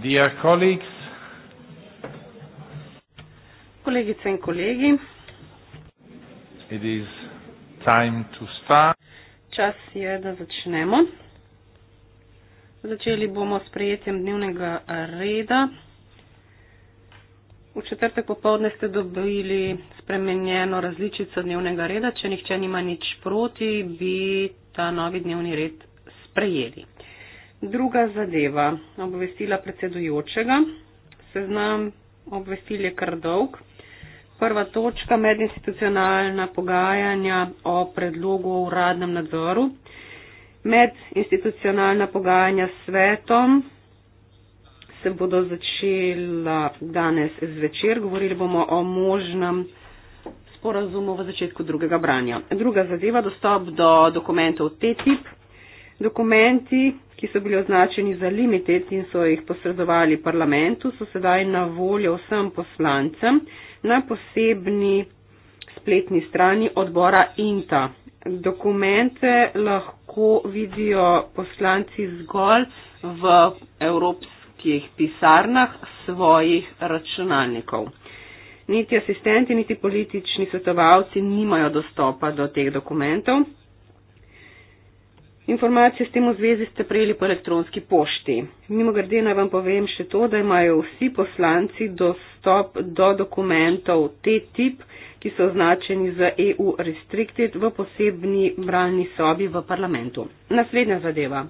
Dear colleagues, kolegice in kolegi, it is time to start. čas je, da začnemo. Začeli bomo s prejetjem dnevnega reda. V četrtek popovdne ste dobili spremenjeno različico dnevnega reda. Če nihče nima nič proti, bi ta novi dnevni red sprejeli. Druga zadeva, obvestila predsedujočega. Seznam obvestil je kar dolg. Prva točka, medinstitucionalna pogajanja o predlogu o uradnem nadzoru. Medinstitucionalna pogajanja s svetom se bodo začela danes zvečer. Govorili bomo o možnem sporazumu v začetku drugega branja. Druga zadeva, dostop do dokumentov TTIP. Dokumenti, ki so bili označeni za limited in so jih posredovali parlamentu, so sedaj na voljo vsem poslancem na posebni spletni strani odbora INTA. Dokumente lahko vidijo poslanci zgolj v evropskih pisarnah svojih računalnikov. Niti asistenti, niti politični svetovalci nimajo dostopa do teh dokumentov. Informacije s tem v zvezi ste prejeli po elektronski pošti. Mimo grede naj vam povem še to, da imajo vsi poslanci dostop do dokumentov T-tip, ki so označeni za EU Restricted v posebni bralni sobi v parlamentu. Naslednja zadeva.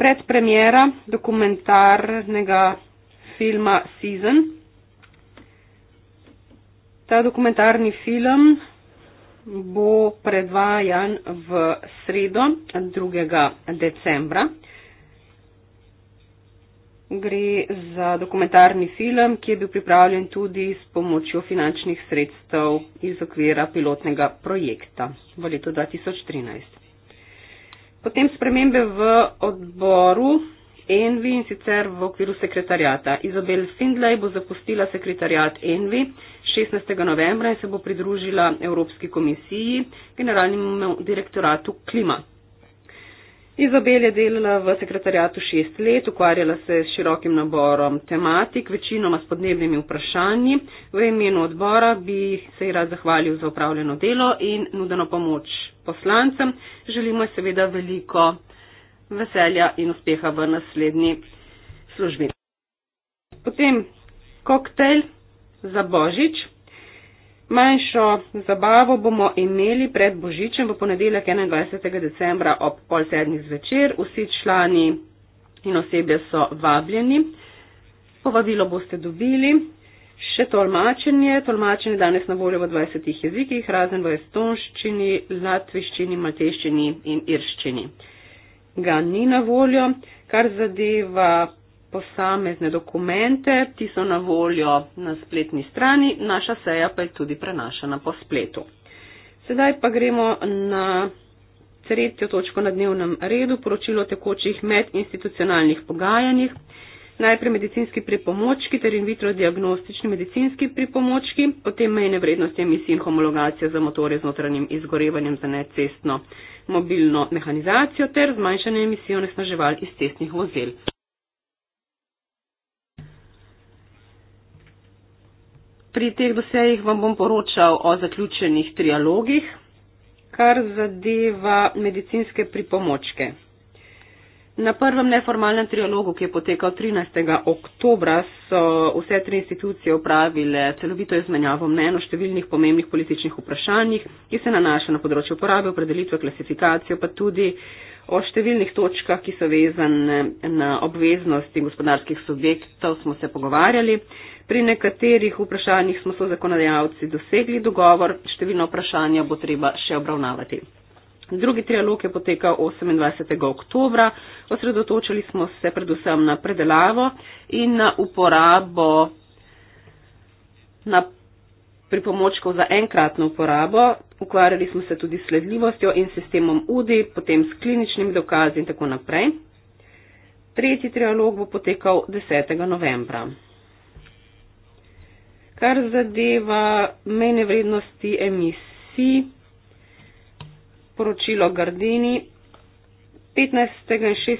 Pred premjera dokumentarnega filma Season. Ta dokumentarni film bo predvajan v sredo 2. decembra. Gre za dokumentarni film, ki je bil pripravljen tudi s pomočjo finančnih sredstev iz okvira pilotnega projekta v letu 2013. Potem spremembe v odboru Envi in sicer v okviru sekretarjata. Izabel Findlej bo zapustila sekretarjat Envi. 16. novembra in se bo pridružila Evropski komisiji, generalnemu direktoratu klima. Izabel je delala v sekretarijatu šest let, ukvarjala se s širokim naborom tematik, večinoma s podnebnimi vprašanji. V imenu odbora bi se ji rad zahvalil za upravljeno delo in nudeno pomoč poslancem. Želimo seveda veliko veselja in uspeha v naslednji službi. Potem koktejl za božič. Manjšo zabavo bomo imeli pred božičem v ponedeljek 21. decembra ob pol sedmih zvečer. Vsi člani in osebe so vabljeni. Povabilo boste dobili. Še tolmačenje. Tolmačenje je danes na voljo v 20 jezikih, razen v estonščini, latviščini, mateščini in irščini. Ga ni na voljo, kar zadeva posamezne dokumente, ti so na voljo na spletni strani, naša seja pa je tudi prenašana po spletu. Sedaj pa gremo na tretjo točko na dnevnem redu, poročilo tekočih medinstitucionalnih pogajanjih, najprej medicinski pripomočki ter in vitro diagnostični medicinski pripomočki, potem mejne vrednosti emisij in homologacije za motore z notranjim izgorevanjem za necestno mobilno mehanizacijo ter zmanjšanje emisij onesnaževal iz cestnih vozil. pri teh dosejih vam bom poročal o zaključenih trialogih, kar zadeva medicinske pripomočke. Na prvem neformalnem trialogu, ki je potekal 13. oktobra, so vse tri institucije upravile celovito izmenjavo mnen o številnih pomembnih političnih vprašanjih, ki se nanašajo na področje uporabe, opredelitve, klasifikacijo, pa tudi o številnih točkah, ki so vezane na obveznosti gospodarskih subjektov, smo se pogovarjali. Pri nekaterih vprašanjih smo so zakonodajalci dosegli dogovor, številna vprašanja bo treba še obravnavati. Drugi trialog je potekal 28. oktobra. Osredotočili smo se predvsem na predelavo in na uporabo na pripomočkov za enkratno uporabo. Ukvarjali smo se tudi s sledljivostjo in sistemom UDI, potem s kliničnimi dokazi in tako naprej. Tretji trialog bo potekal 10. novembra. Kar zadeva mejne vrednosti emisij, poročilo Gardini, 15.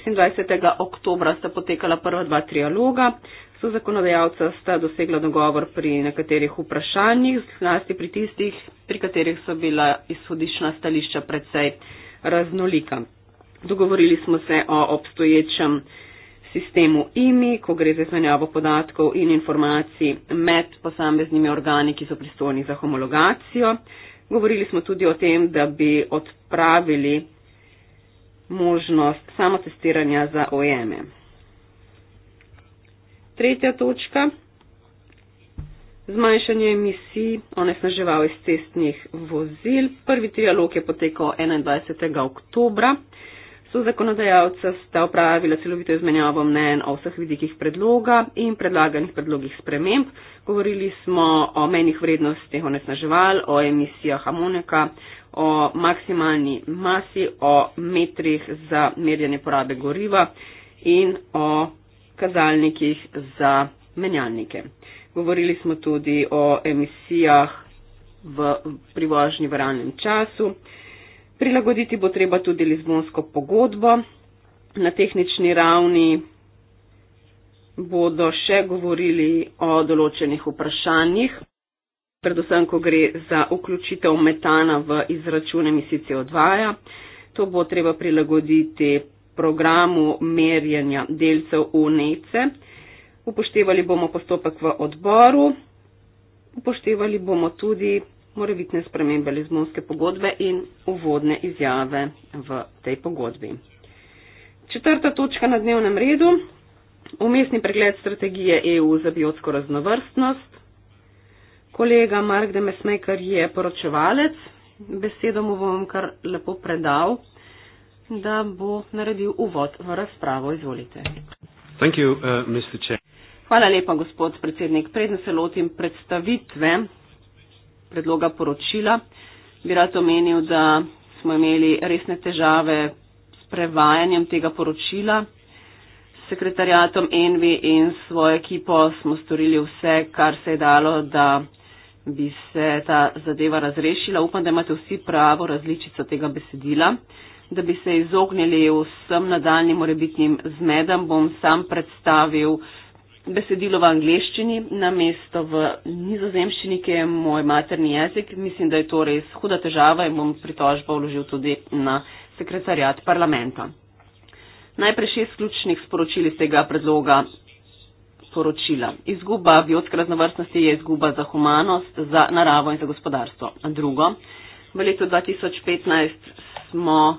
in 26. oktobra sta potekala prva dva trialoga. So zakonodajalca sta dosegla dogovor pri nekaterih vprašanjih, zlasti pri tistih, pri katerih so bila izhodišna stališča precej raznolika. Dogovorili smo se o obstoječem sistemu IMI, ko gre za izmenjavo podatkov in informacij med posameznimi organi, ki so pristojni za homologacijo. Govorili smo tudi o tem, da bi odpravili možnost samotestiranja za OEM-e. Tretja točka. Zmanjšanje emisij onesnaževal iz cestnih vozil. Prvi trialog je potekal 21. oktobra so zakonodajalce sta opravila celovito izmenjavo mnen o vseh vidikih predloga in predlaganih predlogih sprememb. Govorili smo o menjih vrednostih onesnaževal, o emisijah amonika, o maksimalni masi, o metrih za merjanje porabe goriva in o kazalnikih za menjalnike. Govorili smo tudi o emisijah v, pri vožnji v realnem času. Prilagoditi bo treba tudi Lizbonsko pogodbo. Na tehnični ravni bodo še govorili o določenih vprašanjih, predvsem, ko gre za vključitev metana v izračun emisij CO2. To bo treba prilagoditi programu merjenja delcev UNECE. Upoštevali bomo postopek v odboru, upoštevali bomo tudi morebitne spremembe Lizbonske pogodbe in uvodne izjave v tej pogodbi. Četrta točka na dnevnem redu. Umestni pregled strategije EU za biotsko raznovrstnost. Kolega Mark de Mesmaker je poročevalec. Besedo mu bom kar lepo predal, da bo naredil uvod v razpravo. Izvolite. Uh, Hvala lepa, gospod predsednik. Predno se lotim predstavitve predloga poročila, bi rad omenil, da smo imeli resne težave s prevajanjem tega poročila. Sekretarjatom Envi in svojo ekipo smo storili vse, kar se je dalo, da bi se ta zadeva razrešila. Upam, da imate vsi pravo različico tega besedila. Da bi se izognili vsem nadaljnim morebitnim zmedam, bom sam predstavil uh, besedilo v angleščini na mesto v nizozemščini, ki je moj materni jezik. Mislim, da je to res huda težava in bom pritožbo vložil tudi na sekretarjat parlamenta. Najprej šest ključnih sporočil iz tega predloga poročila. Izguba biotske raznovrstnosti je izguba za humanost, za naravo in za gospodarstvo. Drugo, v letu 2015 smo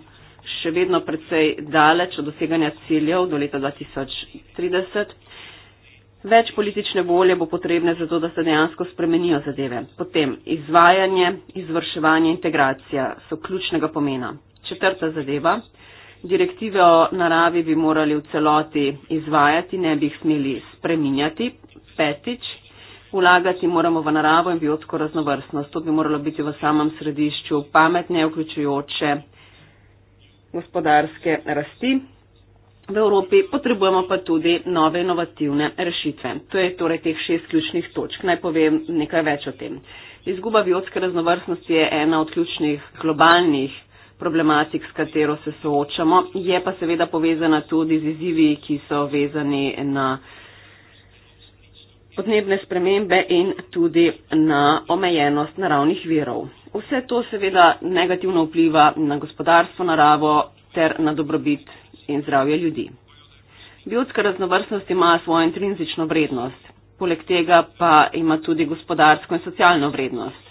še vedno precej daleč od doseganja ciljev do leta 2030. Več politične volje bo potrebne za to, da se dejansko spremenijo zadeve. Potem izvajanje, izvrševanje, integracija so ključnega pomena. Četrta zadeva. Direktive o naravi bi morali v celoti izvajati, ne bi jih smeli spreminjati. Petič. Ulagati moramo v naravo in biotsko raznovrstnost. To bi moralo biti v samem središču pametne, vključujoče gospodarske rasti v Evropi, potrebujemo pa tudi nove inovativne rešitve. To je torej teh šest ključnih točk. Naj povem nekaj več o tem. Izguba biotske raznovrstnosti je ena od ključnih globalnih problematik, s katero se soočamo, je pa seveda povezana tudi z izzivi, ki so vezani na podnebne spremembe in tudi na omejenost naravnih virov. Vse to seveda negativno vpliva na gospodarstvo, naravo ter na dobrobit in zdravje ljudi. Biotska raznovrstnost ima svojo intrinzično vrednost, poleg tega pa ima tudi gospodarsko in socialno vrednost.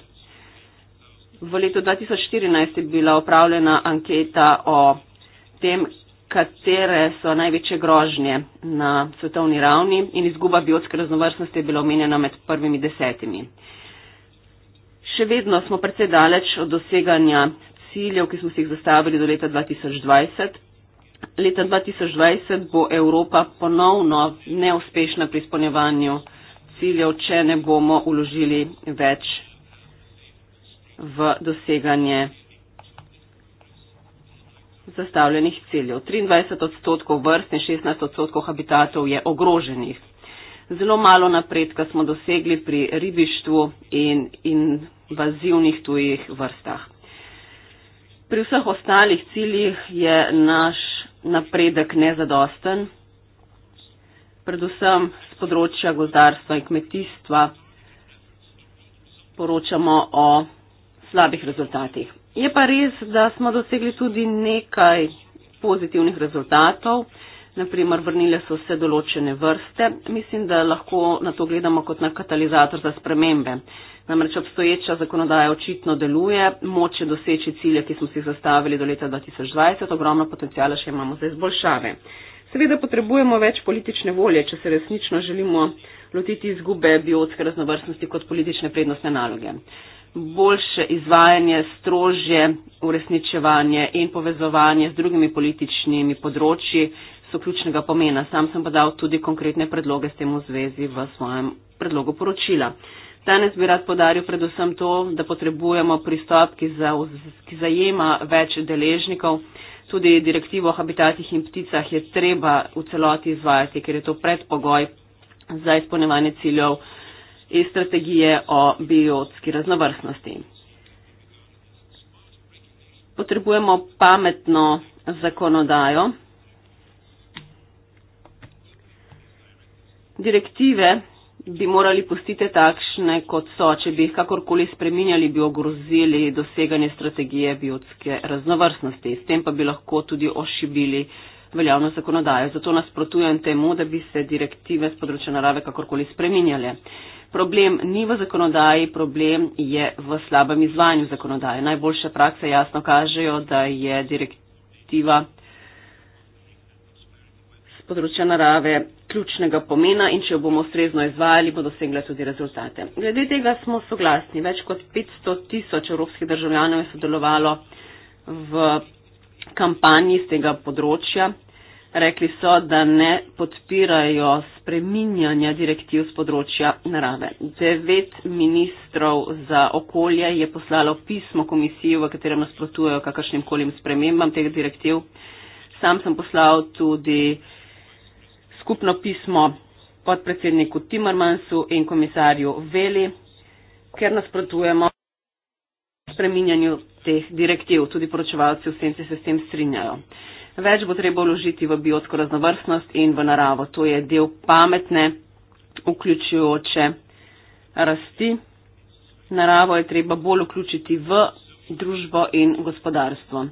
V letu 2014 je bila opravljena anketa o tem, katere so največje grožnje na svetovni ravni in izguba biotske raznovrstnosti je bila omenjena med prvimi desetimi. Še vedno smo precej daleč od doseganja ciljev, ki smo si jih zastavili do leta 2020, leta 2020 bo Evropa ponovno neuspešna pri izpolnjevanju ciljev, če ne bomo uložili več v doseganje zastavljenih ciljev. 23 odstotkov vrst in 16 odstotkov habitatov je ogroženih. Zelo malo napredka smo dosegli pri ribištvu in invazivnih tujih vrstah. Pri vseh ostalih ciljih je naš napredek nezadosten, predvsem z področja gozdarstva in kmetijstva poročamo o slabih rezultatih. Je pa res, da smo dosegli tudi nekaj pozitivnih rezultatov naprimer vrnile so se določene vrste, mislim, da lahko na to gledamo kot na katalizator za spremembe. Namreč obstoječa zakonodaja očitno deluje, moče doseči cilje, ki smo si zastavili do leta 2020, ogromno potencijala še imamo za izboljšave. Seveda potrebujemo več politične volje, če se resnično želimo lotiti izgube biotske raznovrstnosti kot politične prednostne naloge. Boljše izvajanje, strožje uresničevanje in povezovanje z drugimi političnimi področji so ključnega pomena. Sam sem pa dal tudi konkretne predloge s tem v zvezi v svojem predlogu poročila. Danes bi rad podaril predvsem to, da potrebujemo pristop, ki, za, ki zajema več deležnikov. Tudi direktivo o habitatih in pticah je treba v celoti izvajati, ker je to predpogoj za izpolnevanje ciljev iz strategije o biotski raznovrstnosti. Potrebujemo pametno zakonodajo, direktive bi morali pustiti takšne, kot so. Če bi jih kakorkoli spreminjali, bi ogrozili doseganje strategije biotske raznovrstnosti. S tem pa bi lahko tudi ošibili veljavno zakonodajo. Zato nasprotujem temu, da bi se direktive z področja narave kakorkoli spreminjale. Problem ni v zakonodaji, problem je v slabem izvajanju zakonodaje. Najboljše prakse jasno kažejo, da je direktiva z področja narave ključnega pomena in če jo bomo ustrezno izvajali, bo dosegla tudi rezultate. Glede tega smo soglasni. Več kot 500 tisoč evropskih državljanov je sodelovalo v kampanji z tega področja. Rekli so, da ne podpirajo spreminjanja direktiv z področja narave. Devet ministrov za okolje je poslalo pismo komisiji, v katerem nasprotujejo kakršnim kolim spremembam teh direktiv. Sam sem poslal tudi uh, skupno pismo podpredsedniku Timormansu in komisarju Veli, ker nasprotujemo spreminjanju teh direktiv. Tudi poročevalci v senci se s tem strinjajo. Več bo treba vložiti v biotsko raznovrstnost in v naravo. To je del pametne, vključujoče rasti. Naravo je treba bolj vključiti v družbo in gospodarstvo.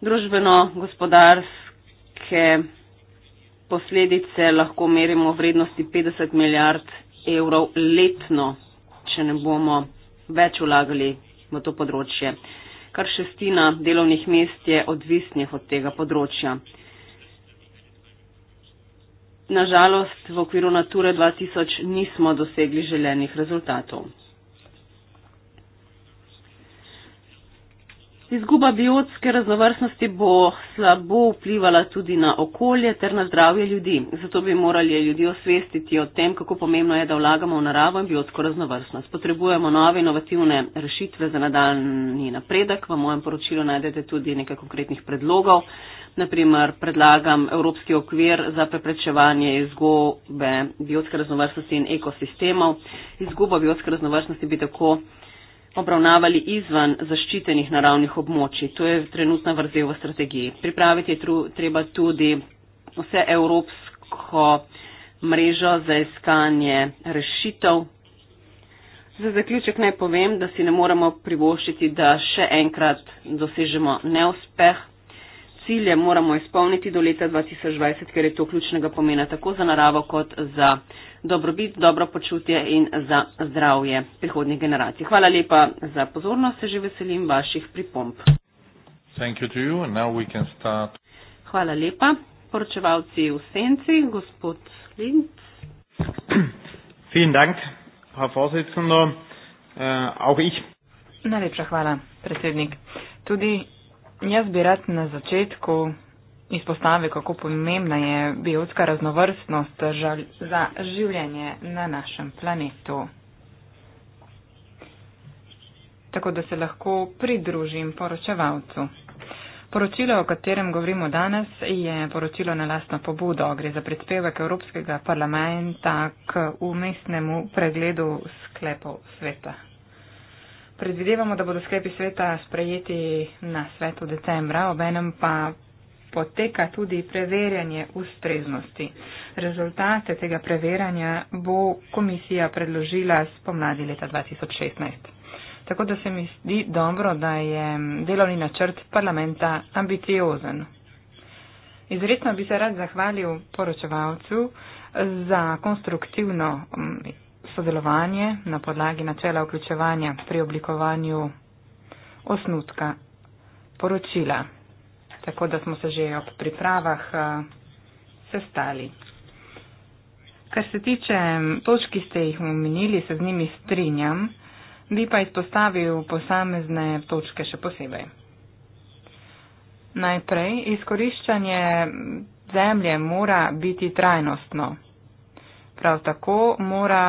Družbeno gospodarske posledice lahko merimo vrednosti 50 milijard evrov letno, če ne bomo več vlagali v to področje. Kar šestina delovnih mest je odvisnih od tega področja. Nažalost, v okviru Nature 2000 nismo dosegli želenih rezultatov. Izguba biotske raznovrstnosti bo slabo vplivala tudi na okolje ter na zdravje ljudi. Zato bi morali ljudi osvestiti o tem, kako pomembno je, da vlagamo v naravo in biotsko raznovrstnost. Potrebujemo nove inovativne rešitve za nadaljni napredek. V mojem poročilu najdete tudi nekaj konkretnih predlogov. Naprimer, predlagam Evropski okvir za preprečevanje izgube biotske raznovrstnosti in ekosistemov. Izguba biotske raznovrstnosti bi tako obravnavali izvan zaščitenih naravnih območij. To je trenutna vrzel v strategiji. Pripraviti je treba tudi vse evropsko mrežo za iskanje rešitev. Za zaključek naj povem, da si ne moremo privoščiti, da še enkrat dosežemo neuspeh. Cilje moramo izpolniti do leta 2020, ker je to ključnega pomena tako za naravo kot za dobrobit, dobro počutje in za zdravje prihodnjih generacij. Hvala lepa za pozornost, se že veselim vaših pripomb. Hvala lepa. Poročevalci v senci, gospod Linc. Dank, uh, Najlepša hvala, predsednik. Tudi jaz bi rad na začetku izpostavi, kako pomembna je biotska raznovrstnost za življenje na našem planetu. Tako da se lahko pridružim poročevalcu. Poročilo, o katerem govorimo danes, je poročilo na lastno pobudo. Gre za predspevek Evropskega parlamenta k umestnemu pregledu sklepov sveta. Predvidevamo, da bodo sklepi sveta sprejeti na svetu decembra, obenem pa poteka tudi preverjanje ustreznosti. Rezultate tega preverjanja bo komisija predložila spomladi leta 2016. Tako da se mi zdi dobro, da je delovni načrt parlamenta ambiciozen. Izredno bi se rad zahvalil poročevalcu za konstruktivno mm, sodelovanje na podlagi načela vključevanja pri oblikovanju osnutka poročila tako da smo se že ob pripravah eh, sestali. Kar se tiče točk, ki ste jih omenili, se z njimi strinjam, bi pa izpostavil posamezne točke še posebej. Najprej, izkoriščanje zemlje mora biti trajnostno. Prav tako mora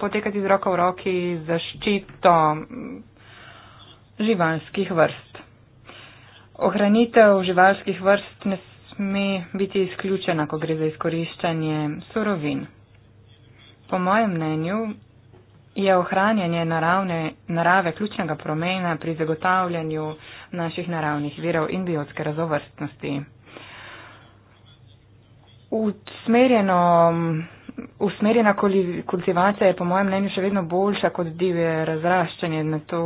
potekati z roko v roki zaščito živalskih vrst. Ohranitev živalskih vrst ne sme biti izključena, ko gre za izkoriščanje surovin. Po mojem mnenju je ohranjanje naravne, narave ključnega promena pri zagotavljanju naših naravnih virov in biotske razovrstnosti. Usmerjeno, usmerjena kultivacija je po mojem mnenju še vedno boljša kot divje razraščanje, na to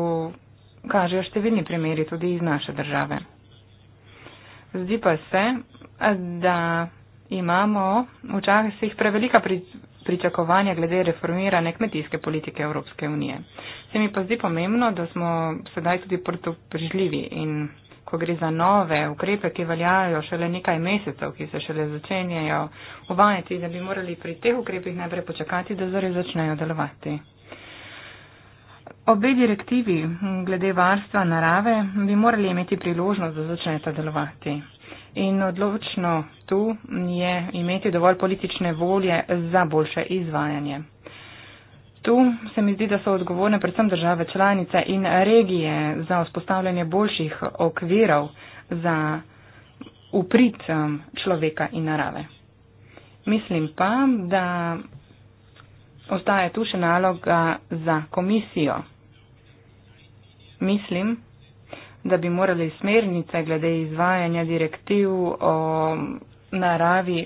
kažejo številni primeri tudi iz naše države. Zdi pa se, da imamo včasih prevelika pričakovanja glede reformirane kmetijske politike Evropske unije. Se mi pa zdi pomembno, da smo sedaj tudi prtopržljivi in ko gre za nove ukrepe, ki veljajo šele nekaj mesecev, ki se šele začenjajo uvajati, da bi morali pri teh ukrepih najprej počakati, da zore začnejo delovati. Obe direktivi hm, glede varstva narave bi morali imeti priložnost, da začnete delovati. In odločno tu je imeti dovolj politične volje za boljše izvajanje. Tu se mi zdi, da so odgovorne predvsem države članice in regije za vzpostavljanje boljših okvirov za uprit hm, človeka in narave. Mislim pa, da Ostaja tu še naloga za komisijo. Mislim, da bi morali smernice glede izvajanja direktiv o naravi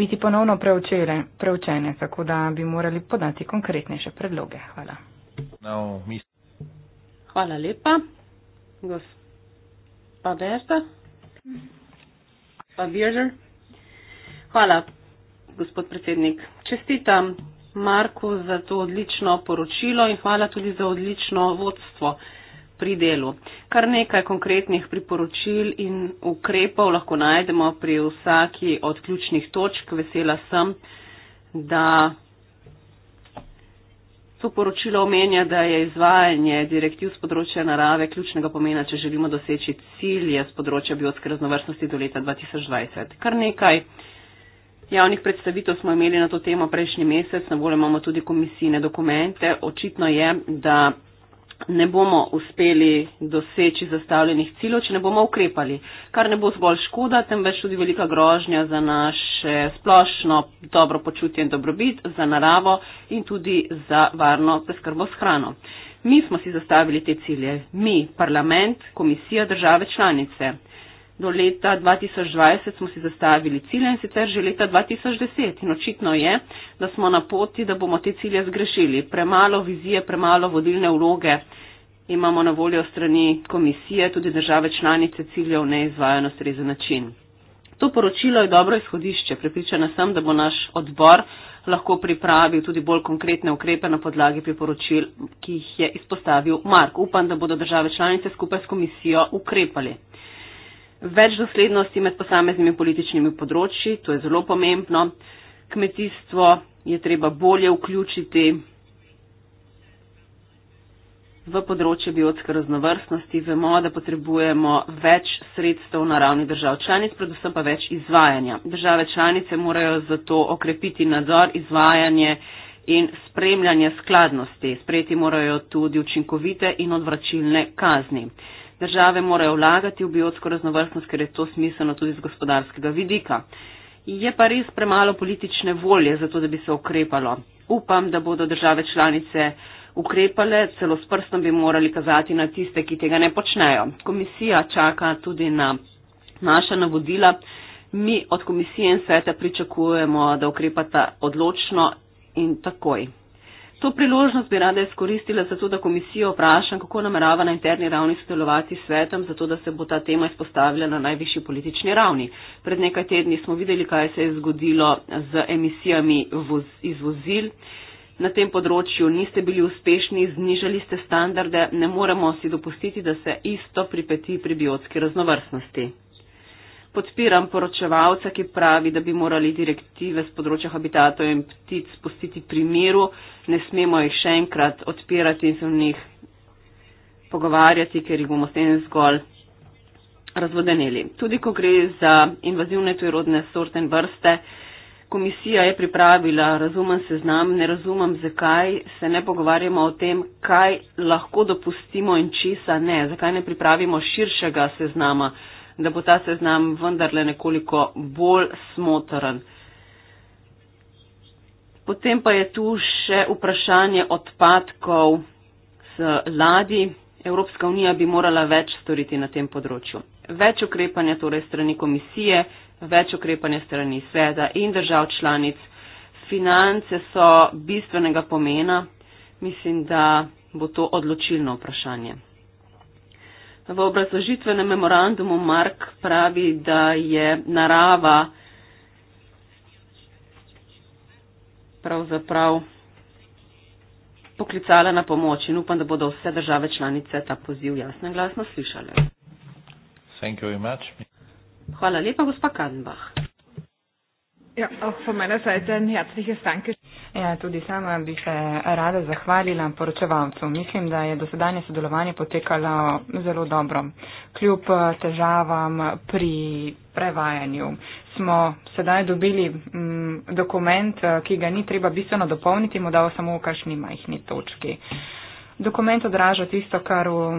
biti ponovno preučene, preučene tako da bi morali podati konkretnejše predloge. Hvala. No, Hvala lepa. Gospa Berta? Gospa Bierzer? Hvala gospod predsednik. Čestitam Marku za to odlično poročilo in hvala tudi za odlično vodstvo pri delu. Kar nekaj konkretnih priporočil in ukrepov lahko najdemo pri vsaki od ključnih točk. Vesela sem, da. To poročilo omenja, da je izvajanje direktiv z področja narave ključnega pomena, če želimo doseči cilje z področja biotske raznovrstnosti do leta 2020. Kar nekaj Javnih predstavitev smo imeli na to temo prejšnji mesec, na voljo imamo tudi komisijne dokumente. Očitno je, da ne bomo uspeli doseči zastavljenih ciljev, če ne bomo ukrepali, kar ne bo zgolj škoda, temveč tudi velika grožnja za naše splošno dobro počutje in dobrobit, za naravo in tudi za varno preskrbo s hrano. Mi smo si zastavili te cilje, mi, parlament, komisija, države članice do leta 2020 smo si zastavili cilje in sicer že leta 2010. In očitno je, da smo na poti, da bomo te cilje zgrešili. Premalo vizije, premalo vodilne vloge imamo na voljo strani komisije, tudi države članice ciljev ne izvajo na strezen način. To poročilo je dobro izhodišče. Pripričana sem, da bo naš odbor lahko pripravil tudi bolj konkretne ukrepe na podlagi priporočil, ki jih je izpostavil Mark. Upam, da bodo države članice skupaj s komisijo ukrepali več doslednosti med posameznimi političnimi področji, to je zelo pomembno. Kmetijstvo je treba bolje vključiti v področje biotske raznovrstnosti. Vemo, da potrebujemo več sredstev na ravni držav članic, predvsem pa več izvajanja. Države članice morajo zato okrepiti nadzor, izvajanje in spremljanje skladnosti. Sprejeti morajo tudi učinkovite in odvračilne kazni. Države morajo vlagati v biotsko raznovrstnost, ker je to smiselno tudi z gospodarskega vidika. Je pa res premalo politične volje za to, da bi se ukrepalo. Upam, da bodo države članice ukrepale, celo s prstom bi morali kazati na tiste, ki tega ne počnejo. Komisija čaka tudi na naša navodila. Mi od komisije in sveta pričakujemo, da ukrepata odločno in takoj. To priložnost bi rada izkoristila za to, da komisijo vprašam, kako namerava na interni ravni sodelovati s svetom, zato da se bo ta tema izpostavila na najvišji politični ravni. Pred nekaj tedni smo videli, kaj se je zgodilo z emisijami voz, iz vozil. Na tem področju niste bili uspešni, znižali ste standarde, ne moremo si dopustiti, da se isto pripeti pri biotski raznovrstnosti podpiram poročevalca, ki pravi, da bi morali direktive z področja habitatov in ptic spustiti pri miru, ne smemo jih še enkrat odpirati in se v njih pogovarjati, ker jih bomo s tem zgolj razvodeneli. Tudi, ko gre za invazivne tujrodne sorte in vrste, komisija je pripravila razumen seznam, ne razumem, zakaj se ne pogovarjamo o tem, kaj lahko dopustimo in česa ne, zakaj ne pripravimo širšega seznama da bo ta seznam vendarle nekoliko bolj smotoren. Potem pa je tu še vprašanje odpadkov z ladi. Evropska unija bi morala več storiti na tem področju. Več ukrepanja torej strani komisije, več ukrepanja strani sveda in držav članic. Finance so bistvenega pomena. Mislim, da bo to odločilno vprašanje. V obrazložitvenem memorandumu Mark pravi, da je narava pravzaprav poklicala na pomoč in upam, da bodo vse države članice ta poziv jasno in glasno slišale. Hvala lepa, gospa Kadenbach. Ja, auch von meiner Seite ein herzliches Dankeschön. Ja, tudi sama bi se rada zahvalila poročevalcu. Mislim, da je dosedanje sodelovanje potekalo zelo dobro. Kljub eh, težavam pri prevajanju smo sedaj dobili m, mm, dokument, eh, ki ga ni treba bistveno dopolniti, mu dal samo v kašni majhni točki. Uh, Dokument odraža tisto, kar v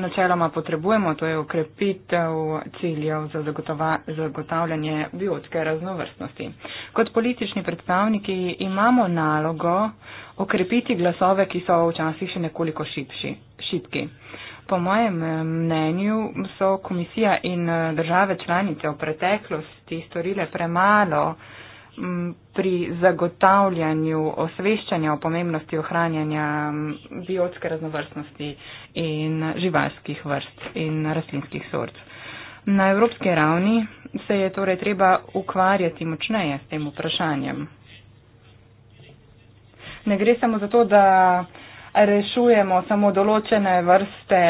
načeloma potrebujemo, to je ukrepitev ciljev za zagotavljanje biotske raznovrstnosti. Kot politični predstavniki imamo nalogo okrepiti glasove, ki so včasih še nekoliko šipši, šipki. Po mojem eh, mnenju so komisija in eh, države članice v preteklosti storile premalo, pri zagotavljanju osveščanja o pomembnosti ohranjanja biotske raznovrstnosti in živalskih vrst in rastlinskih sort. Na evropski ravni se je torej treba ukvarjati močneje s tem vprašanjem. Ne gre samo za to, da rešujemo samo določene vrste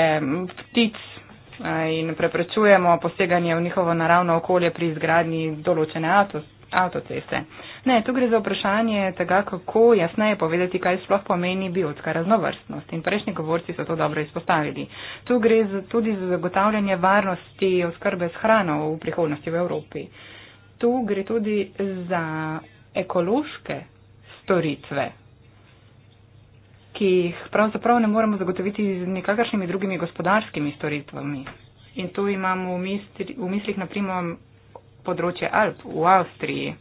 ptic eh, in preprečujemo poseganje v njihovo naravno okolje pri izgradnji določene atos, avtoceste. Ne, tu gre za vprašanje tega, kako jasneje povedati, kaj sploh pomeni biotska raznovrstnost. In prejšnji govorci so to dobro izpostavili. Tu gre za, tudi za zagotavljanje varnosti oskrbe s hrano v prihodnosti v Evropi. Tu gre tudi za ekološke storitve ki jih pravzaprav ne moremo zagotoviti z nekakršnimi drugimi gospodarskimi storitvami. In tu imamo v, misli, v mislih, naprimer, področje Alp v Avstriji.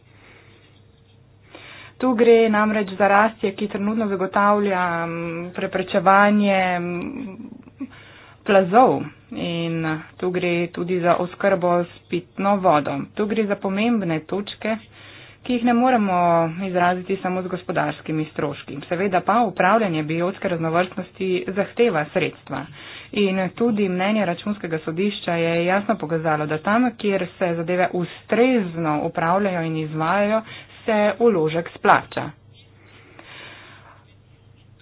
Tu gre namreč za rastje, ki trenutno zagotavlja preprečevanje plazov in tu gre tudi za oskrbo s pitno vodo. Tu gre za pomembne točke, ki jih ne moremo izraziti samo z gospodarskimi stroški. Seveda pa upravljanje biotske raznovrstnosti zahteva sredstva In tudi mnenje računskega sodišča je jasno pokazalo, da tam, kjer se zadeve ustrezno upravljajo in izvajajo, se uložek splača.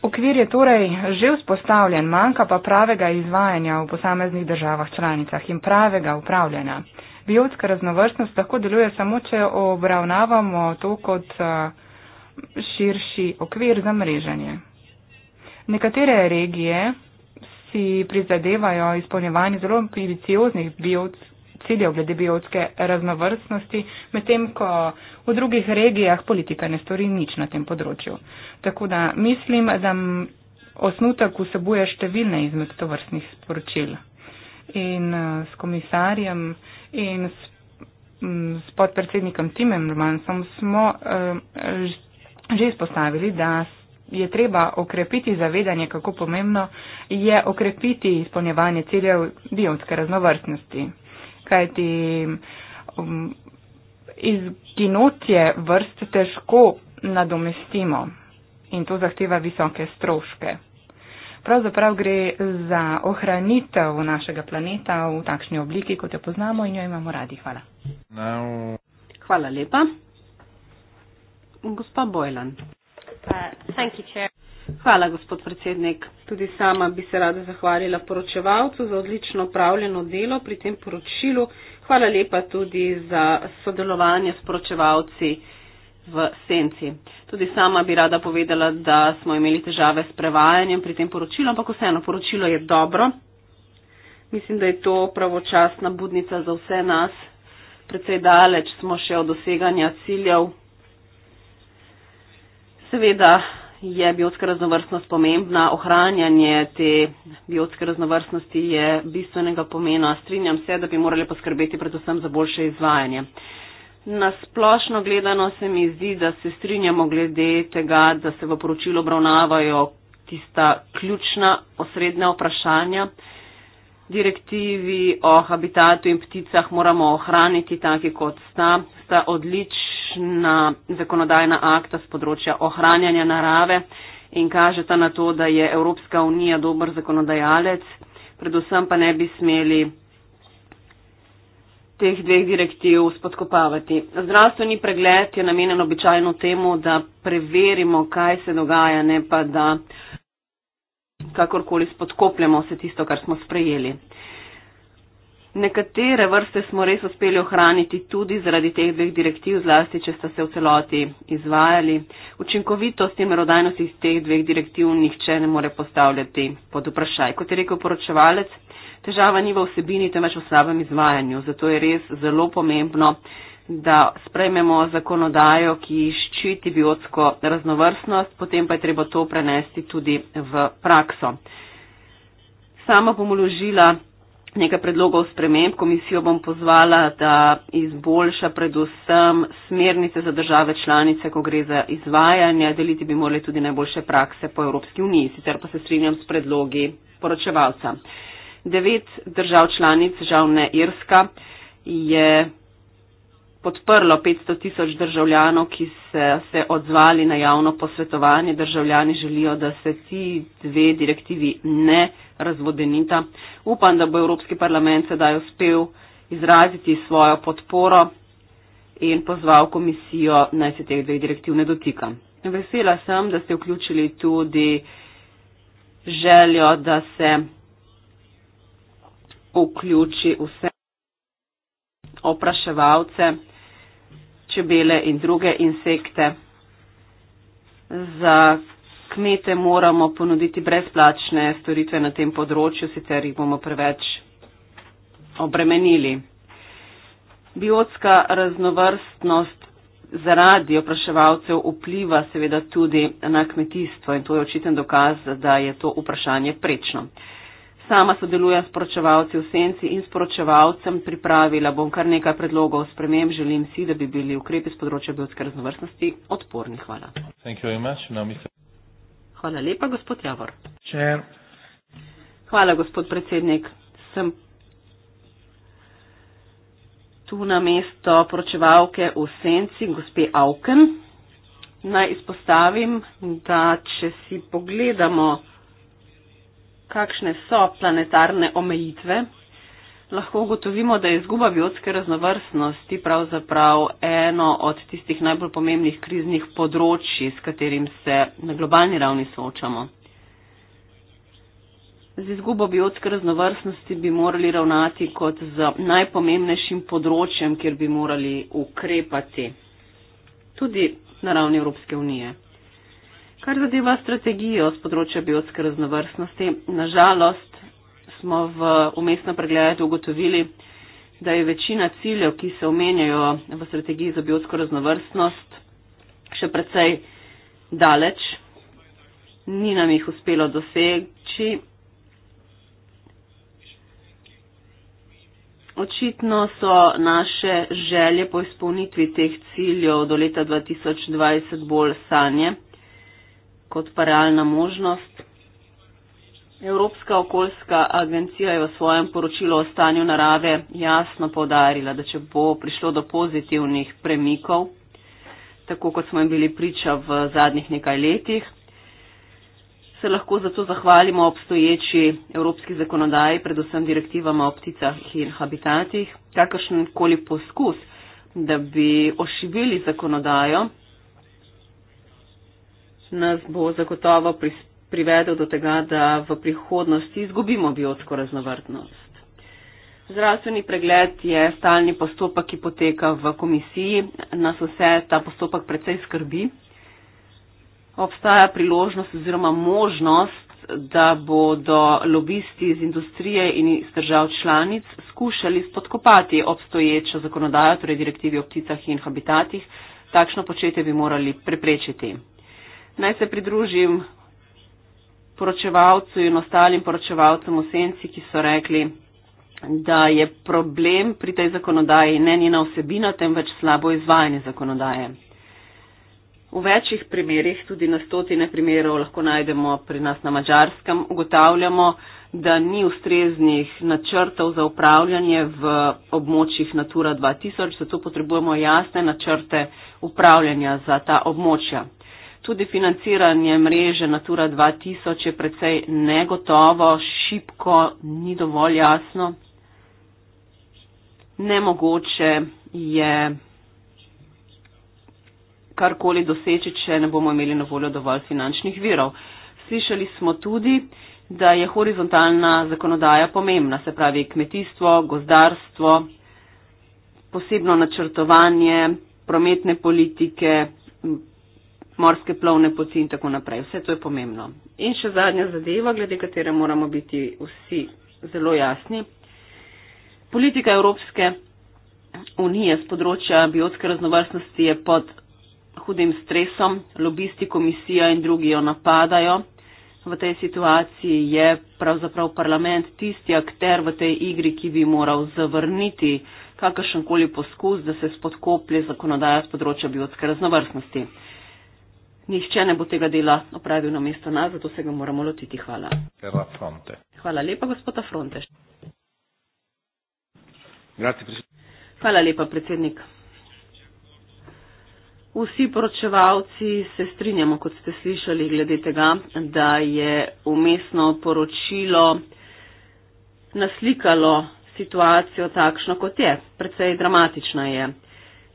Okvir je torej že vzpostavljen, manjka pa pravega izvajanja v posameznih državah članicah in pravega upravljanja. Biotska raznovrstnost lahko deluje samo, če obravnavamo to kot eh, širši okvir za mreženje. Nekatere regije si prizadevajo izpolnjevanje zelo ambicioznih ciljev glede biotske raznovrstnosti, medtem ko v drugih regijah politika ne stori nič na tem področju. Tako da mislim, da osnutek vsebuje številne izmed tovrstnih sporočil. In eh, s komisarjem in s, m, s podpredsednikom Timem Romansom smo m, eh, že izpostavili, da je treba okrepiti zavedanje, kako pomembno je okrepiti izpolnjevanje ciljev biotske raznovrstnosti. Kajti um, izginotje vrst težko nadomestimo in to zahteva visoke stroške. Pravzaprav gre za ohranitev našega planeta v takšni obliki, kot jo poznamo in jo imamo radi. Hvala. No. Hvala lepa. Gospa Bojlan. Uh, thank you, Chair. Hvala, gospod predsednik. Tudi sama bi se rada zahvalila poročevalcu za odlično upravljeno delo pri tem poročilu. Hvala lepa tudi za sodelovanje s poročevalci v senci. Tudi sama bi rada povedala, da smo imeli težave s prevajanjem pri tem poročilu, ampak vseeno poročilo je dobro. Mislim, da je to pravočasna budnica za vse nas. Predvsej daleč smo še od doseganja ciljev seveda je biotska raznovrstnost pomembna, ohranjanje te biotske raznovrstnosti je bistvenega pomena. Strinjam se, da bi morali poskrbeti predvsem za boljše izvajanje. Na splošno gledano se mi zdi, da se strinjamo glede tega, da se v poročilu obravnavajo tista ključna osrednja vprašanja. Direktivi o habitatu in pticah moramo ohraniti taki, kot sta, sta odlična različna zakonodajna akta z področja ohranjanja narave in kaže ta na to, da je Evropska unija dober zakonodajalec, predvsem pa ne bi smeli teh dveh direktiv spodkopavati. Zdravstveni pregled je namenjen običajno temu, da preverimo, kaj se dogaja, ne pa da kakorkoli spodkopljamo vse tisto, kar smo sprejeli. Nekatere vrste smo res uspeli ohraniti tudi zaradi teh dveh direktiv, zlasti če sta se v celoti izvajali. Učinkovitost in merodajnost iz teh dveh direktiv nihče ne more postavljati pod vprašaj. Kot je rekel poročevalec, težava ni v osebini, temveč v slabem izvajanju. Zato je res zelo pomembno, da sprejmemo zakonodajo, ki ščiti biotsko raznovrstnost, potem pa je treba to prenesti tudi v prakso. Sama bom uložila nekaj predlogov sprememb. Komisijo bom pozvala, da izboljša predvsem smernice za države članice, ko gre za izvajanje. Deliti bi morali tudi najboljše prakse po Evropski uniji, sicer pa se strinjam s predlogi poročevalca. Devet držav članic, žal ne Irska, je podprlo 500 tisoč državljanov, ki se, se odzvali na javno posvetovanje. Državljani želijo, da se ti dve direktivi ne razvodenita. Upam, da bo Evropski parlament sedaj uspel izraziti svojo podporo in pozval komisijo, naj se teh dveh direktiv ne dotika. Vesela sem, da ste vključili tudi željo, da se vključi vse opraševalce čebele in druge insekte. Za kmete moramo ponuditi brezplačne storitve na tem področju, sicer jih bomo preveč obremenili. Biotska raznovrstnost zaradi opraševalcev vpliva seveda tudi na kmetijstvo in to je očiten dokaz, da je to vprašanje prečno. Sama sodelujem s poročevalci v senci in s poročevalcem pripravila bom kar nekaj predlogov sprememb. Želim si, da bi bili ukrepi z področja biotske raznovrstnosti odporni. Hvala. Hvala lepa, gospod Javor. Chair. Hvala, gospod predsednik. Sem tu na mesto poročevalke v senci, gospe Auken. Naj izpostavim, da če si pogledamo kakšne so planetarne omejitve, lahko ugotovimo, da je izguba biotske raznovrstnosti pravzaprav eno od tistih najbolj pomembnih kriznih področji, s katerim se na globalni ravni soočamo. Z izgubo biotske raznovrstnosti bi morali ravnati kot z najpomembnejšim področjem, kjer bi morali ukrepati tudi na ravni Evropske unije. Kar zadeva strategijo z področja biotske raznovrstnosti, nažalost smo v umestnem pregledu ugotovili, da je večina ciljev, ki se omenjajo v strategiji za biotsko raznovrstnost, še precej daleč. Ni nam jih uspelo doseči. Očitno so naše želje po izpolnitvi teh ciljev do leta 2020 bolj sanje kot pa realna možnost. Evropska okoljska agencija je v svojem poročilu o stanju narave jasno povdarila, da če bo prišlo do pozitivnih premikov, tako kot smo jim bili priča v zadnjih nekaj letih, se lahko zato zahvalimo obstoječi evropski zakonodaji, predvsem direktivama o pticah in habitatih. Kakršen koli poskus, da bi ošivili zakonodajo, nas bo zagotovo privedel do tega, da v prihodnosti izgubimo biotsko raznovrtnost. Zdravstveni pregled je stalni postopek, ki poteka v komisiji. Nas vse ta postopek precej skrbi. Obstaja priložnost oziroma možnost, da bodo lobisti iz industrije in iz držav članic skušali spodkopati obstoječo zakonodajo, torej direktivi o pticah in habitatih. Takšno početje bi morali preprečiti. Naj se pridružim poročevalcu in ostalim poročevalcem v senci, ki so rekli, da je problem pri tej zakonodaji ne njena osebina, temveč slabo izvajanje zakonodaje. V večjih primerjih, tudi na stotine primerov lahko najdemo pri nas na mačarskem, ugotavljamo, da ni ustreznih načrtov za upravljanje v območjih Natura 2000, zato potrebujemo jasne načrte upravljanja za ta območja. Tudi financiranje mreže Natura 2000 je precej negotovo, šipko, ni dovolj jasno. Nemogoče je karkoli doseči, če ne bomo imeli na voljo dovolj finančnih virov. Slišali smo tudi, da je horizontalna zakonodaja pomembna, se pravi kmetijstvo, gozdarstvo, posebno načrtovanje, prometne politike, morske plovne poti in tako naprej. Vse to je pomembno. In še zadnja zadeva, glede katere moramo biti vsi zelo jasni. Politika Evropske unije z področja biotske raznovrstnosti je pod hudim stresom, lobisti, komisija in drugi jo napadajo. V tej situaciji je pravzaprav parlament tisti akter v tej igri, ki bi moral zavrniti kakršenkoli poskus, da se spodkoplje zakonodaja z področja biotske raznovrstnosti. Nihče ne bo tega dela opravil na mesto nas, zato se ga moramo lotiti. Hvala. Hvala lepa, gospod Afronteš. Hvala lepa, predsednik. Vsi poročevalci se strinjamo, kot ste slišali, glede tega, da je umestno poročilo naslikalo situacijo takšno, kot je. Predvsej dramatična je.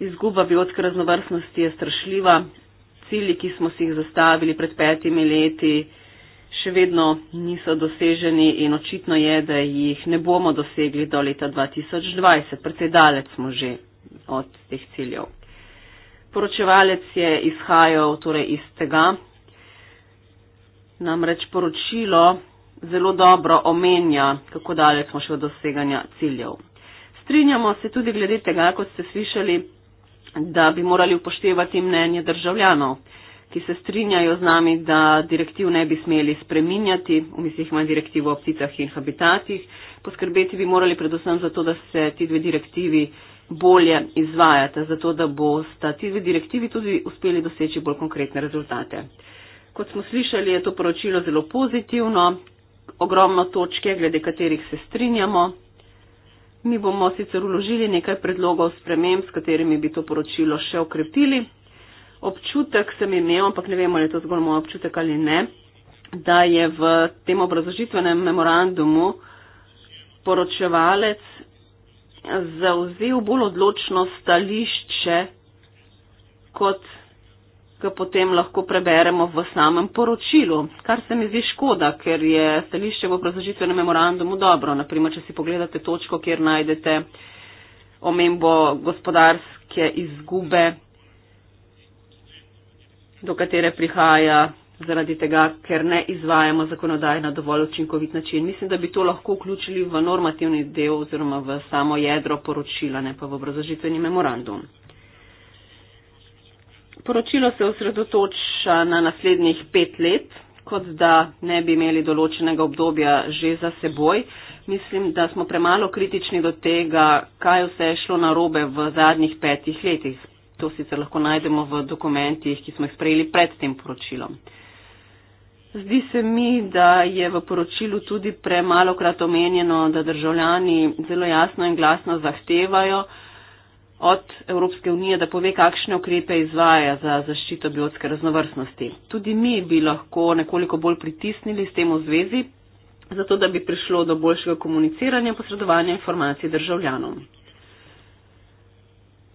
Izguba biotske raznovrstnosti je strašljiva, cilji, ki smo si jih zastavili pred petimi leti, še vedno niso doseženi in očitno je, da jih ne bomo dosegli do leta 2020. Predvsej daleč smo že od teh ciljev. Poročevalec je izhajal torej iz tega. Namreč poročilo zelo dobro omenja, kako daleč smo še od doseganja ciljev. Strinjamo se tudi glede tega, kot ste slišali, da bi morali upoštevati mnenje državljanov, ki se strinjajo z nami, da direktiv ne bi smeli spreminjati, v mislih imam direktivo o pticah in habitatih, poskrbeti bi morali predvsem za to, da se ti dve direktivi bolje izvajate, zato da boste ti dve direktivi tudi uspeli doseči bolj konkretne rezultate. Kot smo slišali, je to poročilo zelo pozitivno, ogromno točke, glede katerih se strinjamo. Mi bomo sicer uložili nekaj predlogov sprememb, s katerimi bi to poročilo še okrepili. Občutek sem imel, ampak ne vemo, ali je to zgolj moj občutek ali ne, da je v tem obrazožitvenem memorandumu poročevalec zauzel bolj odločno stališče kot ki potem lahko preberemo v samem poročilu, kar se mi zdi škoda, ker je stališče v obrazložitvenem memorandumu dobro. Naprimer, če si pogledate točko, kjer najdete omembo gospodarske izgube, do katere prihaja zaradi tega, ker ne izvajamo zakonodaje na dovolj učinkovit način. Mislim, da bi to lahko vključili v normativni del oziroma v samo jedro poročila, ne pa v obrazložitveni memorandum poročilo se osredotoča na naslednjih pet let, kot da ne bi imeli določenega obdobja že za seboj. Mislim, da smo premalo kritični do tega, kaj vse je šlo narobe v zadnjih petih letih. To sicer lahko najdemo v dokumentih, ki smo jih sprejeli pred tem poročilom. Zdi se mi, da je v poročilu tudi premalo krat omenjeno, da državljani zelo jasno in glasno zahtevajo, od Evropske unije, da pove, kakšne ukrepe izvaja za zaščito biotske raznovrstnosti. Tudi mi bi lahko nekoliko bolj pritisnili s tem v zvezi, zato da bi prišlo do boljšega komuniciranja in posredovanja informacij državljanom.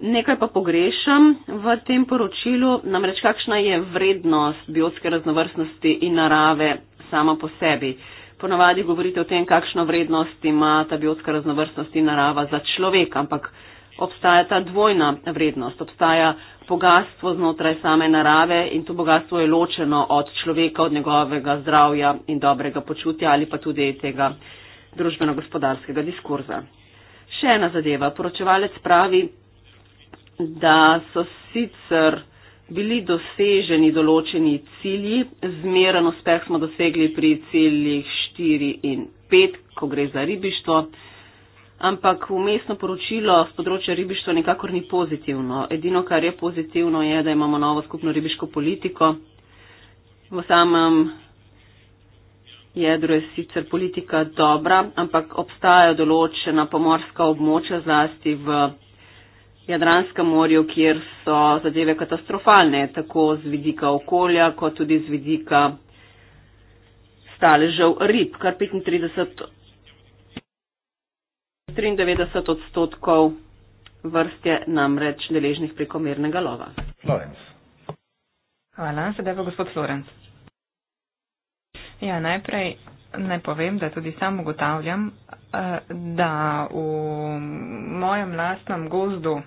Nekaj pa pogrešam v tem poročilu, namreč kakšna je vrednost biotske raznovrstnosti in narave sama po sebi. Ponavadi govorite o tem, kakšno vrednost ima ta biotska raznovrstnost in narava za človeka, ampak obstaja ta dvojna vrednost. Obstaja bogatstvo znotraj same narave in to bogatstvo je ločeno od človeka, od njegovega zdravja in dobrega počutja ali pa tudi tega družbeno-gospodarskega diskurza. Še ena zadeva. Poročevalec pravi, da so sicer bili doseženi določeni cilji, zmeren uspeh smo dosegli pri ciljih 4 in 5, ko gre za ribištvo ampak umestno poročilo z področja ribištva nekako ni pozitivno. Edino, kar je pozitivno, je, da imamo novo skupno ribiško politiko. V samem jedru je sicer politika dobra, ampak obstajajo določena pomorska območja zlasti v Jadranskem morju, kjer so zadeve katastrofalne, tako z vidika okolja, kot tudi z vidika staležev rib, kar 35 93 odstotkov vrst je namreč deležnih prekomernega lova. Florence. Hvala, sedaj pa gospod Florenc. Ja, najprej naj povem, da tudi sam ugotavljam, eh, da v mojem lastnem gozdu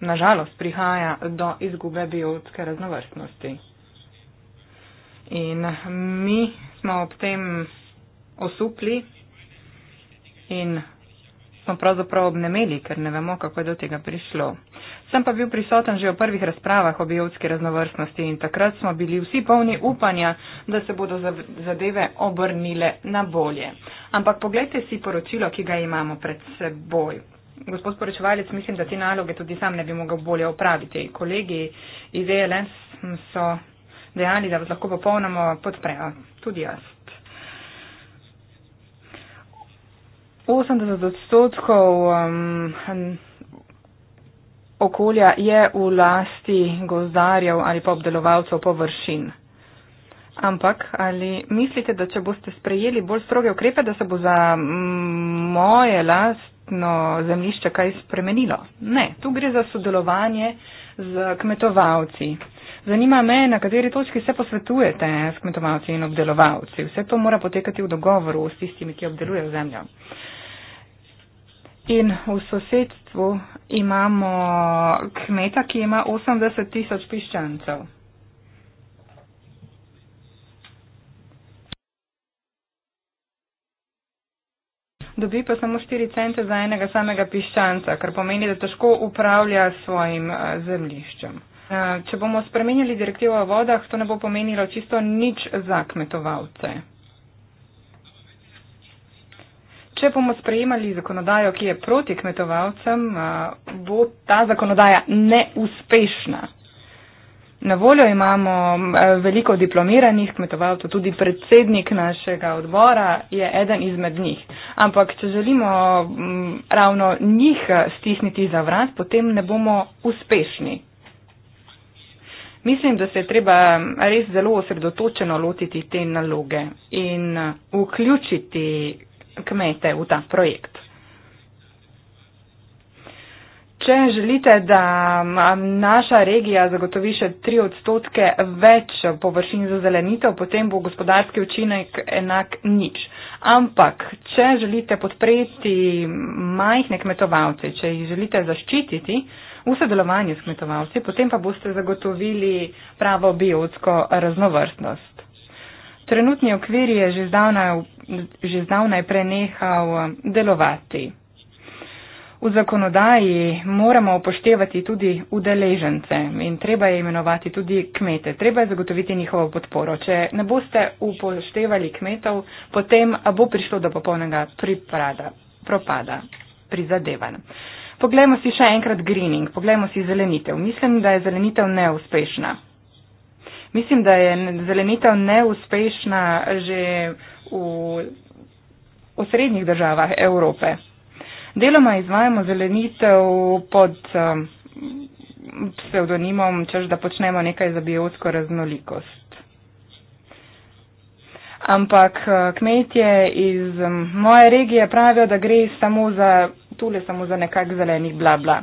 nažalost prihaja do izgube biotske raznovrstnosti. In mi smo ob tem osupli in smo pravzaprav obnemeli, ker ne vemo, kako je do tega prišlo. Sem pa bil prisoten že v prvih razpravah o biotski raznovrstnosti in takrat smo bili vsi polni upanja, da se bodo zadeve obrnile na bolje. Ampak pogledajte si poročilo, ki ga imamo pred seboj. Gospod poročevalec, mislim, da ti naloge tudi sam ne bi mogel bolje opraviti. Kolegi iz ELS so dejali, da vas lahko popolnoma podprejo. Tudi jaz. 80 odstotkov um, okolja je v lasti gozdarjev ali pa obdelovalcev površin. Ampak ali mislite, da če boste sprejeli bolj stroge ukrepe, da se bo za mm, moje lastno zemljišče kaj spremenilo? Ne, tu gre za sodelovanje z kmetovalci. Zanima me, na kateri točki se posvetujete s kmetovalci in obdelovalci. Vse to mora potekati v dogovoru s tistimi, ki obdelujejo zemljo. Uh, In v sosedstvu imamo kmeta, ki ima 80 tisoč piščancev. Dobi pa samo 4 cente za enega samega piščanca, kar pomeni, da težko upravlja svojim eh, zemljiščem. Eh, če bomo spremenjali direktivo o vodah, to ne bo pomenilo čisto nič za kmetovalce. Če bomo sprejemali zakonodajo, ki je proti kmetovalcem, eh, bo ta zakonodaja neuspešna. Na voljo imamo eh, veliko diplomiranih kmetovalcev, tudi predsednik našega odbora je eden izmed njih. Ampak, če želimo mm, ravno njih eh, stisniti za vrat, potem ne bomo uspešni. Mislim, da se je treba mm, res zelo osredotočeno lotiti te naloge in vključiti kmete v ta projekt. Če želite, da naša regija zagotovi še 3 odstotke več površin za zelenitev, potem bo gospodarski učinek enak nič. Ampak, če želite podpreti majhne kmetovalce, če jih želite zaščititi v sodelovanju s kmetovalci, potem pa boste zagotovili pravo biotsko raznovrstnost. Trenutni okvir je že zdavnaj, že zdavnaj prenehal eh, delovati. V zakonodaji moramo upoštevati tudi udeležence in treba je imenovati tudi kmete. Treba je zagotoviti njihovo podporo. Če ne boste upoštevali kmetov, potem bo prišlo do popolnega priprada, propada, prizadevan. Poglejmo si še enkrat greening, poglejmo si zelenitev. Mislim, da je zelenitev neuspešna. Mislim, da je zelenitev neuspešna že v osrednjih državah Evrope. Deloma izvajamo zelenitev pod um, pseudonimom, čež da počnemo nekaj za biotsko raznolikost. Ampak uh, kmetje iz um, moje regije pravijo, da gre samo za, tule samo za nekak zeleni blabla. Bla.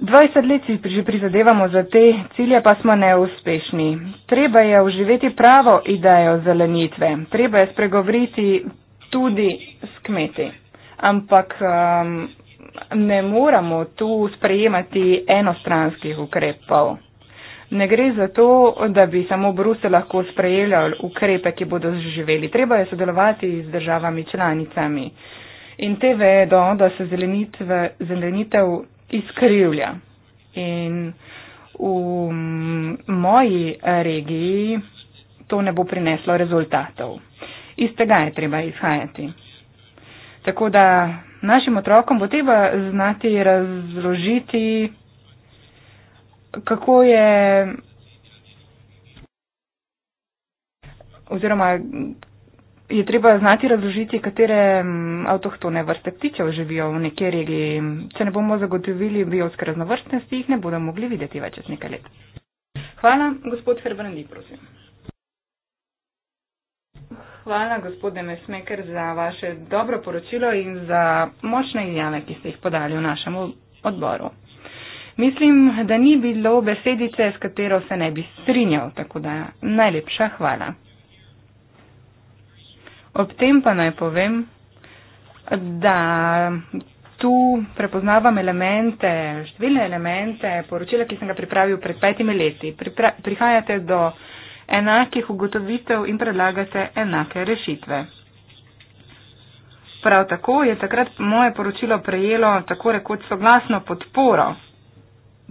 20 let si že prizadevamo za te cilje, pa smo neuspešni. Treba je uživeti pravo idejo zelenitve, treba je spregovoriti tudi s kmeti. Ampak um, ne moramo tu sprejemati enostranskih ukrepov. Ne gre za to, da bi samo Bruse lahko sprejeljal ukrepe, ki bodo zaživeli. Treba je sodelovati z državami članicami. In te vedo, da se zelenitve, zelenitev izkrivlja. In v moji regiji to ne bo prineslo rezultatov. Iz tega je treba izhajati. Tako da našim otrokom bo treba znati razložiti, kako je oziroma je treba znati razložiti, katere mm, avtohtone vrste ptičev živijo v neki regiji. Če ne bomo zagotovili biotske raznovrstnosti, jih ne bodo mogli videti več čez nekaj let. Hvala, gospod Ferbrandi, prosim. Hvala, gospode Mesmeker, za vaše dobro poročilo in za močne izjave, ki ste jih podali v našem odboru. Mislim, da ni bilo besedice, s katero se ne bi strinjal, tako da najlepša hvala. Ob tem pa naj povem, da tu prepoznavam elemente, številne elemente poročila, ki sem ga pripravil pred petimi leti. Pripra prihajate do enakih ugotovitev in predlagate enake rešitve. Prav tako je takrat moje poročilo prejelo tako rekoč soglasno podporo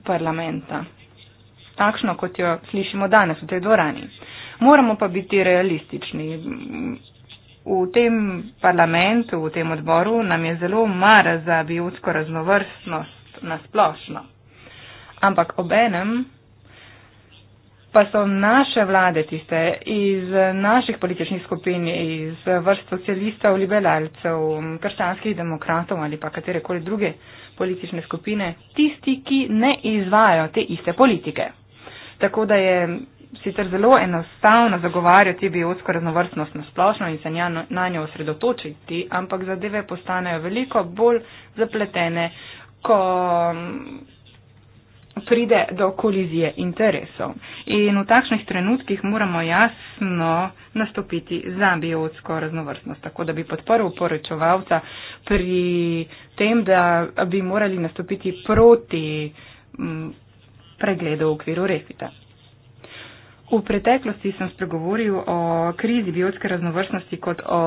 parlamenta, takšno kot jo slišimo danes v tej dvorani. Moramo pa biti realistični. V tem parlamentu, v tem odboru nam je zelo mar za biotsko raznovrstnost nasplošno. Ampak obenem pa so naše vlade tiste iz naših političnih skupin, iz vrst socialistov, liberalcev, krščanskih demokratov ali pa katerekoli druge politične skupine, tisti, ki ne izvajo te iste politike. Tako da je sicer zelo enostavno zagovarjati biotsko raznovrstnost na splošno in se na njo osredotočiti, ampak zadeve postanejo veliko bolj zapletene, ko mm, pride do kolizije interesov. In v takšnih trenutkih moramo jasno nastopiti za biotsko raznovrstnost, tako da bi podprl poročevalca pri tem, da bi morali nastopiti proti mm, pregledu v okviru refita. V preteklosti sem spregovoril o krizi biotske raznovrstnosti kot o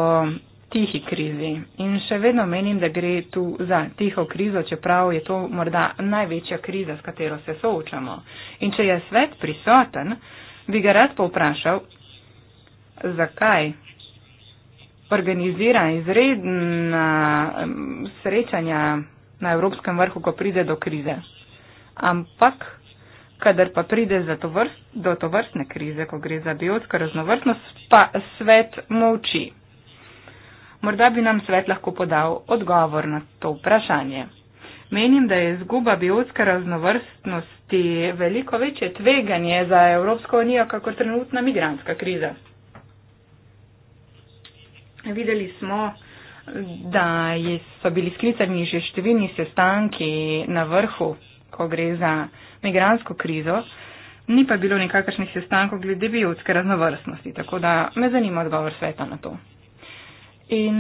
tihi krizi in še vedno menim, da gre tu za tiho krizo, čeprav je to morda največja kriza, s katero se soočamo. In če je svet prisoten, bi ga rad povprašal, zakaj organizira izredna srečanja na Evropskem vrhu, ko pride do krize. Ampak kadar pa pride to vrst, do tovrstne krize, ko gre za biotsko raznovrstnost, pa svet molči. Morda bi nam svet lahko podal odgovor na to vprašanje. Menim, da je izguba biotske raznovrstnosti veliko večje tveganje za Evropsko unijo, kakor trenutna migranska kriza. Videli smo, da so bili sklicani že številni sestanki na vrhu ko gre za migransko krizo, ni pa bilo nekakšnih sestankov glede biotske raznovrstnosti, tako da me zanima odgovor sveta na to. In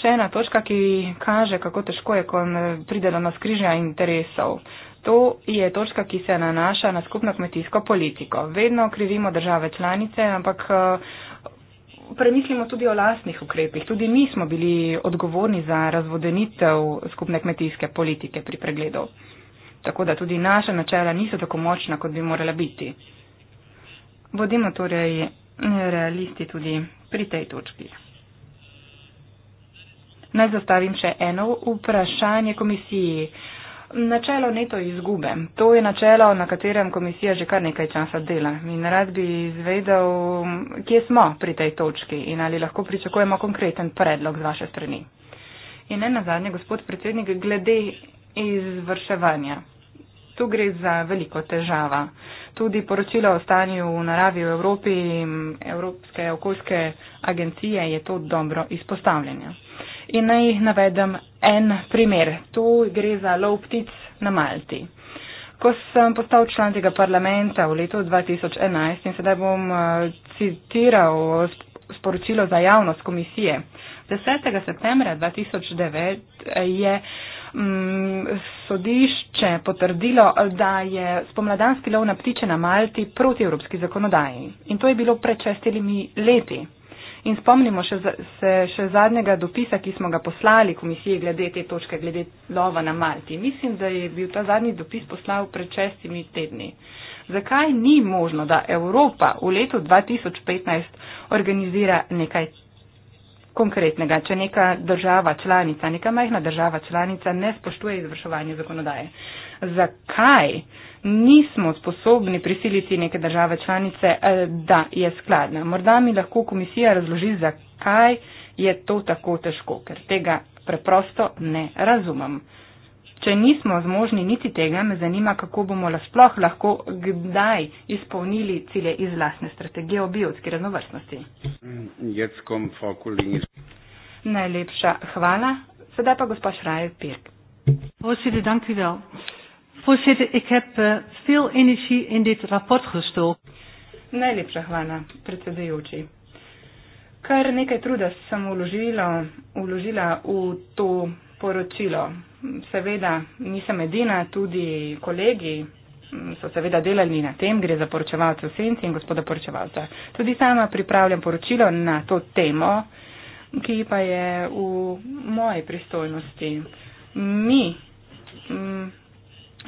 še ena točka, ki kaže, kako težko je, ko pride do naskrižja interesov. To je točka, ki se nanaša na skupno kmetijsko politiko. Vedno krivimo države članice, ampak eh, premislimo tudi o lastnih ukrepih. Tudi mi smo bili odgovorni za razvodenitev skupne kmetijske politike pri pregledu tako da tudi naša načela niso tako močna, kot bi morala biti. Bodimo torej realisti tudi pri tej točki. Naj zastavim še eno vprašanje komisiji. Načelo neto izgube. To je načelo, na katerem komisija že kar nekaj časa dela. In rad bi izvedel, kje smo pri tej točki in ali lahko pričakujemo konkreten predlog z vaše strani. In ena zadnja, gospod predsednik, glede izvrševanja. Tu gre za veliko težava. Tudi poročilo o stanju v naravi v Evropi Evropske okoljske agencije je to dobro izpostavljeno. In naj navedem en primer. Tu gre za lov ptic na Malti. Ko sem postal član tega parlamenta v letu 2011 in sedaj bom eh, citiral sporočilo za javnost komisije, 10. septembra 2009 je. Mm, sodišče potrdilo, da je spomladanski lov na ptiče na Malti proti evropski zakonodaji. In to je bilo pred šestimi leti. In spomnimo še, se še zadnjega dopisa, ki smo ga poslali komisiji glede te točke, glede lova na Malti. Mislim, da je bil ta zadnji dopis poslal pred šestimi tedni. Zakaj ni možno, da Evropa v letu 2015 organizira nekaj konkretnega, če neka država članica, neka majhna država članica ne spoštuje izvrševanje zakonodaje. Zakaj nismo sposobni prisiliti neke države članice, eh, da je skladna? Morda mi lahko komisija razloži, zakaj je to tako težko, ker tega preprosto ne razumem če nismo zmožni niti tega, me zanima, kako bomo sploh lahko kdaj izpolnili cilje iz lasne strategije o biotski raznovrstnosti. Mm, Najlepša hvala. Sedaj pa gospod Šrajev Pirk. Eh, Najlepša hvala, predsedujoči. Kar nekaj truda sem uložila, uložila v to poročilo. Seveda nisem edina, tudi kolegi so seveda delali na tem, gre za poročevalce v senci in gospoda poročevalca. Tudi sama pripravljam poročilo na to temo, ki pa je v moji pristojnosti. Mi, mm,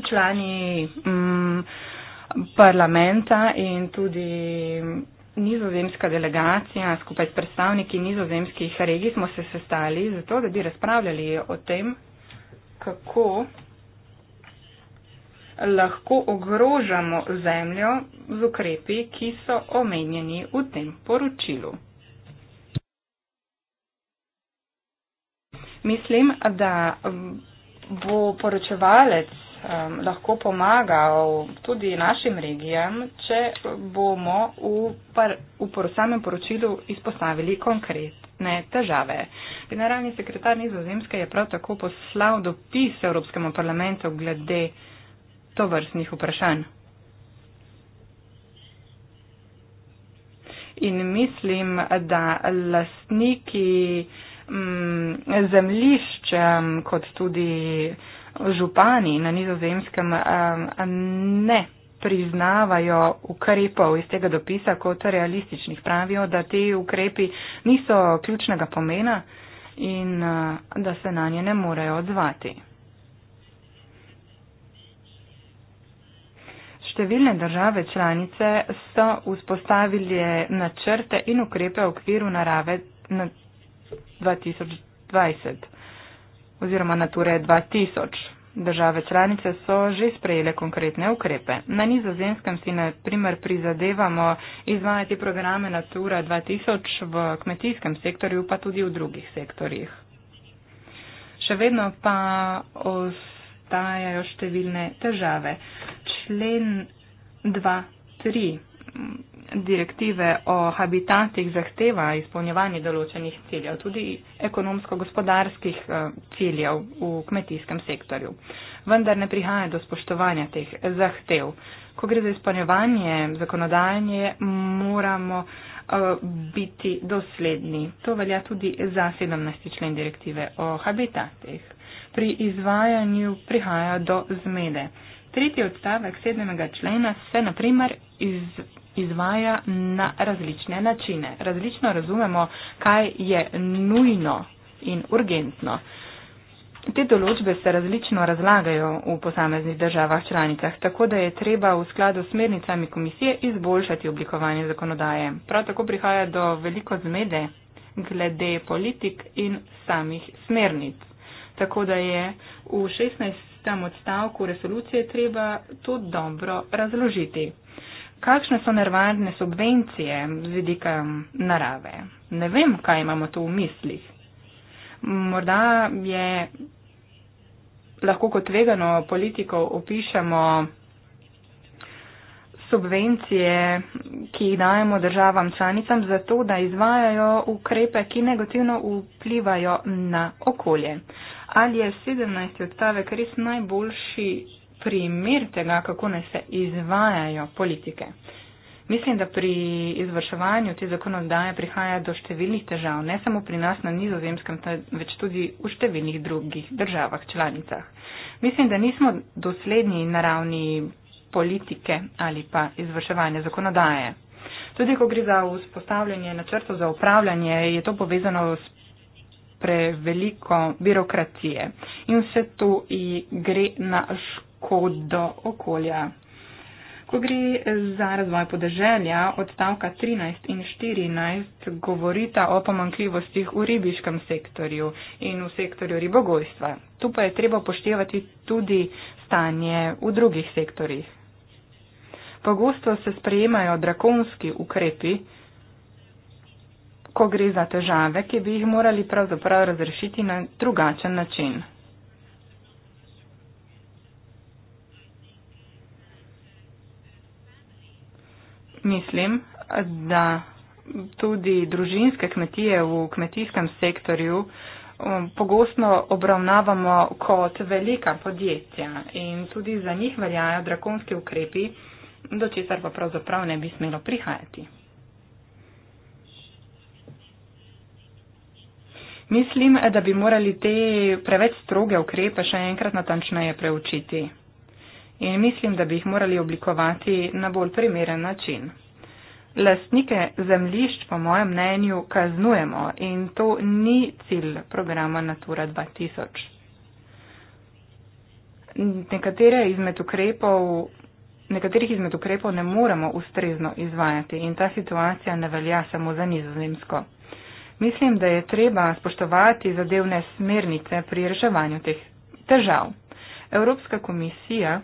člani mm, parlamenta in tudi nizozemska delegacija skupaj s predstavniki nizozemskih regij smo se sestali zato, da bi razpravljali o tem, kako lahko ogrožamo zemljo z ukrepi, ki so omenjeni v tem poročilu. Mislim, da bo poročevalec um, lahko pomagal tudi našim regijam, če bomo v, par, v por, samem poročilu izpostavili konkretne težave. Generalni sekretar Nizozemske je prav tako poslal dopis Evropskemu parlamentu glede tovrstnih vprašanj. In mislim, da lastniki mm, zemlišča, kot tudi župani na nizozemskem um, ne priznavajo ukrepov iz tega dopisa kot realističnih. Pravijo, da ti ukrepi niso ključnega pomena in uh, da se na nje ne morejo odzvati. Številne države članice so vzpostavili načrte in ukrepe v okviru narave na 2020 oziroma Nature 2000. Države članice so že sprejele konkretne ukrepe. Na nizozemskem si na primer prizadevamo izvajati programe Natura 2000 v kmetijskem sektorju, pa tudi v drugih sektorjih. Še vedno pa ostajajo številne težave. Člen 2.3 direktive o habitatih zahteva izpolnjevanje določenih ciljev, tudi ekonomsko-gospodarskih eh, ciljev v kmetijskem sektorju. Vendar ne prihaja do spoštovanja teh zahtev. Ko gre za izpolnjevanje zakonodajanje, moramo eh, biti dosledni. To velja tudi za 17. člen direktive o habitatih. Pri izvajanju prihaja do zmede. Tretji odstavek 7. člena se naprimer iz, izvaja na različne načine. Različno razumemo, kaj je nujno in urgentno. Te določbe se različno razlagajo v posameznih državah članicah, tako da je treba v skladu s smernicami komisije izboljšati oblikovanje zakonodaje. Prav tako prihaja do veliko zmede glede politik in samih smernic. Tako da je v 16. odstavku resolucije treba to dobro razložiti kakšne so nervarne subvencije z vidika narave. Ne vem, kaj imamo tu v mislih. Morda je lahko kot vegano politiko opišemo subvencije, ki jih dajemo državam članicam za to, da izvajajo ukrepe, ki negativno vplivajo na okolje. Ali je 17. odstavek res najboljši primer tega, kako naj se izvajajo politike. Mislim, da pri izvrševanju te zakonodaje prihaja do številnih težav, ne samo pri nas na nizozemskem, več tudi v številnih drugih državah članicah. Mislim, da nismo dosledni na ravni politike ali pa izvrševanja zakonodaje. Tudi, ko gre za vzpostavljanje načrtov za upravljanje, je to povezano s preveliko birokracije. In vse to gre na škodo kot do okolja. Ko gre za razvoj podeželja, odstavka 13 in 14 govorita o pomankljivostih v ribiškem sektorju in v sektorju ribogojstva. Tu pa je treba poštevati tudi stanje v drugih sektorjih. Pogosto se sprejemajo drakonski ukrepi, ko gre za težave, ki bi jih morali pravzaprav razrešiti na drugačen način. mislim, da tudi družinske kmetije v kmetijskem sektorju um, pogosto obravnavamo kot velika podjetja in tudi za njih veljajo drakonski ukrepi, do česar pa pravzaprav ne bi smelo prihajati. Mislim, da bi morali te preveč stroge ukrepe še enkrat natančneje preučiti in mislim, da bi jih morali oblikovati na bolj primeren način. Lastnike zemljišč, po mojem mnenju, kaznujemo in to ni cilj programa Natura 2000. Nekatere izmed ukrepov, nekaterih izmed ukrepov ne moremo ustrezno izvajati in ta situacija ne velja samo za nizozemsko. Mislim, da je treba spoštovati zadevne smernice pri reševanju teh težav. Evropska komisija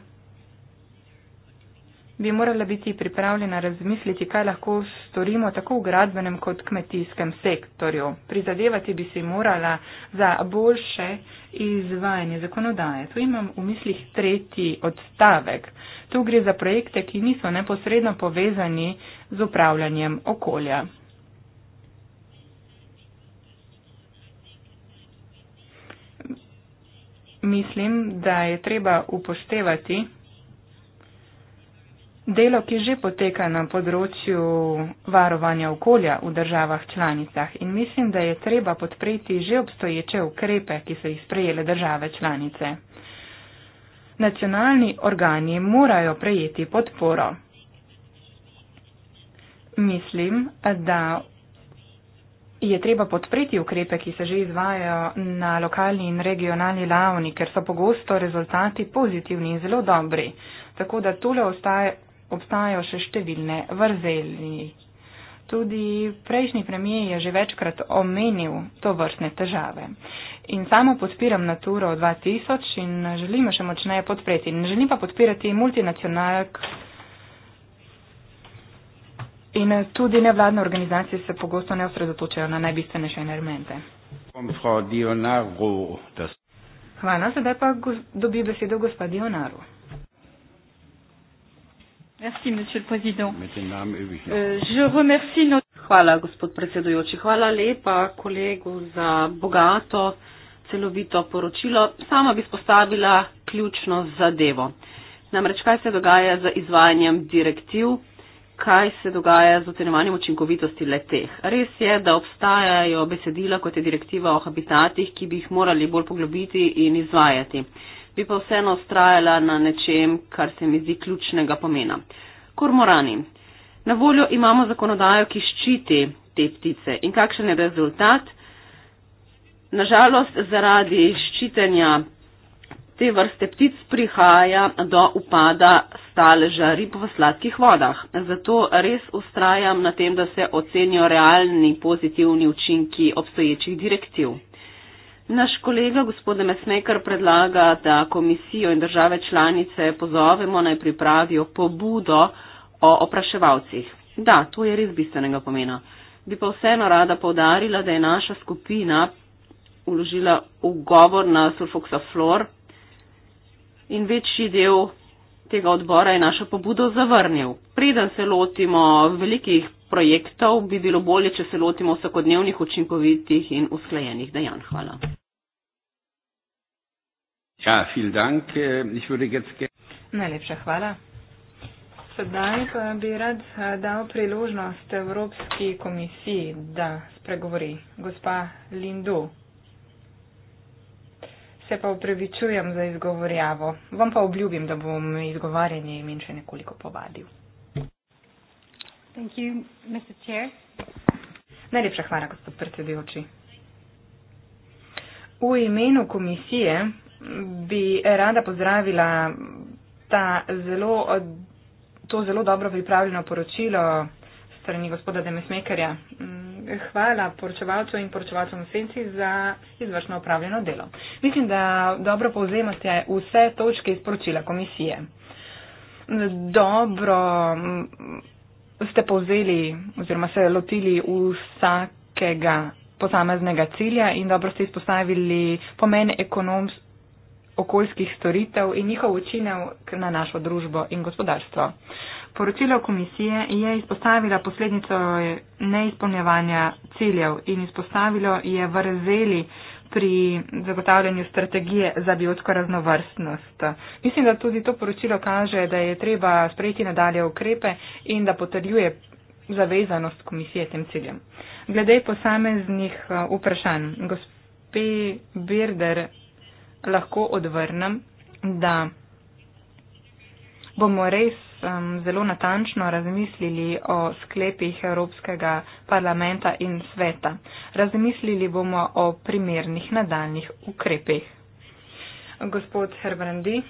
bi morala biti pripravljena razmisliti, kaj lahko storimo tako v gradbenem kot kmetijskem sektorju. Prizadevati bi se morala za boljše izvajanje zakonodaje. Tu imam v mislih tretji odstavek. Tu gre za projekte, ki niso neposredno povezani z upravljanjem okolja. Mislim, da je treba upoštevati, Delo, ki že poteka na področju varovanja okolja v državah članicah in mislim, da je treba podpreti že obstoječe ukrepe, ki so jih sprejele države članice. Nacionalni organi morajo prejeti podporo. Mislim, da je treba podpreti ukrepe, ki se že izvajajo na lokalni in regionalni ravni, ker so pogosto rezultati pozitivni in zelo dobri. Tako da tole ostaje, obstajajo še številne vrzeli. Tudi prejšnji premijer je že večkrat omenil to vrstne težave. In samo podpiram Naturo 2000 in želim še močneje podpreti. Ne želim pa podpirati multinacionalk in tudi nevladne organizacije se pogosto ne osredotočajo na najbistvenejše elemente. Hvala, sedaj pa dobi besedo gospod Dionaru. Merci, monsieur le président. Euh, je remercie notre... Hvala, gospod predsedujoči. Hvala lepa kolegu za bogato, celovito poročilo. Sama bi spostavila ključno zadevo. Namreč, kaj se dogaja z izvajanjem direktiv, kaj se dogaja z ocenjevanjem učinkovitosti leteh. Res je, da obstajajo besedila, kot je direktiva o habitatih, ki bi jih morali bolj poglobiti in izvajati. Uh, bi pa vseeno ustrajala na nečem, kar se mi zdi ključnega pomena. Kormorani. Na voljo imamo zakonodajo, ki ščiti te ptice. In kakšen je rezultat? Nažalost, zaradi ščitenja te vrste ptic prihaja do upada staleža rib v sladkih vodah. Zato res ustrajam na tem, da se ocenijo realni pozitivni učinki obstoječih direktiv. Naš kolega gospod Mesnekar predlaga, da komisijo in države članice pozovemo naj pripravijo pobudo o opraševalcih. Da, to je res bistvenega pomena. Bi pa vseeno rada povdarila, da je naša skupina uložila ugovor na sulfoksaflor in večji del tega odbora je našo pobudo zavrnil. Preden se lotimo velikih projektov bi bilo bolje, če se lotimo vsakodnevnih učinkovitih in usklajenih dejanj. Hvala. Ja, vielen Dank, ich würde jetzt gerne. Najlepša hvala. Sedaj pa bi rad eh, dal priložnost Evropski komisiji, da spregovori. Gospa Lindu, se pa upravičujem za izgovorjavo. Vam pa obljubim, da bom izgovarjanje imen še nekoliko povadil. Thank you, Mr. Chair. Najlepša hvala, gospod predsedujoči. V imenu komisije bi rada pozdravila ta zelo, to zelo dobro pripravljeno poročilo strani gospoda Demesmekerja. Hvala poročevalcu in poročevalcem senci za izvršno upravljeno delo. Mislim, da dobro povzemate vse točke iz poročila komisije. Dobro ste povzeli oziroma se lotili vsakega posameznega cilja in dobro ste izpostavili pomen ekonomskih okoljskih storitev in njihov učinek na našo družbo in gospodarstvo. Poročilo komisije je izpostavila posledico neizpolnjevanja ciljev in izpostavilo je vrzeli pri zagotavljanju strategije za biotsko raznovrstnost. Mislim, da tudi to poročilo kaže, da je treba sprejeti nadalje ukrepe in da potrjuje zavezanost komisije tem ciljem. Glede posameznih eh, vprašanj, gospe Birder, lahko odvrnem, da bomo res um, zelo natančno razmislili o sklepih Evropskega parlamenta in sveta. Razmislili bomo o primernih nadaljnih ukrepih. Gospod Herbrandi.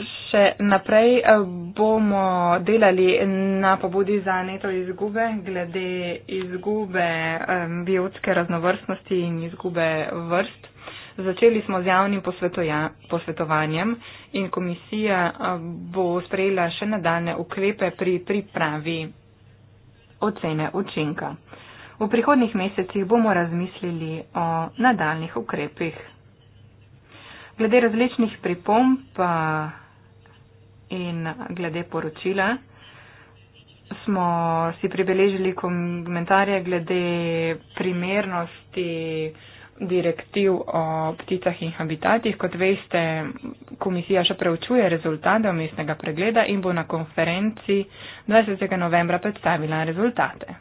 Še naprej eh, bomo delali na pobudi za neto izgube glede izgube eh, biotske raznovrstnosti in izgube vrst. Začeli smo z javnim posvetovanjem in komisija eh, bo sprejela še nadaljne ukrepe pri pripravi ocene učinka. V prihodnih mesecih bomo razmislili o nadaljnih ukrepih. Glede različnih pripomb eh, in glede poročila smo si pribeležili komentarje glede primernosti direktiv o pticah in habitatih. Kot veste, komisija še preučuje rezultate omestnega pregleda in bo na konferenci 20. novembra predstavila rezultate.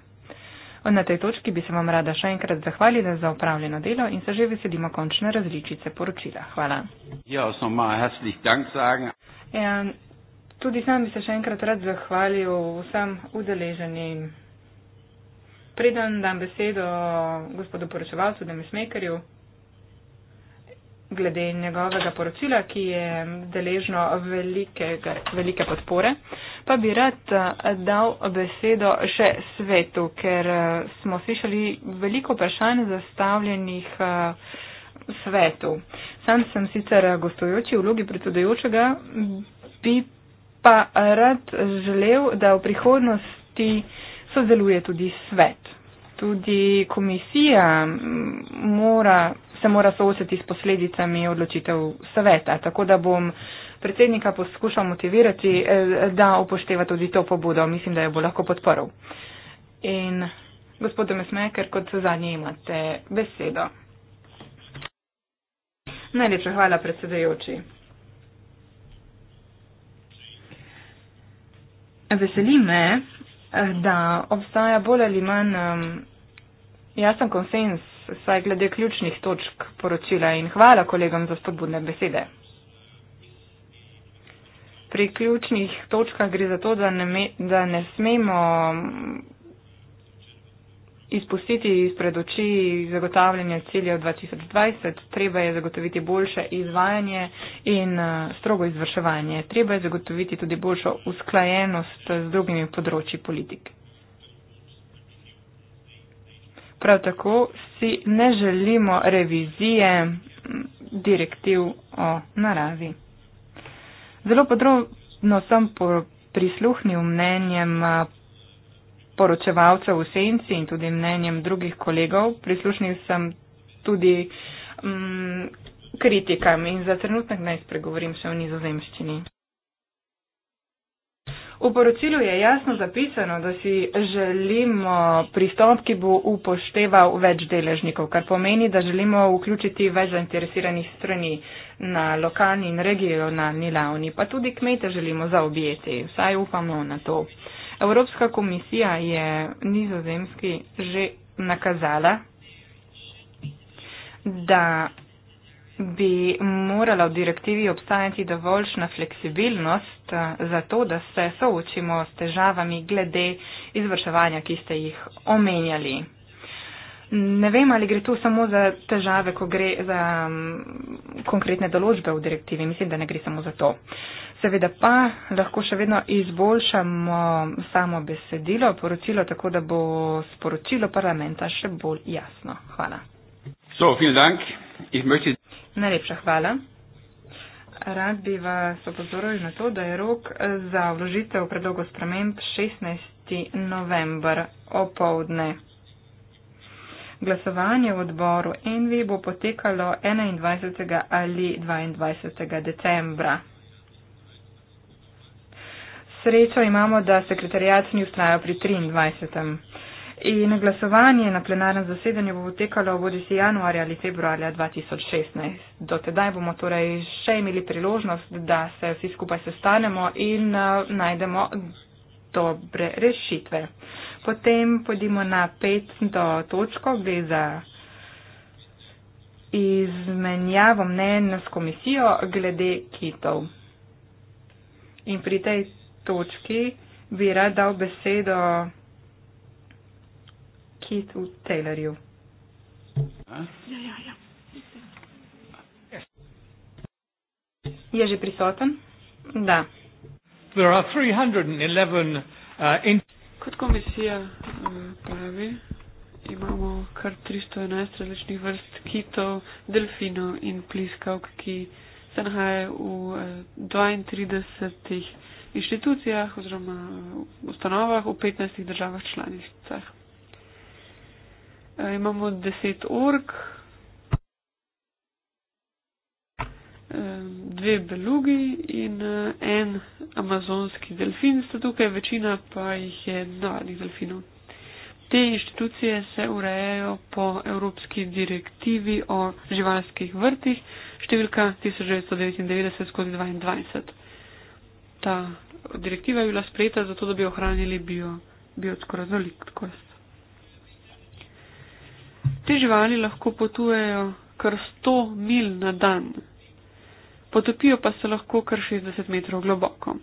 Na tej točki bi se vam rada še enkrat zahvalila za upravljeno delo in se že veselimo končne različice poročila. Hvala. Ja, ja, tudi sam bi se še enkrat rad zahvalil vsem udeleženim. Preden dam besedo gospodu poročevalcu Demis Mekerju, glede njegovega poročila, ki je deležno velike, velike podpore, pa bi rad eh, dal besedo še svetu, ker eh, smo slišali veliko vprašanj zastavljenih eh, svetu. Sam sem sicer gostujoči v vlogi predsedujočega, bi pa rad želel, da v prihodnosti sodeluje tudi svet. Tudi komisija mora, se mora soočati s posledicami odločitev sveta, tako da bom predsednika poskušal motivirati, eh, da upošteva tudi to pobudo. Mislim, da jo bo lahko podporil. In gospod Mesmeker, kot zadnji imate besedo. Najlepša hvala, predsedajoči. Veseli me, Eh, da obstaja bolj ali manj um, jasen konsens, saj glede ključnih točk poročila in hvala kolegom za spodbudne besede. Pri ključnih točkah gre za to, da ne, da ne smemo Izpustiti izpred oči zagotavljanje ciljev 2020, treba je zagotoviti boljše izvajanje in eh, strogo izvrševanje. Treba je zagotoviti tudi boljšo usklajenost z drugimi področji politik. Prav tako si ne želimo revizije direktiv o naravi. Zelo podrobno sem prisluhnil mnenjem eh, poročevalcev v senci in tudi mnenjem drugih kolegov. Prislušnil sem tudi mm, kritikam in za trenutek naj spregovorim še v nizozemščini. V poročilu je jasno zapisano, da si želimo pristop, ki bo upošteval več deležnikov, kar pomeni, da želimo vključiti več zainteresiranih strani na lokalni in regionalni ravni, pa tudi kmete želimo zaobjeti, vsaj upamo na to. Evropska komisija je nizozemski že nakazala, da bi morala v direktivi obstajati dovoljšna fleksibilnost eh, za to, da se soočimo s težavami glede izvrševanja, ki ste jih omenjali. Ne vem, ali gre tu samo za težave, ko gre za um, konkretne določbe v direktivi. Mislim, da ne gre samo za to. Seveda pa lahko še vedno izboljšamo samo besedilo, poročilo, tako da bo sporočilo parlamenta še bolj jasno. Hvala. So, dank. Möchte... Najlepša hvala. Rad bi vas opozoril na to, da je rok za vložitev predlogov sprememb 16. november opovdne. Glasovanje v odboru Envi bo potekalo 21. ali 22. decembra. Srečo imamo, da sekretarijat ni ustrajal pri 23. In glasovanje na plenarnem zasedanju bo potekalo bodi si januarja ali februarja 2016. Do tedaj bomo torej še imeli priložnost, da se vsi skupaj sestanemo in uh, najdemo dobre rešitve. Uh, Potem podimo na 5 do točko, gre za izmenjavo mnenja s komisijo glede kitov. In pri tej točki bi rad dal besedo kitu Taylorju. Je že prisoten? Da. There are 311 uh, in Kot komisija eh, pravi, imamo kar 311 različnih vrst kitov, delfinov in pliskavk, ki se nahajajo v 32 eh, inštitucijah oziroma eh, ustanovah v 15 državah članicah. Imamo 10 org, dve belugi in eh, en amazonski delfin sta tukaj, večina pa jih je navadnih delfinov. Te inštitucije se urejajo po Evropski direktivi o živalskih vrtih, številka 1999-2022. Ta direktiva je bila sprejeta zato, da bi ohranili bio, biotsko raznolikost. Te živali lahko potujejo kar 100 mil na dan potopijo pa se lahko kar 60 metrov globoko.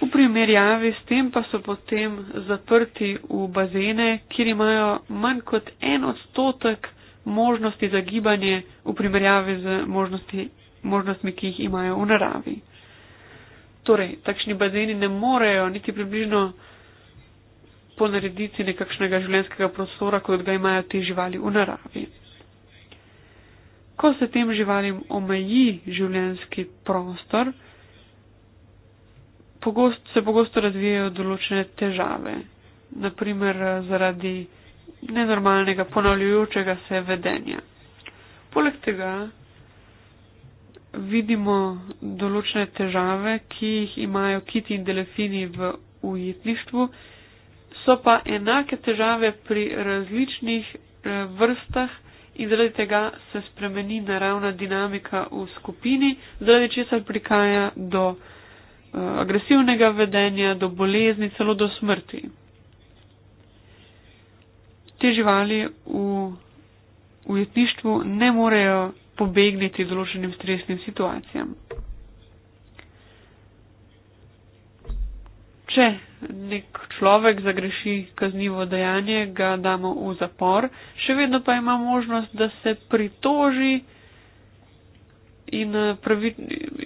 V primerjavi s tem pa so potem zaprti v bazene, kjer imajo manj kot en odstotek možnosti za gibanje v primerjavi z možnosti, možnostmi, ki jih imajo v naravi. Torej, takšni bazeni ne morejo niti približno ponarediti nekakšnega življenskega prostora, kot ga imajo te živali v naravi ko se tem živalim omeji življenski prostor, pogost, se pogosto razvijajo določene težave, naprimer zaradi nenormalnega ponavljajočega se vedenja. Poleg tega vidimo določene težave, ki jih imajo kiti in delfini v ujetništvu, so pa enake težave pri različnih eh, vrstah in zaradi tega se spremeni naravna dinamika v skupini, zaradi česar prikaja do uh, agresivnega vedenja, do bolezni, celo do smrti. Te živali v ujetništvu ne morejo pobegniti določenim stresnim situacijam. če nek človek zagreši kaznivo dejanje, ga damo v zapor, še vedno pa ima možnost, da se pritoži in, eh, pravi,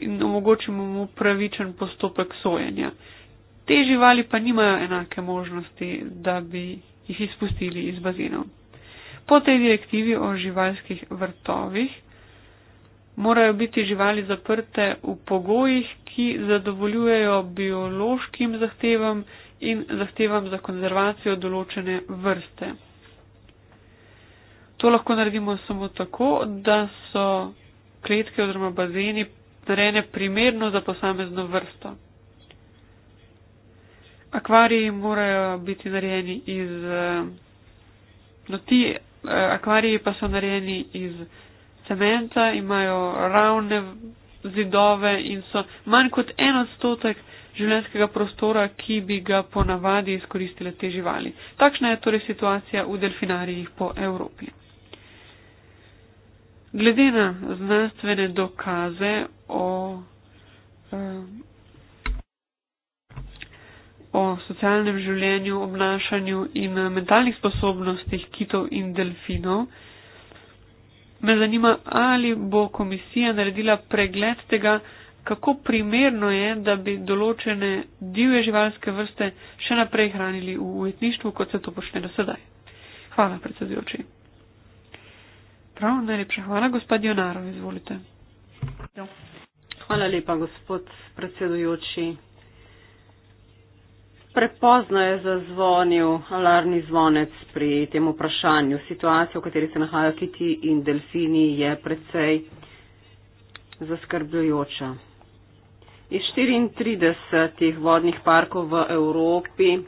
in omogočimo mu pravičen postopek sojenja. Te živali pa nimajo enake možnosti, da bi jih izpustili iz bazenov. Po tej direktivi o živalskih vrtovih morajo biti živali zaprte v pogojih, ki zadovoljujejo biološkim zahtevam in zahtevam za konzervacijo določene vrste. To lahko naredimo samo tako, da so kletke oziroma bazeni narejene primerno za posamezno vrsto. Akvariji morajo biti narejeni iz. Eh, no, ti eh, akvariji pa so narejeni iz cementa, imajo ravne zidove in so manj kot en odstotek življenskega prostora, ki bi ga ponavadi izkoristile te živali. Takšna je torej situacija v delfinarijih po Evropi. Glede na znanstvene dokaze o, eh, o socialnem življenju, obnašanju in eh, mentalnih sposobnostih kitov in delfinov, me zanima, ali bo komisija naredila pregled tega, kako primerno je, da bi določene divje živalske vrste še naprej hranili v ujetništvu, kot se to počne do sedaj. Hvala, predsedujoči. Prav, najlepša hvala, gospod Jonarov, izvolite. Hvala lepa, gospod predsedujoči. Prepozno je zazvonil alarmni zvonec pri tem vprašanju. Situacija, v kateri se nahajajo kiti in delfini, je precej zaskrbljujoča. Iz 34 vodnih parkov v Evropi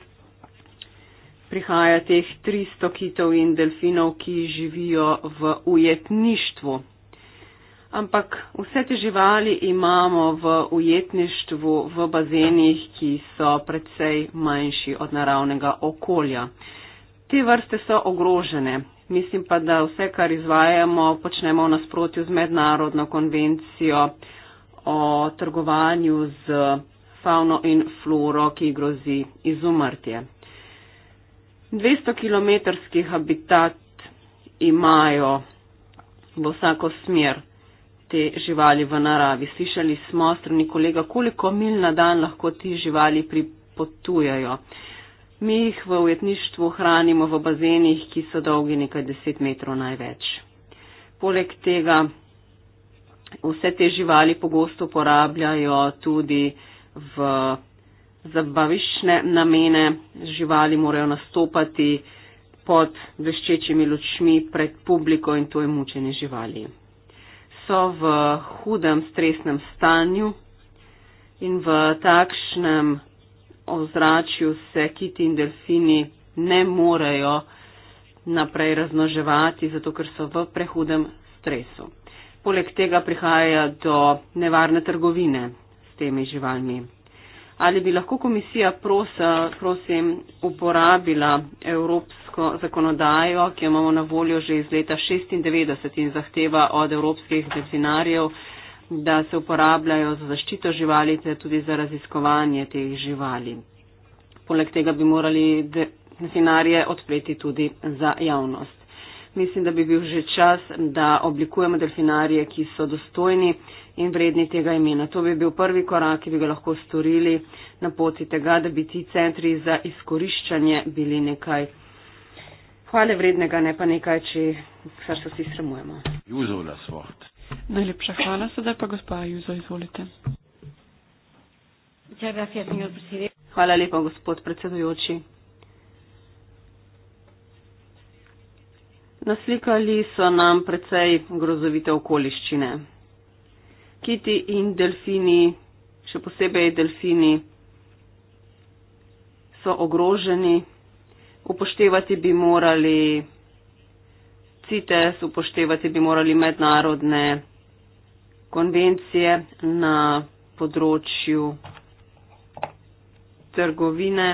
prihaja teh 300 kitov in delfinov, ki živijo v ujetništvu ampak vse te živali imamo v ujetništvu v bazenih, ki so predvsej manjši od naravnega okolja. Te vrste so ogrožene. Mislim pa, da vse, kar izvajamo, počnemo v nasprotju z mednarodno konvencijo o trgovanju z fauno in floro, ki grozi izumrtje. 200 km habitat imajo v vsako smer te živali v naravi. Slišali smo strani kolega, koliko mil na dan lahko ti živali pripotujajo. Mi jih v ujetništvu hranimo v bazenih, ki so dolgi nekaj deset metrov največ. Poleg tega vse te živali pogosto uporabljajo tudi v zabaviščne namene. Živali morajo nastopati pod veščečimi lučmi pred publiko in to je mučenje živali so v hudem stresnem stanju in v takšnem ozračju se kiti in delfini ne morejo naprej raznoževati, zato ker so v prehudem stresu. Poleg tega prihaja do nevarne trgovine s temi živalmi ali bi lahko komisija pros, prosim uporabila evropsko zakonodajo, ki jo imamo na voljo že iz leta 96 in zahteva od evropskih veterinarjev, da se uporabljajo za zaščito živali, te tudi za raziskovanje teh živali. Poleg tega bi morali veterinarje odpreti tudi za javnost. Mislim, da bi bil že čas, da oblikujemo delfinarije, ki so dostojni uh, in vredni tega imena. To bi bil prvi korak, ki bi ga lahko storili na poti tega, da bi ti centri za izkoriščanje bili nekaj hvale vrednega, ne pa nekaj, če kar se vsi sramujemo. Najlepša hvala, sedaj pa gospa Juzo, izvolite. Hvala lepa, gospod predsedujoči. Naslikali so nam precej grozovite okoliščine kiti in delfini, še posebej delfini, so ogroženi. Upoštevati bi morali CITES, upoštevati bi morali mednarodne konvencije na področju trgovine.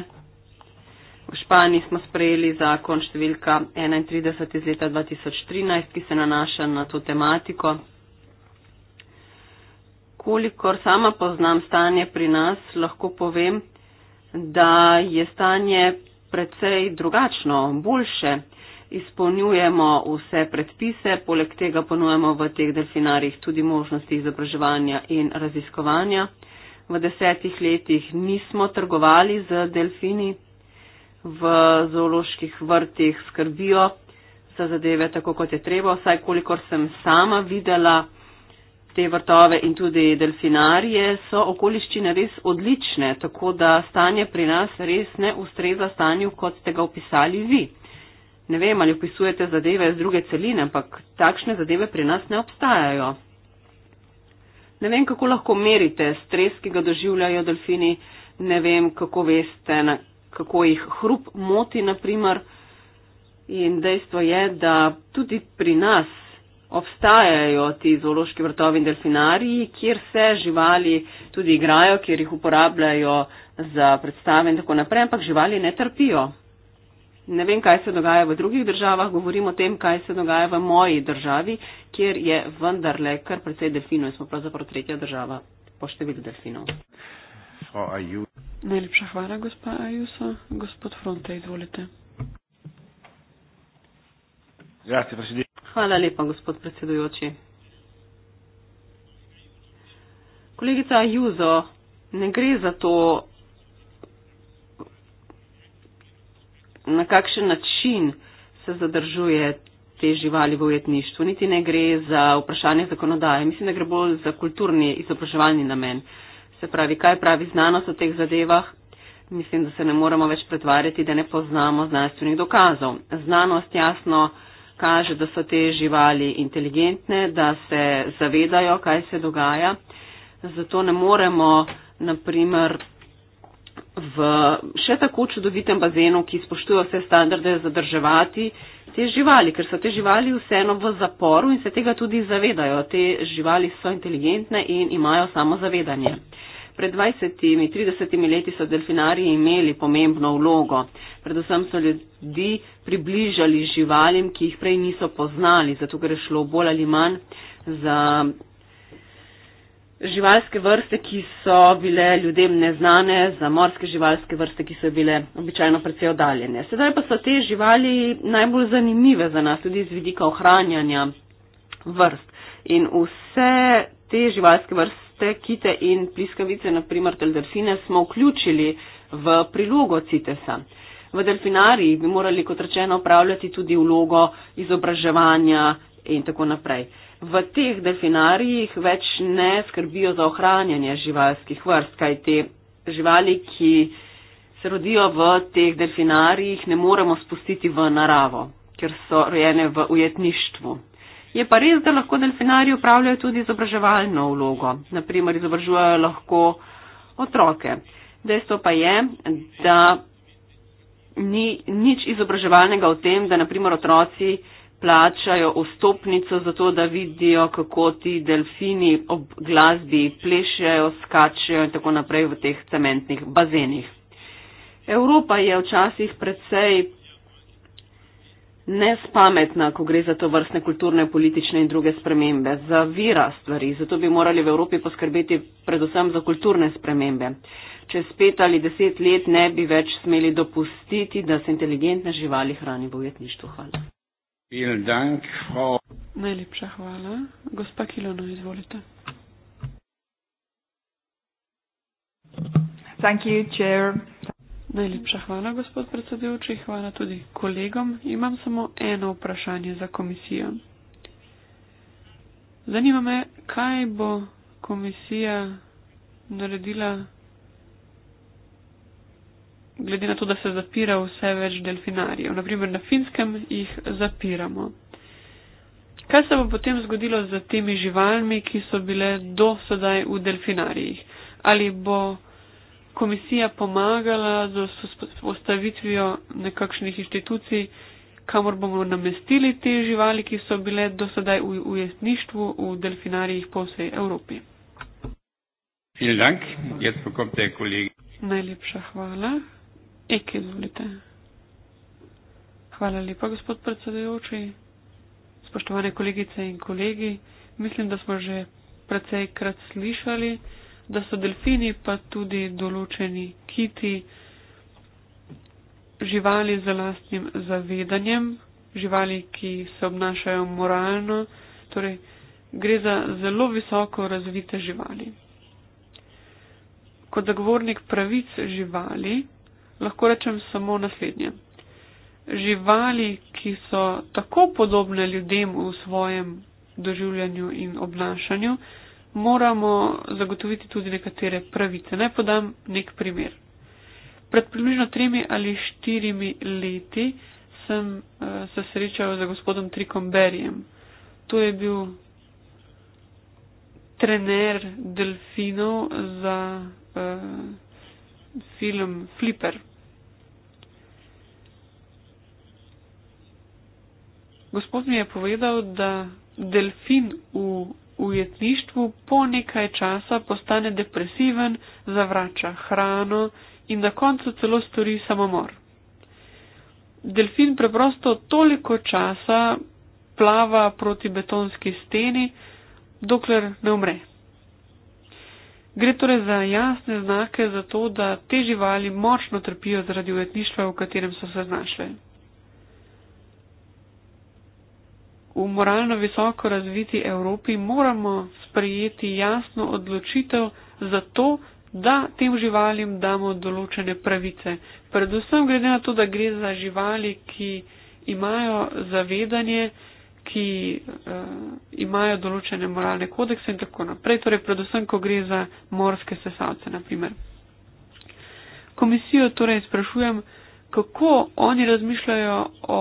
V Španiji smo sprejeli zakon številka 31 iz leta 2013, ki se nanaša na to tematiko kolikor sama poznam stanje pri nas, lahko povem, da je stanje precej drugačno, boljše. Izpolnjujemo vse predpise, poleg tega ponujemo v teh delfinarjih tudi možnosti izobraževanja in raziskovanja. V desetih letih nismo trgovali z delfini, v zooloških vrtih skrbijo za zadeve tako, kot je treba, vsaj kolikor sem sama videla te vrtove in tudi delfinarije so okoliščine res odlične, tako da stanje pri nas res ne ustreza stanju, kot ste ga opisali vi. Ne vem, ali opisujete zadeve z druge celine, ampak takšne zadeve pri nas ne obstajajo. Ne vem, kako lahko merite stres, ki ga doživljajo delfini, ne vem, kako veste, na, kako jih hrup moti, naprimer. In dejstvo je, da tudi pri nas obstajajo ti zoološki vrtovi in delfinariji, kjer se živali tudi igrajo, kjer jih uporabljajo za predstave in tako naprej, ampak živali ne trpijo. Ne vem, kaj se dogaja v drugih državah, govorim o tem, kaj se dogaja v moji državi, kjer je vendarle kar precej delfinov in smo pravzaprav tretja država po številu delfinov. Najlepša hvala, gospa Ajuso. Gospod Fronte, izvolite. Grazie, presidente. Hvala lepa, gospod predsedujoči. Kolegica Juzo, ne gre za to, na kakšen način se zadržuje te živali v ujetništvu. Niti ne gre za vprašanje zakonodaje. Mislim, da gre bolj za kulturni izobraževalni namen. Se pravi, kaj pravi znanost o teh zadevah? Mislim, da se ne moremo več pretvarjati, da ne poznamo znanstvenih dokazov. Znanost jasno kaže, da so te živali inteligentne, da se zavedajo, kaj se dogaja. Zato ne moremo, naprimer, v še tako čudovitem bazenu, ki spoštuje vse standarde, zadrževati te živali, ker so te živali vseeno v zaporu in se tega tudi zavedajo. Te živali so inteligentne in imajo samo zavedanje. Pred 20-30 leti so delfinariji imeli pomembno vlogo. Predvsem so ljudi približali živalim, ki jih prej niso poznali, zato ker je šlo bolj ali manj za živalske vrste, ki so bile ljudem neznane, za morske živalske vrste, ki so bile običajno precej oddaljene. Sedaj pa so te živali najbolj zanimive za nas, tudi z vidika ohranjanja vrst. In vse te živalske vrste vrste kite in pliskavice, naprimer teldelfine, smo vključili v prilogo CITES-a. V delfinariji bi morali, kot rečeno, upravljati tudi vlogo izobraževanja in tako naprej. V teh delfinarijih več ne skrbijo za ohranjanje živalskih vrst, kaj te živali, ki se rodijo v teh delfinarijih, ne moremo spustiti v naravo, ker so rojene v ujetništvu. Je pa res, da lahko delfinari upravljajo tudi izobraževalno vlogo. Naprimer, izobražujejo lahko otroke. Dejstvo pa je, da ni nič izobraževalnega v tem, da naprimer otroci plačajo vstopnico za to, da vidijo, kako ti delfini ob glasbi plešejo, skačejo in tako naprej v teh cementnih bazenih. Evropa je včasih predvsej nespametna, ko gre za to vrstne kulturne, politične in druge spremembe, zavira stvari. Zato bi morali v Evropi poskrbeti predvsem za kulturne spremembe. Čez pet ali deset let ne bi več smeli dopustiti, da se inteligentne živali hrani v ujetništvu. Hvala. Najlepša hvala. Gospa Kilono, izvolite. Thank you, Chair. Najlepša hvala, gospod predsedujoči. Hvala tudi kolegom. Imam samo eno vprašanje za komisijo. Zanima me, kaj bo komisija naredila glede na to, da se zapira vse več delfinarijev. Naprimer na finskem jih zapiramo. Kaj se bo potem zgodilo z temi živalmi, ki so bile do sedaj v delfinarijih? Ali bo komisija pomagala z postavitvijo nekakšnih inštitucij, kamor bomo namestili te živali, ki so bile do sedaj v ujestništvu v delfinarijih po vsej Evropi. Najlepša hvala. Ek, izvolite. Hvala lepa, gospod predsedujoči. Spoštovane kolegice in kolegi, mislim, da smo že precejkrat slišali da so delfini pa tudi določeni kiti, živali z lastnim zavedanjem, živali, ki se obnašajo moralno, torej gre za zelo visoko razvite živali. Kot zagovornik pravic živali lahko rečem samo naslednje. Živali, ki so tako podobne ljudem v svojem doživljanju in obnašanju, moramo zagotoviti tudi nekatere pravice. Naj podam nek primer. Pred približno tremi ali štirimi leti sem uh, se srečal z gospodom Trikom Berjem. To je bil trener delfinov za uh, film Flipper. Gospod mi je povedal, da delfin v ujetništvu po nekaj časa postane depresiven, zavrača hrano in na koncu celo stori samomor. Delfin preprosto toliko časa plava proti betonski steni, dokler ne umre. Gre torej za jasne znake za to, da te živali močno trpijo zaradi ujetništva, v katerem so se znašle. V moralno visoko razviti Evropi moramo sprejeti jasno odločitev za to, da tem živalim damo določene pravice. Predvsem glede na to, da gre za živali, ki imajo zavedanje, ki uh, imajo določene moralne kodekse in tako naprej. Torej, predvsem, ko gre za morske sesalce, naprimer. Komisijo torej sprašujem, kako oni razmišljajo o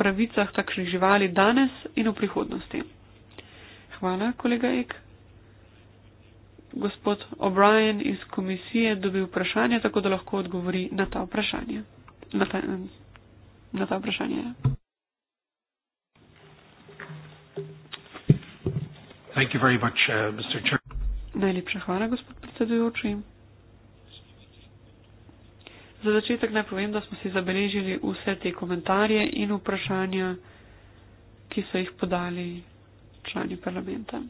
pravicah takšnih živali danes in v prihodnosti. Hvala, kolega Ek. Gospod O'Brien iz komisije dobi vprašanje, tako da lahko odgovori na ta vprašanje. Na ta, na ta vprašanje. Ja. Uh, Najlepša hvala, gospod predsedujoči. Za začetek naj povem, da smo si zabeležili vse te komentarje in vprašanja, ki so jih podali člani parlamenta.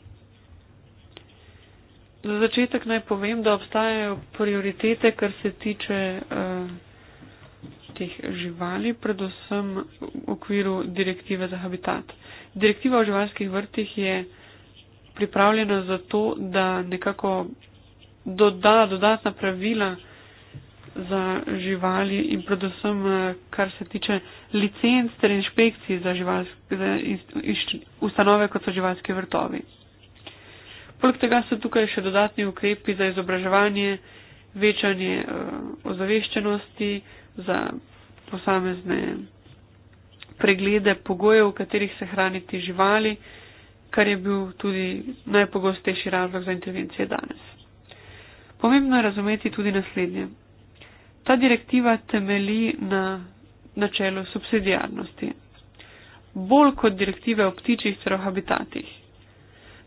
Za začetek naj povem, da obstajajo prioritete, kar se tiče uh, teh živali, predvsem v okviru direktive za habitat. Direktiva o živalskih vrtih je pripravljena zato, da nekako doda dodatna pravila, za živali in predvsem, eh, kar se tiče licenc ter inšpekcij za, živalske, za ustanove, kot so živalske vrtovi. Poleg tega so tukaj še dodatni ukrepi za izobraževanje, večanje eh, ozaveščenosti, za posamezne preglede pogojev, v katerih se hraniti živali, kar je bil tudi najpogostejši razlog za intervencije danes. Pomembno je razumeti tudi naslednje ta direktiva temeli na načelu subsidijarnosti. Bolj kot direktive o ptičjih ter o habitatih.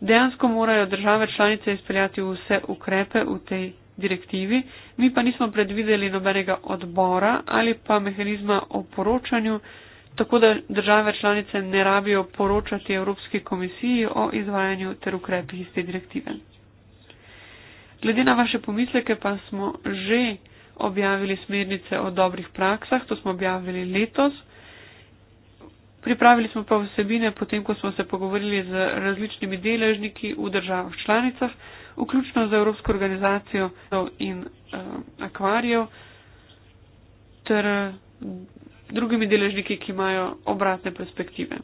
Dejansko morajo države članice izpeljati vse ukrepe v tej direktivi, mi pa nismo predvideli nobenega odbora ali pa mehanizma o poročanju, tako da države članice ne rabijo poročati Evropski komisiji o izvajanju ter ukrepih iz te direktive. Glede na vaše pomisleke pa smo že objavili smernice o dobrih praksah, to smo objavili letos. Pripravili smo pa vsebine, potem ko smo se pogovorili z različnimi deležniki v državah članicah, vključno z Evropsko organizacijo in uh, akvarijev ter drugimi deležniki, ki imajo obratne perspektive.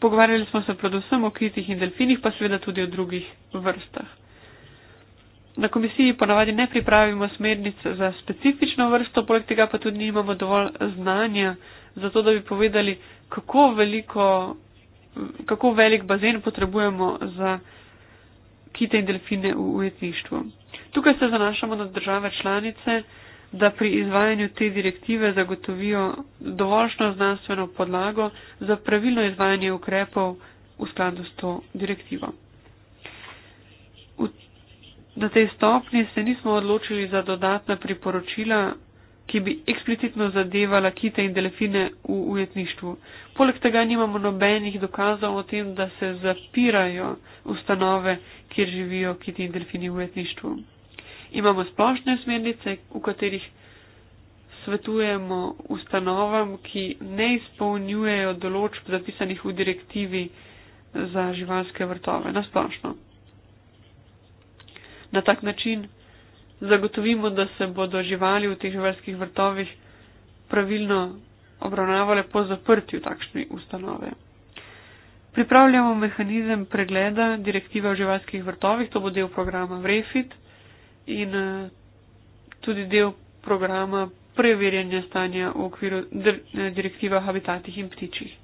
Pogovarjali smo se predvsem o kitih in delfinih, pa seveda tudi o drugih vrstah na komisiji ponavadi ne pripravimo smernic za specifično vrsto, poleg tega pa tudi nimamo dovolj znanja za to, da bi povedali, kako, veliko, kako velik bazen potrebujemo za kite in delfine v ujetništvu. Tukaj se zanašamo na države članice, da pri izvajanju te direktive zagotovijo dovoljšno znanstveno podlago za pravilno izvajanje ukrepov v skladu s to direktivo. Na tej stopni se nismo odločili za dodatna priporočila, ki bi eksplicitno zadevala kite in delfine v ujetništvu. Poleg tega nimamo nobenih dokazov o tem, da se zapirajo ustanove, kjer živijo kite in delfini v ujetništvu. Imamo splošne smernice, v katerih svetujemo ustanovam, ki ne izpolnjujejo določb zapisanih v direktivi za živalske vrtove. Nasplošno na tak način zagotovimo, da se bodo živali v teh živalskih vrtovih pravilno obravnavale po zaprtju takšne ustanove. Pripravljamo mehanizem pregleda direktive o živalskih vrtovih, to bo del programa Vrefit in eh, tudi del programa preverjanja stanja v okviru eh, direktiva o habitatih in ptičih.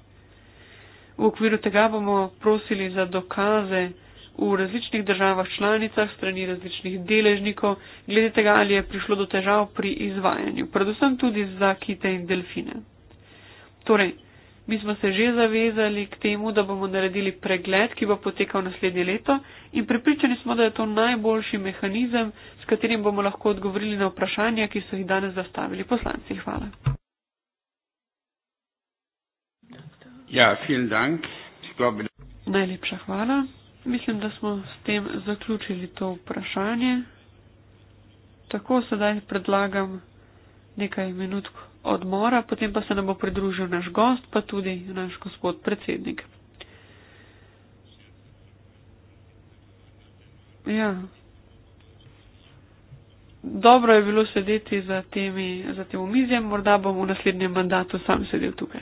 V okviru tega bomo prosili za dokaze, v različnih državah članicah strani različnih deležnikov, glede tega, ali je prišlo do težav pri izvajanju, predvsem tudi za kite in delfine. Torej, mi smo se že zavezali k temu, da bomo naredili pregled, ki bo potekal naslednje leto in pripričani smo, da je to najboljši mehanizem, s katerim bomo lahko odgovorili na vprašanja, ki so jih danes zastavili poslanci. Hvala. Ja, vielen Dank. Ich glaube, Najlepša hvala. Mislim, da smo s tem zaključili to vprašanje. Tako sedaj predlagam nekaj minut odmora, potem pa se nam bo pridružil naš gost, pa tudi naš gospod predsednik. Ja. Dobro je bilo sedeti za, temi, za tem omizjem, morda bom v naslednjem mandatu sam sedel tukaj.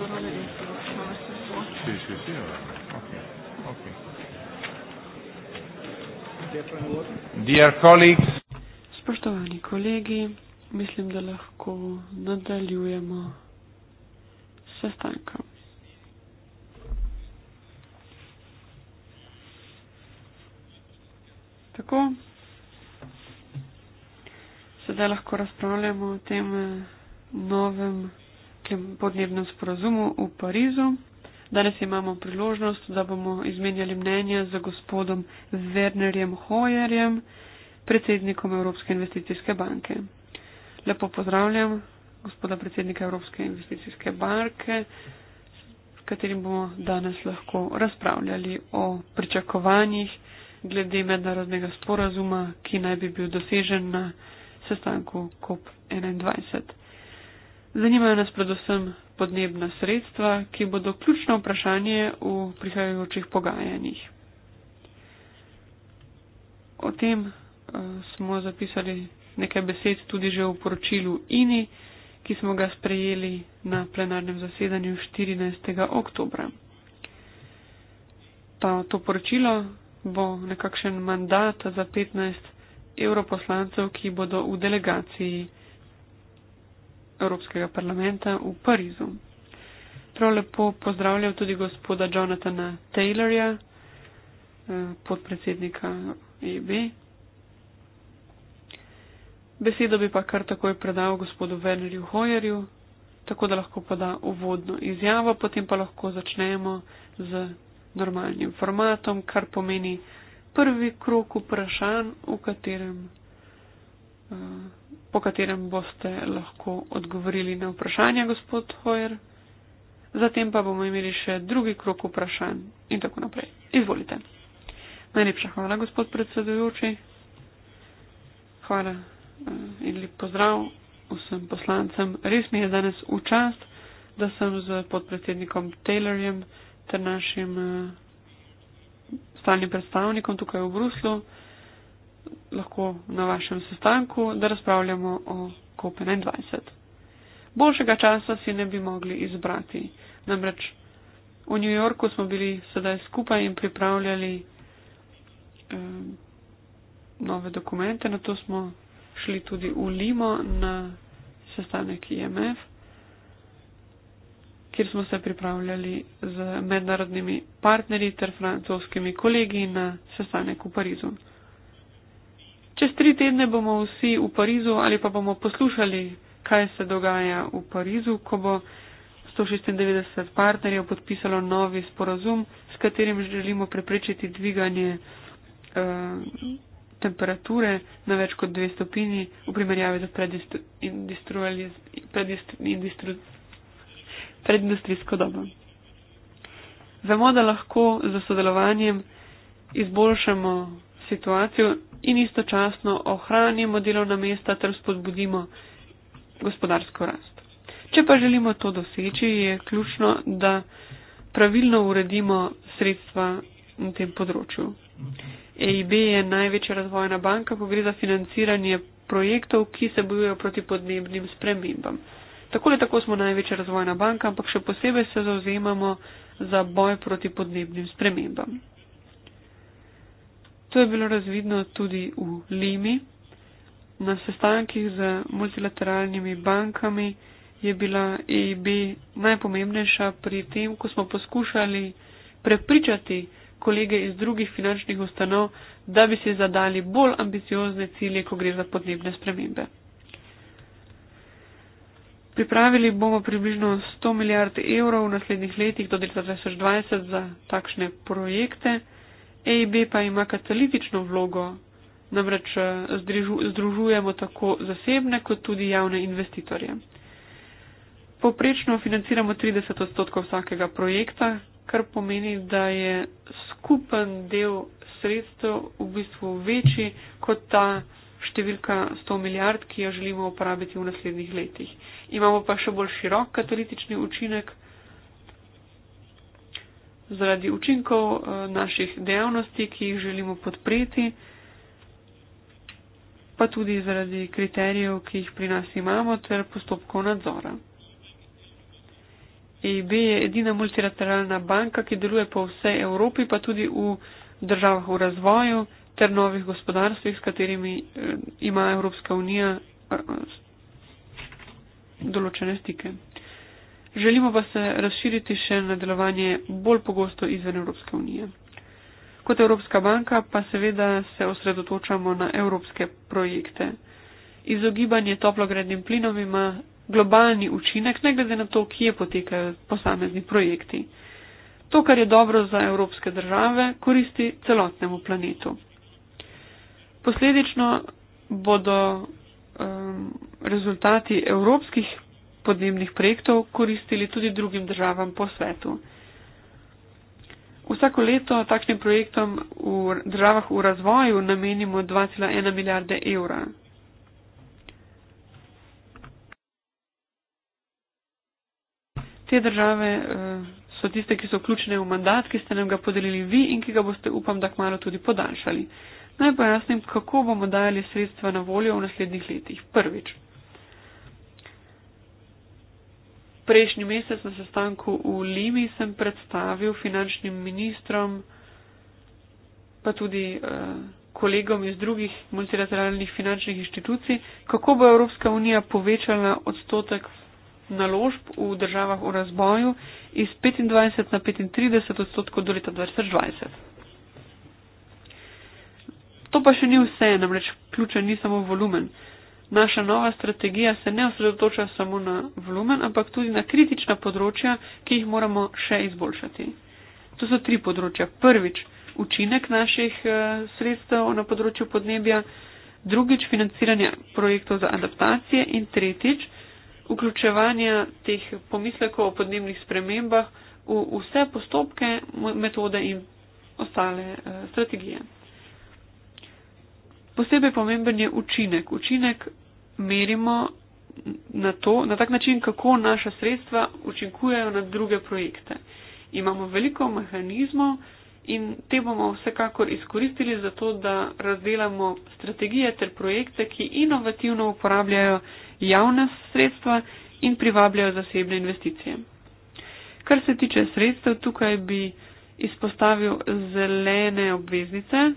Sì, sì, sì. Dear colleagues, Spoštovani kolegi, mislim, da lahko nadaljujemo sestankom. Tako, sedaj lahko razpravljamo o tem novem klim, podnebnem sporazumu v Parizu. Danes imamo priložnost, da bomo izmenjali mnenje z gospodom Wernerjem Hojerjem, predsednikom Evropske investicijske banke. Lepo pozdravljam gospoda predsednika Evropske investicijske banke, s katerim bomo danes lahko razpravljali o pričakovanjih glede mednarodnega sporazuma, ki naj bi bil dosežen na sestanku COP21. Zanimajo nas predvsem podnebna sredstva, ki bodo ključno vprašanje v prihajajočih pogajanjih. O tem uh, smo zapisali nekaj besed tudi že v poročilu INI, ki smo ga sprejeli na plenarnem zasedanju 14. oktobra. Ta, to poročilo bo nekakšen mandat za 15 evroposlancev, ki bodo v delegaciji. Evropskega parlamenta v Parizu. Prav lepo pozdravljam tudi gospoda Jonathana Taylorja, eh, podpredsednika EB. Besedo bi pa kar takoj predal gospodu Vernerju Hojerju, tako da lahko poda uvodno izjavo, potem pa lahko začnemo z normalnim formatom, kar pomeni prvi krok vprašanj, v katerem. Uh, po katerem boste lahko odgovorili na vprašanja, gospod Hoyer. Zatem pa bomo imeli še drugi krok vprašanj in tako naprej. Izvolite. Najlepša hvala, gospod predsedujoči. Hvala eh, in lep pozdrav vsem poslancem. Res mi je danes v čast, da sem z podpredsednikom Taylorjem ter našim eh, stalnim predstavnikom tukaj v Bruslu lahko na vašem sestanku, da razpravljamo o COP21. Boljšega časa si ne bi mogli izbrati. Namreč v New Yorku smo bili sedaj skupaj in pripravljali eh, nove dokumente, na to smo šli tudi v Limo na sestanek IMF, kjer smo se pripravljali z mednarodnimi partnerji ter francoskimi kolegi na sestanek v Parizu. Čez tri tedne bomo vsi v Parizu ali pa bomo poslušali, kaj se dogaja v Parizu, ko bo 196 partnerjev podpisalo novi sporazum, s katerim želimo preprečiti dviganje eh, temperature na več kot dve stopini v primerjavi z predindustrijsko dobo. Vemo, da lahko za sodelovanjem izboljšamo situacijo in istočasno ohranimo delovna mesta ter spodbudimo gospodarsko rast. Če pa želimo to doseči, je ključno, da pravilno uredimo sredstva na tem področju. EIB je največja razvojna banka, ko gre za financiranje projektov, ki se bojujo proti podnebnim spremembam. Tako ali tako smo največja razvojna banka, ampak še posebej se zauzemamo za boj proti podnebnim spremembam. To je bilo razvidno tudi v Limi. Na sestankih z multilateralnimi bankami je bila EIB najpomembnejša pri tem, ko smo poskušali prepričati kolege iz drugih finančnih ustanov, da bi si zadali bolj ambiciozne cilje, ko gre za podnebne spremembe. Pripravili bomo približno 100 milijard evrov v naslednjih letih do 2020 za takšne projekte. EIB pa ima katalitično vlogo, namreč eh, združujemo tako zasebne kot tudi javne investitorje. Poprečno financiramo 30 odstotkov vsakega projekta, kar pomeni, da je skupen del sredstev v bistvu večji kot ta številka 100 milijard, ki jo želimo uporabiti v naslednjih letih. Imamo pa še bolj širok katalitični učinek, zaradi učinkov eh, naših dejavnosti, ki jih želimo podpreti, pa tudi zaradi kriterijev, ki jih pri nas imamo, ter postopkov nadzora. EIB je edina multilateralna banka, ki deluje po vsej Evropi, pa tudi v državah v razvoju ter novih gospodarstvih, s katerimi eh, ima Evropska unija eh, določene stike. Želimo pa se razširiti še na delovanje bolj pogosto izven Evropske unije. Kot Evropska banka pa seveda se osredotočamo na evropske projekte. Izogibanje toplogrednim plinom ima globalni učinek, ne glede na to, kje potekajo posamezni projekti. To, kar je dobro za evropske države, koristi celotnemu planetu. Posledično bodo um, rezultati evropskih podnebnih projektov koristili tudi drugim državam po svetu. Vsako leto takšnim projektom v državah v razvoju namenimo 2,1 milijarde evra. Te države eh, so tiste, ki so vključene v mandat, ki ste nam ga podelili vi in ki ga boste, upam, da kmalo tudi podaljšali. Naj pojasnim, kako bomo dajali sredstva na voljo v naslednjih letih. Prvič, prejšnji mesec na sestanku v Limi sem predstavil finančnim ministrom, pa tudi eh, kolegom iz drugih multilateralnih finančnih inštitucij, kako bo Evropska unija povečala odstotek naložb v državah v razboju iz 25 na 35 odstotkov do leta 2020. To pa še ni vse, namreč ključen ni samo volumen. Naša nova strategija se ne osredotoča samo na volumen, ampak tudi na kritična področja, ki jih moramo še izboljšati. To so tri področja. Prvič, učinek naših eh, sredstev na področju podnebja, drugič, financiranje projektov za adaptacije in tretjič, vključevanje teh pomislekov o podnebnih spremembah v vse postopke, metode in ostale eh, strategije. Posebej pomemben je učinek. Učinek merimo na, to, na tak način, kako naša sredstva učinkujejo na druge projekte. Imamo veliko mehanizmov in te bomo vsekakor izkoristili za to, da razdelamo strategije ter projekte, ki inovativno uporabljajo javna sredstva in privabljajo zasebne investicije. Kar se tiče sredstev, tukaj bi izpostavil zelene obveznice,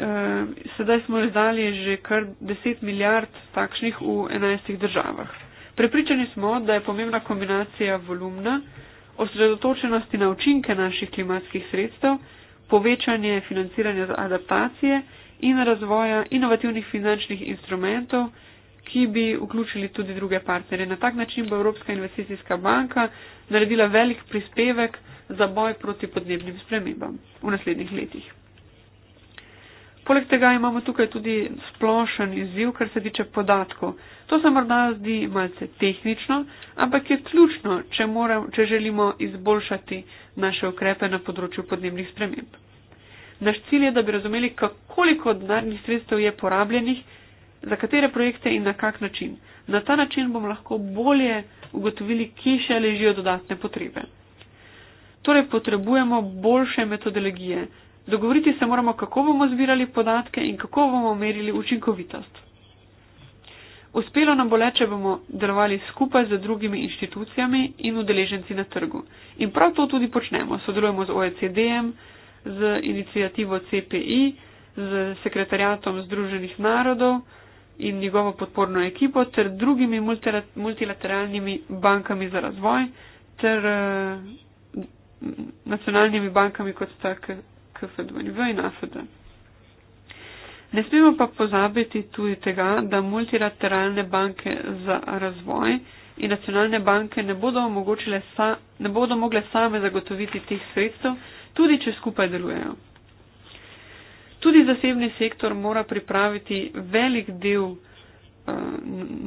eh, sedaj smo izdali že kar 10 milijard takšnih v 11 državah. Prepričani smo, da je pomembna kombinacija volumna, osredotočenosti na učinke naših klimatskih sredstev, povečanje financiranja za adaptacije in razvoja inovativnih finančnih instrumentov, ki bi vključili tudi druge partnerje. Na tak način bo Evropska investicijska banka naredila velik prispevek za boj proti podnebnim spremembam v naslednjih letih. Poleg tega imamo tukaj tudi splošen izziv, kar se tiče podatkov. To se morda zdi malce tehnično, ampak je ključno, če, moram, če želimo izboljšati naše ukrepe na področju podnebnih sprememb. Naš cilj je, da bi razumeli, koliko denarnih sredstev je porabljenih, za katere projekte in na kak način. Na ta način bomo lahko bolje ugotovili, kje še ležijo dodatne potrebe. Torej potrebujemo boljše metodologije, Dogovoriti se moramo, kako bomo zbirali podatke in kako bomo merili učinkovitost. Uspelo nam bo le, če bomo delovali skupaj z drugimi inštitucijami in udeleženci na trgu. In prav to tudi počnemo. Sodelujemo z OECD-em, z inicijativo CPI, z sekretarjatom Združenih narodov in njegovo podporno ekipo ter drugimi multilateralnimi bankami za razvoj ter eh, nacionalnimi bankami kot tak KFD in AFD. Ne smemo pa pozabiti tudi tega, da multilateralne banke za razvoj in nacionalne banke ne bodo, sa, ne bodo mogle same zagotoviti teh sredstev, tudi če skupaj delujejo. Tudi zasebni sektor mora pripraviti velik del uh,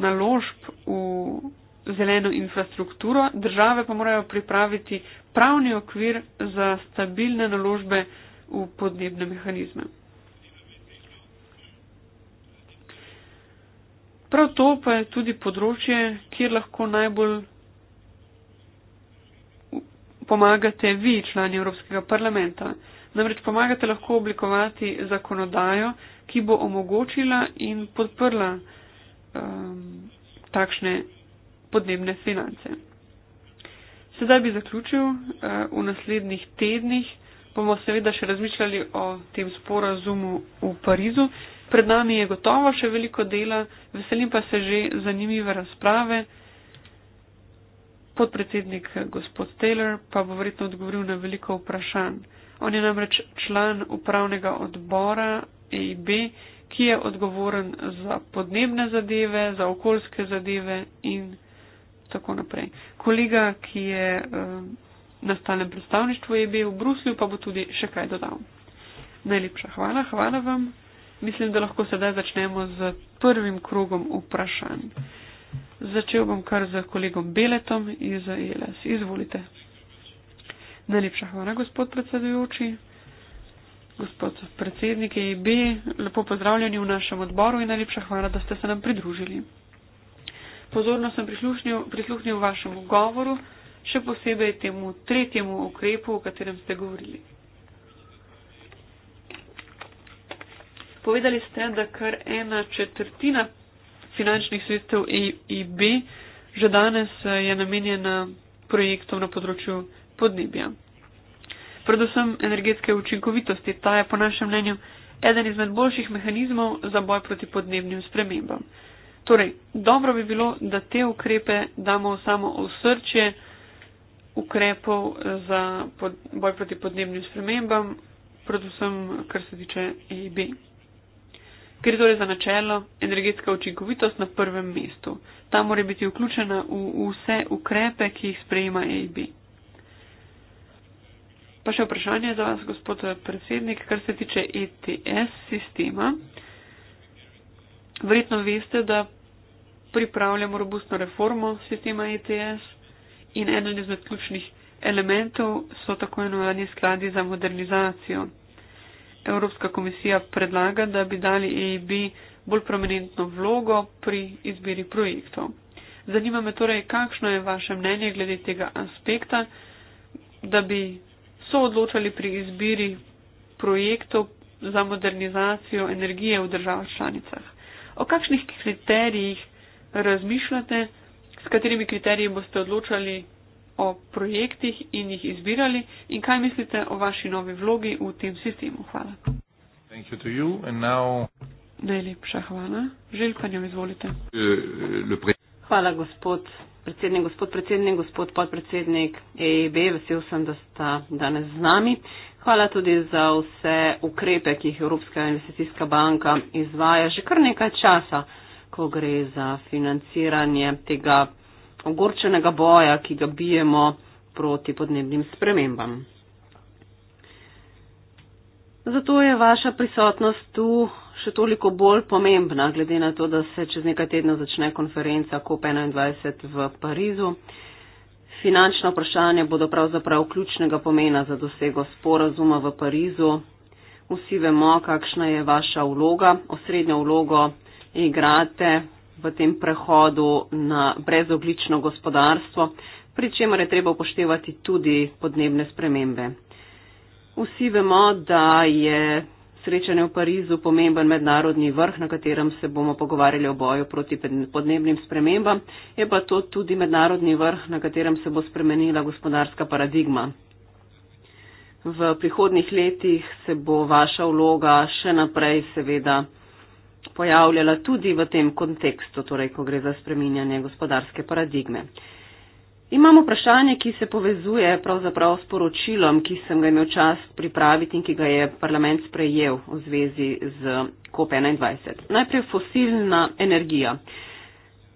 naložb v zeleno infrastrukturo, države pa morajo pripraviti pravni okvir za stabilne naložbe v podnebne mehanizme. Prav to pa je tudi področje, kjer lahko najbolj pomagate vi, člani Evropskega parlamenta. Namreč pomagate lahko oblikovati zakonodajo, ki bo omogočila in podprla um, takšne podnebne finance. Sedaj bi zaključil uh, v naslednjih tednih bomo seveda še razmišljali o tem sporazumu v Parizu. Pred nami je gotovo še veliko dela, veselim pa se že zanimive razprave. Podpredsednik gospod Taylor pa bo verjetno odgovoril na veliko vprašanj. On je namreč član upravnega odbora EIB, ki je odgovoren za podnebne zadeve, za okoljske zadeve in tako naprej. Kolega, ki je. Uh, na stalnem predstavništvu EB v Bruslju pa bo tudi še kaj dodal. Najlepša hvala, hvala vam. Mislim, da lahko sedaj začnemo z prvim krogom vprašanj. Začel bom kar z kolegom Beletom iz ELS. Izvolite. Najlepša hvala, gospod predsedujoči. Gospod predsednik EIB, lepo pozdravljeni v našem odboru in najlepša hvala, da ste se nam pridružili. Pozorno sem prisluhnil vašemu govoru še posebej temu tretjemu ukrepu, o katerem ste govorili. Povedali ste, da kar ena četrtina finančnih sredstev EIB že danes eh, je namenjena projektom na področju podnebja. Predvsem energetske učinkovitosti, ta je po našem mnenju eden izmed boljših mehanizmov za boj proti podnebnim spremembam. Torej, dobro bi bilo, da te ukrepe damo v samo osrčje ukrepov za pod, boj proti podnebnim spremembam, predvsem kar se tiče EIB. Ker je torej za načelo energetska učinkovitost na prvem mestu. Ta mora biti vključena v vse ukrepe, ki jih sprejema EIB. Pa še vprašanje za vas, gospod predsednik, kar se tiče ETS sistema. Verjetno veste, da pripravljamo robustno reformo sistema ETS in eden izmed ključnih elementov so tako imenovani skladi za modernizacijo. Evropska komisija predlaga, da bi dali EIB bolj prominentno vlogo pri izbiri projektov. Zanima me torej, kakšno je vaše mnenje glede tega aspekta, da bi so odločali pri izbiri projektov za modernizacijo energije v državah članicah. O kakšnih kriterijih razmišljate? s katerimi kriteriji boste odločali o projektih in jih izbirali in kaj mislite o vaši novi vlogi v tem sistemu. Hvala. Najlepša hvala. Želj pa njo izvolite. Eh, eh, hvala, gospod predsednik, gospod predsednik, gospod podpredsednik EIB. Vesel sem, da sta danes z nami. Hvala tudi za vse ukrepe, ki jih Evropska investicijska banka izvaja že kar nekaj časa ko gre za financiranje tega ogorčenega boja, ki ga bijemo proti podnebnim spremembam. Zato je vaša prisotnost tu še toliko bolj pomembna, glede na to, da se čez nekaj tednov začne konferenca COP21 v Parizu. Finančna vprašanja bodo pravzaprav ključnega pomena za dosego sporazuma v Parizu. Vsi vemo, kakšna je vaša vloga, osrednjo vlogo igrate v tem prehodu na brezoglično gospodarstvo, pri čemer je treba upoštevati tudi podnebne spremembe. Vsi vemo, da je srečanje v Parizu pomemben mednarodni vrh, na katerem se bomo pogovarjali o boju proti podnebnim spremembam, je pa to tudi mednarodni vrh, na katerem se bo spremenila gospodarska paradigma. V prihodnih letih se bo vaša vloga še naprej seveda pojavljala tudi v tem kontekstu, torej ko gre za spreminjanje gospodarske paradigme. Imamo vprašanje, ki se povezuje pravzaprav s poročilom, ki sem ga imel čas pripraviti in ki ga je parlament sprejel v zvezi z COP21. Najprej fosilna energija.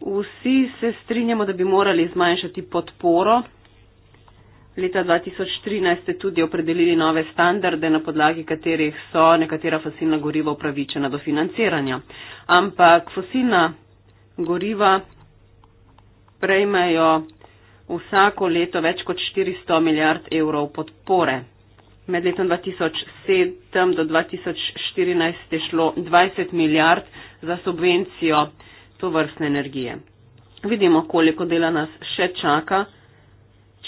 Vsi se strinjamo, da bi morali zmanjšati podporo Leta 2013 ste tudi opredelili nove standarde, na podlagi katerih so nekatera fosilna goriva upravičena do financiranja. Ampak fosilna goriva prejmejo vsako leto več kot 400 milijard evrov podpore. Med letom 2007 do 2014 je šlo 20 milijard za subvencijo to vrstne energije. Vidimo, koliko dela nas še čaka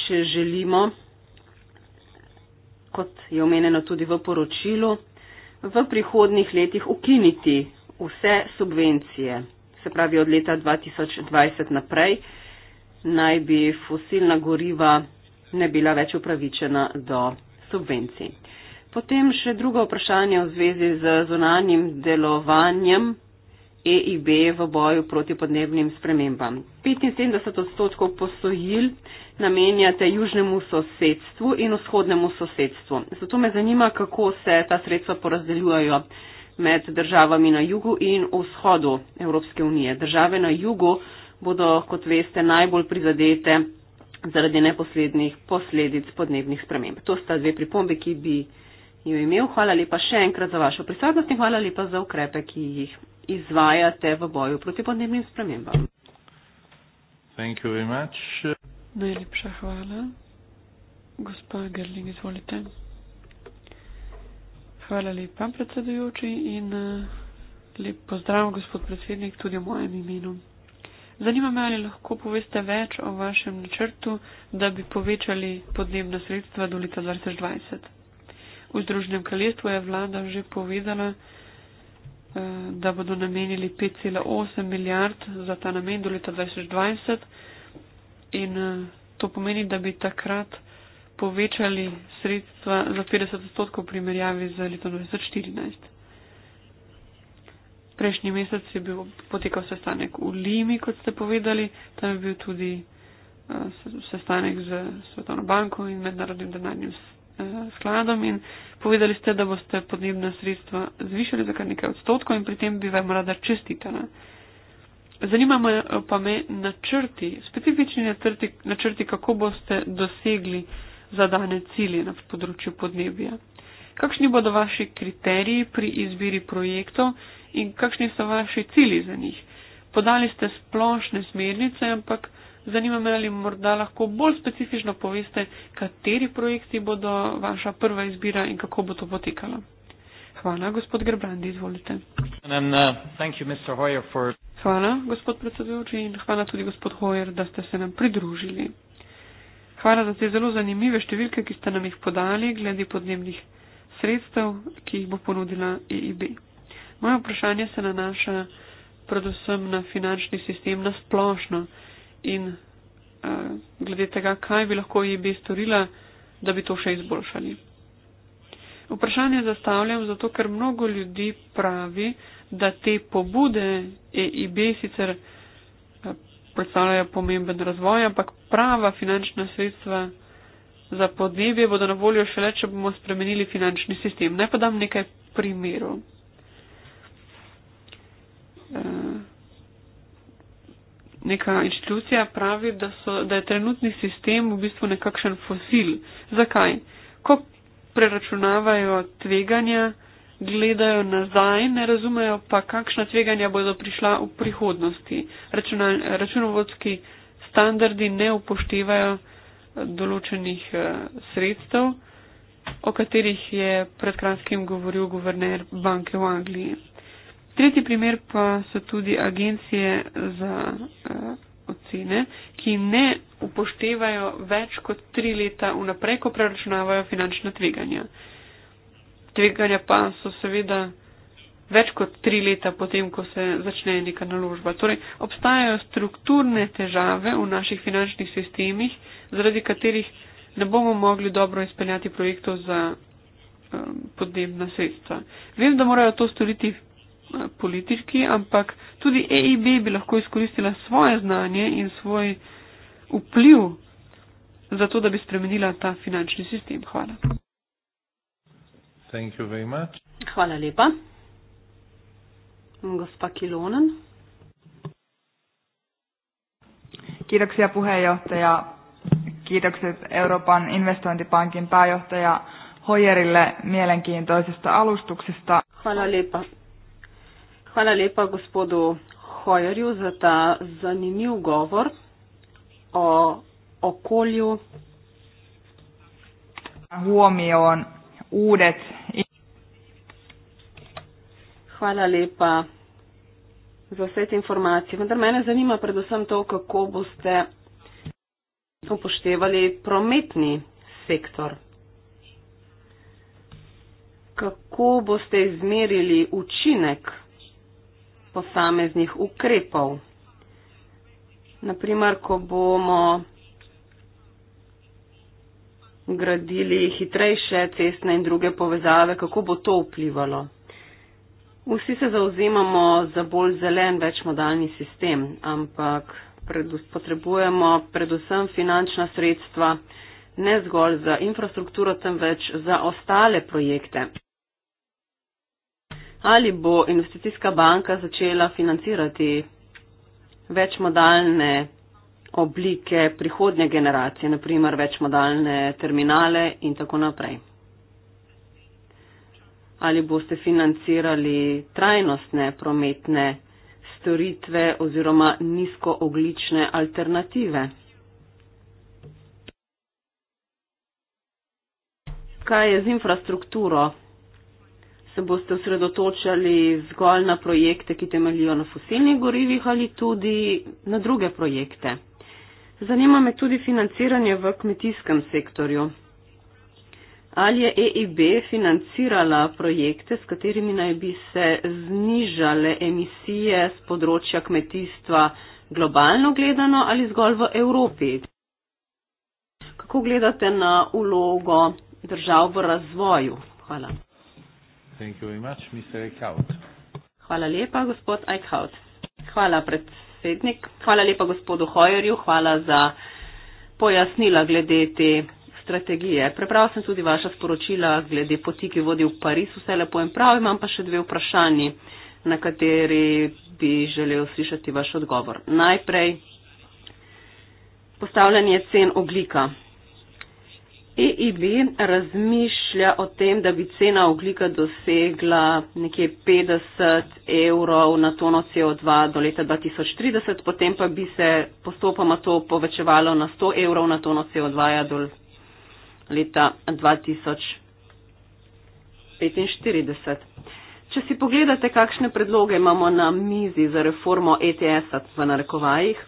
če želimo, kot je omenjeno tudi v poročilu, v prihodnih letih ukiniti vse subvencije. Se pravi, od leta 2020 naprej naj bi fosilna goriva ne bila več upravičena do subvencij. Potem še drugo vprašanje v zvezi z zunanjim delovanjem EIB v boju proti podnebnim spremembam. 75 odstotkov posojil namenjate južnemu sosedstvu in vzhodnemu sosedstvu. Zato me zanima, kako se ta sredstva porazdeljujejo med državami na jugu in vzhodu Evropske unije. Države na jugu bodo, kot veste, najbolj prizadete zaradi neposlednih posledic podnebnih sprememb. To sta dve pripombe, ki bi jo imel. Hvala lepa še enkrat za vašo prisotnost in hvala lepa za ukrepe, ki jih izvajate v boju proti podnebnim spremembam. Thank you very much. Najlepša hvala. Gospa Gerling, izvolite. Hvala lepa, predsedujoči, in eh, lep pozdrav, gospod predsednik, tudi v mojem imenu. Zanima me, ali lahko poveste več o vašem načrtu, da bi povečali podnebna sredstva do leta 2020. V Združenem kraljestvu je vlada že povedala, Eh, da bodo namenili 5,8 milijard za ta namen do leta 2020 in eh, to pomeni, da bi takrat povečali sredstva za 50 odstotkov v primerjavi z letom 2014. Prejšnji mesec je bil potekal sestanek v Limi, kot ste povedali, tam je bil tudi eh, sestanek z Svetovno banko in Mednarodnim denarnim Eh, skladom in povedali ste, da boste podnebna sredstva zvišali za kar nekaj odstotkov in pri tem bi vam rada čestitala. Zanima me eh, pa me načrti, specifični načrti, načrti, kako boste dosegli zadane cilje na področju podnebja. Kakšni bodo vaši kriteriji pri izbiri projektov in kakšni so vaši cilji za njih? Podali ste splošne smernice, ampak Zanima me, ali morda lahko bolj specifično poveste, kateri projekti bodo vaša prva izbira in kako bo to potekalo. Hvala, gospod Gerbrandi, izvolite. Uh, hvala, gospod predsedujoči in hvala tudi gospod Hoyer, da ste se nam pridružili. Hvala za te zelo zanimive številke, ki ste nam jih podali glede podnebnih sredstev, ki jih bo ponudila EIB. Moje vprašanje se nanaša predvsem na finančni sistem na splošno in uh, glede tega, kaj bi lahko EIB storila, da bi to še izboljšali. Vprašanje zastavljam zato, ker mnogo ljudi pravi, da te pobude EIB sicer eh, predstavljajo pomemben razvoj, ampak prava finančna sredstva za podnebje bodo na voljo šele, če bomo spremenili finančni sistem. Naj pa dam nekaj primerov. Uh, neka inštitucija pravi, da, so, da je trenutni sistem v bistvu nekakšen fosil. Zakaj? Ko preračunavajo tveganja, gledajo nazaj, ne razumejo pa, kakšna tveganja bodo prišla v prihodnosti. Računovodski standardi ne upoštevajo eh, določenih eh, sredstev, o katerih je predkratkim govoril guverner banke v Angliji. Tretji primer pa so tudi agencije za uh, ocene, ki ne upoštevajo več kot tri leta vnaprej, ko preračunavajo finančna tveganja. Tveganja pa so seveda več kot tri leta potem, ko se začne neka naložba. Torej, obstajajo strukturne težave v naših finančnih sistemih, zaradi katerih ne bomo mogli dobro izpeljati projektov za um, podnebna sredstva. Vem, da morajo to storiti Eh, politiki, ampak tudi EIB bi lahko izkoristila svoje znanje in svoj vpliv za to, da bi spremenila ta finančni sistem. Hvala. Hvala lepa. Gospa Kilonen. Kiitoksia puheenjohtaja. Kiitokset Euroopan investointipankin pääjohtaja Hoyerille mielenkiintoisesta alustuksesta. Hvala lepa Hvala lepa gospodu Hojerju za ta zanimiv govor o okolju. Hvala lepa za vse te informacije. Vendar mene zanima predvsem to, kako boste upoštevali prometni sektor. Kako boste izmerili učinek posameznih ukrepov. Naprimer, ko bomo gradili hitrejše cestne in druge povezave, kako bo to vplivalo. Vsi se zauzemamo za bolj zelen večmodalni sistem, ampak predus, potrebujemo predvsem finančna sredstva ne zgolj za infrastrukturo, temveč za ostale projekte ali bo investicijska banka začela financirati večmodalne oblike prihodnje generacije, naprimer večmodalne terminale in tako naprej. Ali boste financirali trajnostne prometne storitve oziroma nizkooglične alternative. Kaj je z infrastrukturo? se boste osredotočali zgolj na projekte, ki temeljijo na fosilnih gorivih ali tudi na druge projekte. Zanima me tudi financiranje v kmetijskem sektorju. Ali je EIB financirala projekte, s katerimi naj bi se znižale emisije z področja kmetijstva globalno gledano ali zgolj v Evropi? Kako gledate na ulogo držav v razvoju? Hvala. Hvala lepa, gospod Eichhout. Hvala, predsednik. Hvala lepa, gospodu Hojerju. Hvala za pojasnila glede te strategije. Prebral sem tudi vaša sporočila glede poti, ki vodi v Pariz. Vse lepo in prav. Imam pa še dve vprašanji, na kateri bi želel slišati vaš odgovor. Najprej postavljanje cen oglika. EIB razmišlja o tem, da bi cena oglika dosegla nekje 50 evrov na tono CO2 do leta 2030, potem pa bi se postopoma to povečevalo na 100 evrov na tono CO2 ja do leta 2045. Če si pogledate, kakšne predloge imamo na mizi za reformo ETS-a v narekovajih,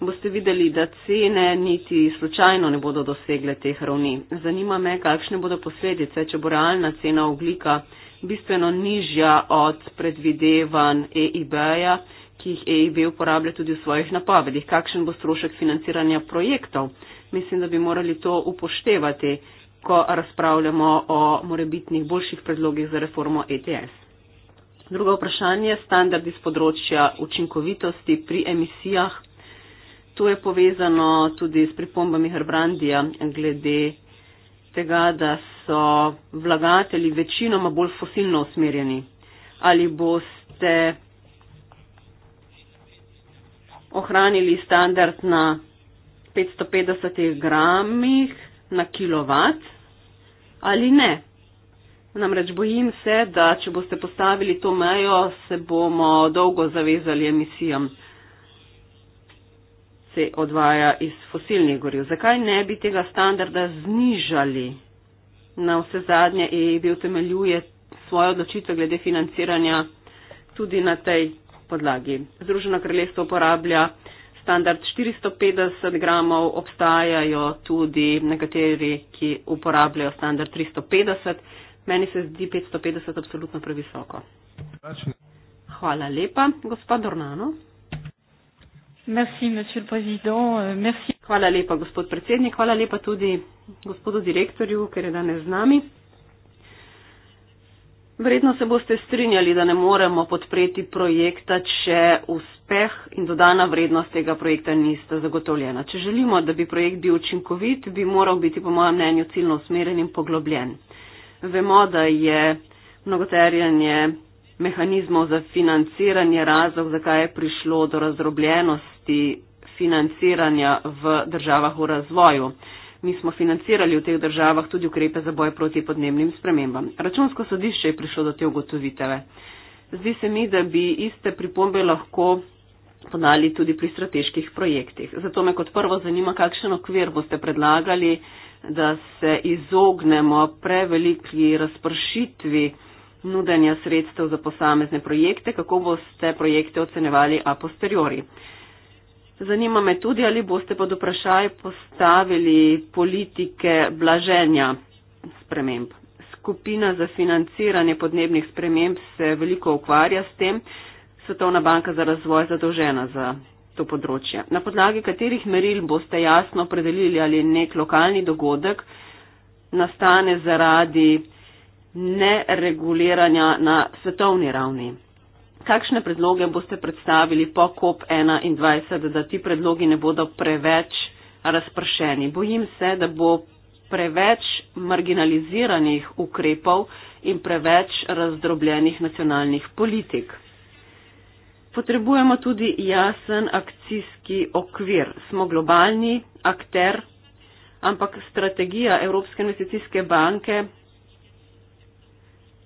boste videli, da cene niti slučajno ne bodo dosegle teh ravni. Zanima me, kakšne bodo posledice, če bo realna cena oglika bistveno nižja od predvidevan EIB-ja, ki jih EIB uporablja tudi v svojih napovedih. Kakšen bo strošek financiranja projektov? Mislim, da bi morali to upoštevati, ko razpravljamo o morebitnih boljših predlogih za reformo ETS. Drugo vprašanje je standard iz področja učinkovitosti pri emisijah. To je povezano tudi s pripombami Herbrandija glede tega, da so vlagatelji večinoma bolj fosilno usmerjeni. Ali boste ohranili standard na 550 gramih na kilovat ali ne? Namreč bojim se, da če boste postavili to mejo, se bomo dolgo zavezali emisijam se odvaja iz fosilnih goriv. Zakaj ne bi tega standarda znižali? Na vse zadnje EIB utemeljuje svojo odločitev glede financiranja tudi na tej podlagi. Združeno kraljestvo uporablja standard 450 gramov, obstajajo tudi nekateri, ki uporabljajo standard 350. Meni se zdi 550 absolutno previsoko. Hvala lepa, gospod Dornano. Merci, monsieur le président. Euh, merci. Hvala lepa, gospod predsednik. Hvala lepa tudi gospodu direktorju, ker je danes z nami. Verjetno se boste strinjali, da ne moremo podpreti projekta, če uspeh in dodana vrednost tega projekta nista zagotovljena. Če želimo, da bi projekt bil učinkovit, bi moral biti, po mojem mnenju, ciljno usmerjen in poglobljen. Vemo, da je mnogoterjanje mehanizmov za financiranje razlog, zakaj je prišlo do razdrobljenosti financiranja v državah v razvoju. Mi smo financirali v teh državah tudi ukrepe za boj proti podnebnim spremembam. Računsko sodišče je prišlo do te ugotovitele. Zdi se mi, da bi iste pripombe lahko podali tudi pri strateških projektih. Zato me kot prvo zanima, kakšen okvir boste predlagali, da se izognemo preveliki razpršitvi nudenja sredstev za posamezne projekte, kako boste projekte ocenevali a posteriori. Zanima me tudi, ali boste pod vprašaj postavili politike blaženja sprememb. Skupina za financiranje podnebnih sprememb se veliko ukvarja s tem, Svetovna banka za razvoj je zadolžena za to področje. Na podlagi katerih meril boste jasno opredelili, ali nek lokalni dogodek nastane zaradi nereguliranja na svetovni ravni. Kakšne predloge boste predstavili po COP21, da ti predlogi ne bodo preveč razpršeni? Bojim se, da bo preveč marginaliziranih ukrepov in preveč razdrobljenih nacionalnih politik. Potrebujemo tudi jasen akcijski okvir. Smo globalni akter, ampak strategija Evropske investicijske banke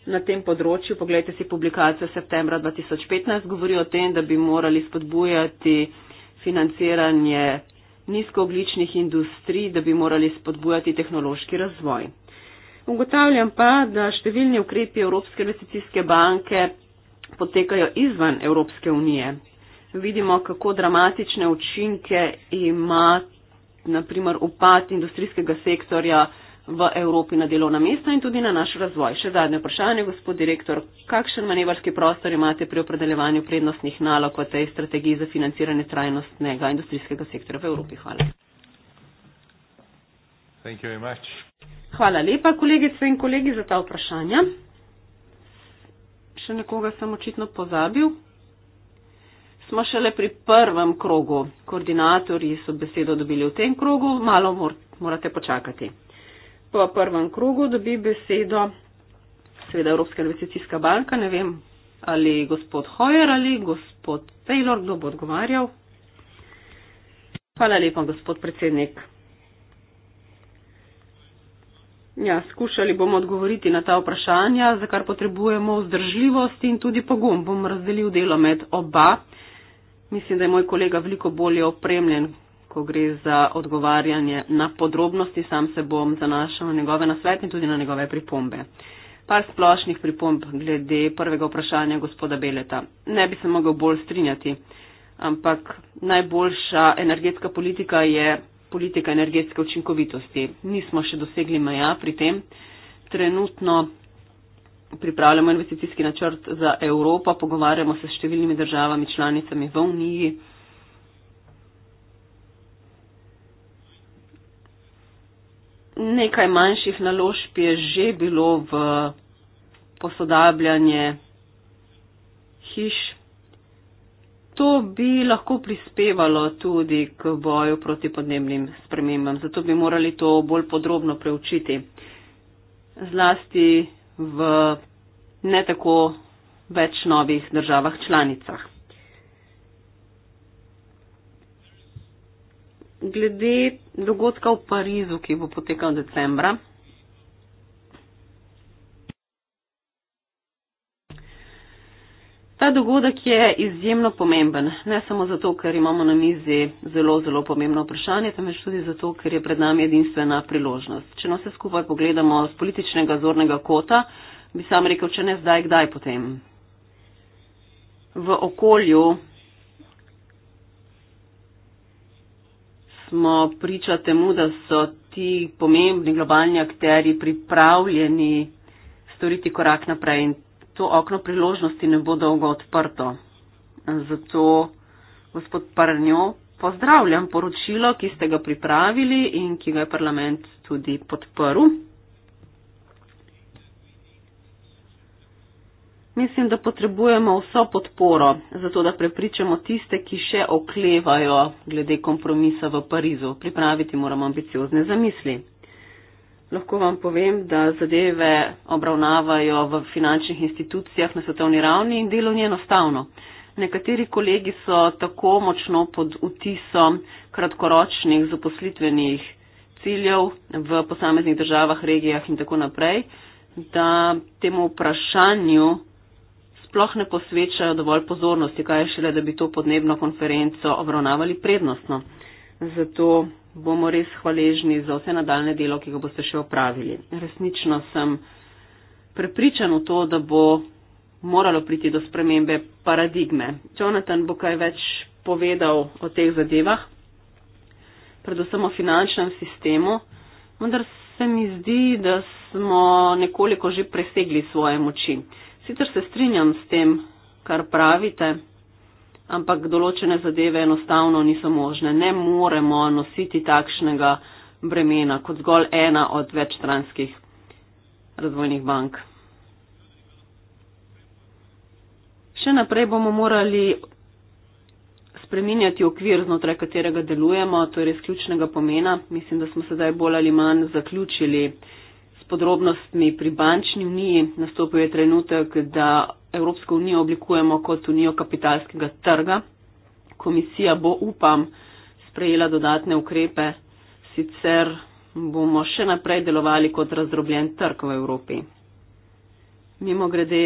na tem področju. Poglejte si publikacijo septembra 2015, govori o tem, da bi morali spodbujati financiranje nizkoogličnih industrij, da bi morali spodbujati tehnološki razvoj. Ugotavljam pa, da številni ukrepi Evropske investicijske banke potekajo izvan Evropske unije. Vidimo, kako dramatične učinke ima naprimer upad industrijskega sektorja v Evropi na delovna mesta in tudi na naš razvoj. Še zadnje vprašanje, gospod direktor, kakšen manevrski prostor imate pri opredeljevanju prednostnih nalog v tej strategiji za financiranje trajnostnega industrijskega sektora v Evropi? Hvala. Hvala lepa, kolegice in kolegi, za ta vprašanja. Še nekoga sem očitno pozabil. Smo šele pri prvem krogu. Koordinatorji so besedo dobili v tem krogu, malo mor morate počakati v prvem krogu dobi besedo seveda Evropska investicijska banka, ne vem, ali gospod Hojer ali gospod Taylor, kdo bo odgovarjal. Hvala lepa, gospod predsednik. Ja, skušali bomo odgovoriti na ta vprašanja, za kar potrebujemo vzdržljivost in tudi pogum. Bom razdelil delo med oba. Mislim, da je moj kolega veliko bolje opremljen ko gre za odgovarjanje na podrobnosti, sam se bom zanašal na njegove nasvete in tudi na njegove pripombe. Par splošnih pripomb glede prvega vprašanja gospoda Beleta. Ne bi se mogel bolj strinjati, ampak najboljša energetska politika je politika energetske učinkovitosti. Nismo še dosegli meja pri tem. Trenutno pripravljamo investicijski načrt za Evropo, pogovarjamo se s številnimi državami članicami v Uniji. nekaj manjših naložb je že bilo v posodabljanje hiš. To bi lahko prispevalo tudi k boju proti podnebnim spremembam, zato bi morali to bolj podrobno preučiti. Zlasti v ne tako več novih državah članicah. glede dogodka v Parizu, ki bo potekal decembra. Ta dogodek je izjemno pomemben, ne samo zato, ker imamo na mizi zelo, zelo pomembno vprašanje, temveč tudi zato, ker je pred nami edinstvena priložnost. Če nas vse skupaj pogledamo z političnega zornega kota, bi sam rekel, če ne zdaj, kdaj potem. V okolju, smo priča temu, da so ti pomembni globalni akteri pripravljeni storiti korak naprej in to okno priložnosti ne bo dolgo odprto. Zato, gospod Parnjo, pozdravljam poročilo, ki ste ga pripravili in ki ga je parlament tudi podprl. mislim, da potrebujemo vso podporo, zato da prepričamo tiste, ki še oklevajo glede kompromisa v Parizu. Pripraviti moramo ambiciozne zamisli. Lahko vam povem, da zadeve obravnavajo v finančnih institucijah na svetovni ravni in delo ni enostavno. Nekateri kolegi so tako močno pod vtisom kratkoročnih zaposlitvenih ciljev v posameznih državah, regijah in tako naprej, da temu vprašanju sploh ne posvečajo dovolj pozornosti, kaj je šele, da bi to podnebno konferenco obravnavali prednostno. Zato bomo res hvaležni za vse nadaljne delo, ki ga boste še opravili. Resnično sem prepričan v to, da bo moralo priti do spremembe paradigme. Jonathan bo kaj več povedal o teh zadevah, predvsem o finančnem sistemu, vendar se mi zdi, da smo nekoliko že presegli svoje moči. Sicer se strinjam s tem, kar pravite, ampak določene zadeve enostavno niso možne. Ne moremo nositi takšnega bremena kot zgolj ena od večstranskih razvojnih bank. Še naprej bomo morali spreminjati okvir, znotraj katerega delujemo, to je res ključnega pomena. Mislim, da smo sedaj bolj ali manj zaključili podrobnostmi pri bančni uniji nastopil je trenutek, da Evropsko unijo oblikujemo kot unijo kapitalskega trga. Komisija bo, upam, sprejela dodatne ukrepe, sicer bomo še naprej delovali kot razdrobljen trg v Evropi. Mimo grede,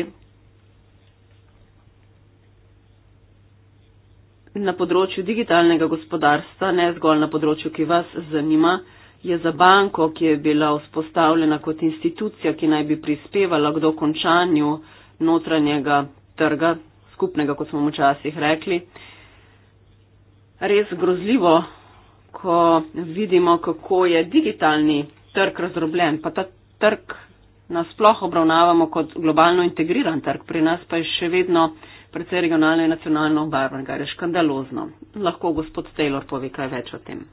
na področju digitalnega gospodarstva, ne zgolj na področju, ki vas zanima, je za banko, ki je bila vzpostavljena kot institucija, ki naj bi prispevala k dokončanju notranjega trga, skupnega, kot smo včasih rekli, res grozljivo, ko vidimo, kako je digitalni trg razdrobljen, pa ta trg nasploh obravnavamo kot globalno integriran trg, pri nas pa je še vedno precej regionalno in nacionalno obarvan, kar je škandalozno. Lahko gospod Taylor pove kaj več o tem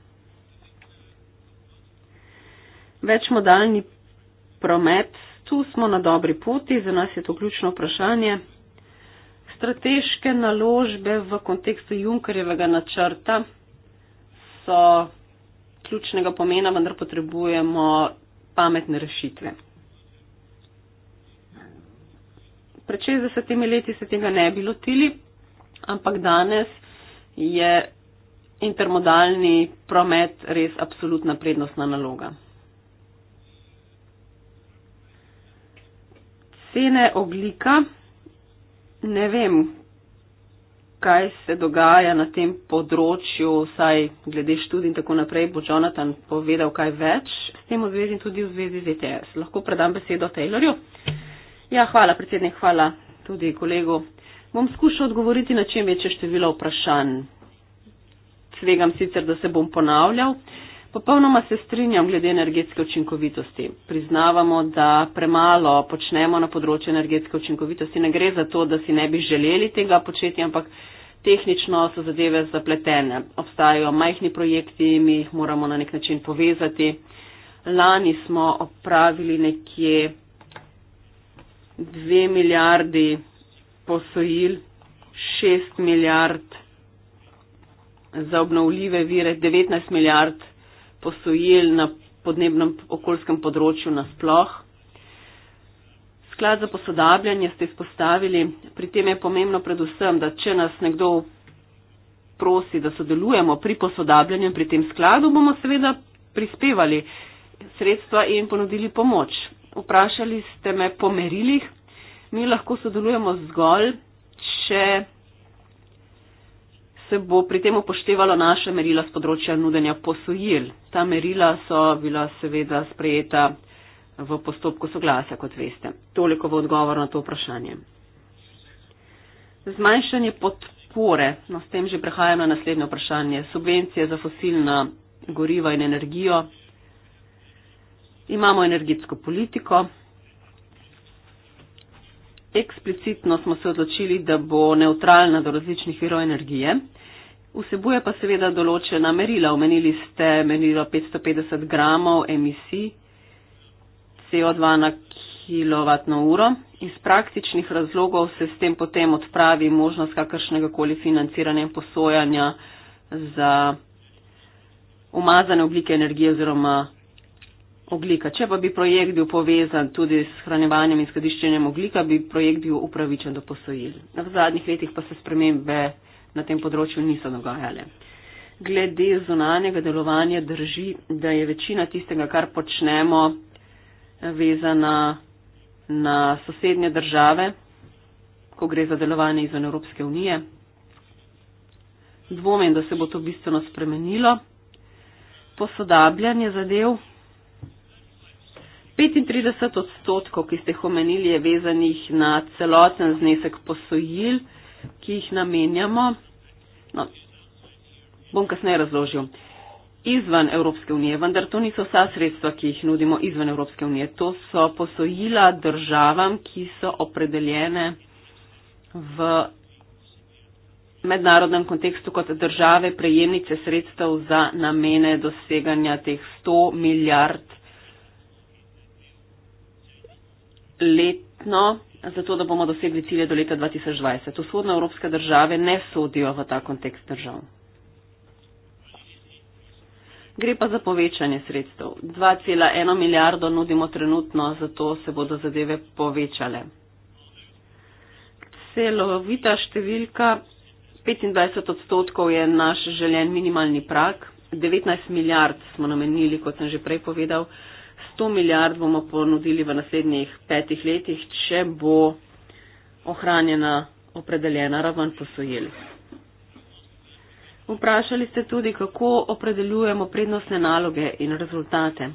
večmodalni promet, tu smo na dobri poti, za nas je to ključno vprašanje. Strateške naložbe v kontekstu Junkerjevega načrta so ključnega pomena, vendar potrebujemo pametne rešitve. Pred 60 leti se tega ne bi lotili, ampak danes je intermodalni promet res absolutna prednostna naloga. cene oglika, ne vem, kaj se dogaja na tem področju, saj glede študij in tako naprej bo Jonathan povedal kaj več s tem v zvezi in tudi v zvezi z ETS. Lahko predam besedo Taylorju. Ja, hvala predsednik, hvala tudi kolegu. Bom skušal odgovoriti na čem večje število vprašanj. Svegam sicer, da se bom ponavljal. Uh, Popolnoma se strinjam glede energetske učinkovitosti. Priznavamo, da premalo počnemo na področju energetske učinkovitosti. Ne gre za to, da si ne bi želeli tega početi, ampak tehnično so zadeve zapletene. Obstajajo majhni projekti, mi jih moramo na nek način povezati. Lani smo opravili nekje dve milijardi posojil, šest milijard za obnovljive vire, devetnajst milijard posojil na podnebnem okoljskem področju nasploh. Sklad za posodabljanje ste izpostavili, pri tem je pomembno predvsem, da če nas nekdo prosi, da sodelujemo pri posodabljanju pri tem skladu, bomo seveda prispevali sredstva in ponudili pomoč. Vprašali ste me po merilih. Mi lahko sodelujemo zgolj, če se bo pri tem upoštevalo naše merila z področja nudenja posojil. Ta merila so bila seveda sprejeta v postopku soglasja, kot veste. Toliko v odgovor na to vprašanje. Zmanjšanje podpore, no s tem že prehajam na naslednje vprašanje, subvencije za fosilna goriva in energijo. Imamo energetsko politiko, eksplicitno smo se odločili, da bo neutralna do različnih virov energije. Vsebuje pa seveda določena merila. Omenili ste merilo 550 gramov emisij CO2 na kilovatno uro. Iz praktičnih razlogov se s tem potem odpravi možnost kakršnega koli financiranja in posojanja za umazane oblike energije oziroma oglika. Če pa bi projekt bil povezan tudi s hranjevanjem in skladiščenjem oglika, bi projekt bil upravičen do posojil. V zadnjih letih pa se spremembe na tem področju niso dogajale. Glede zunanjega delovanja drži, da je večina tistega, kar počnemo, vezana na sosednje države, ko gre za delovanje izven Evropske unije. Dvomim, da se bo to bistveno spremenilo. Posodabljanje zadev 35 odstotkov, ki ste jih omenili, je vezanih na celoten znesek posojil, ki jih namenjamo. No, bom kasneje razložil. Izven Evropske unije, vendar to niso vsa sredstva, ki jih nudimo izven Evropske unije. To so posojila državam, ki so opredeljene v mednarodnem kontekstu kot države prejemnice sredstev za namene doseganja teh 100 milijard letno, zato da bomo dosegli cilje do leta 2020. Vzhodno evropske države ne sodijo v ta kontekst držav. Gre pa za povečanje sredstev. 2,1 milijardo nudimo trenutno, zato se bodo zadeve povečale. Celovita številka 25 odstotkov je naš željen minimalni prak. 19 milijard smo namenili, kot sem že prej povedal, 100 milijard bomo ponudili v naslednjih petih letih, če bo ohranjena opredeljena raven posojil. Vprašali ste tudi, kako opredeljujemo prednostne naloge in rezultate.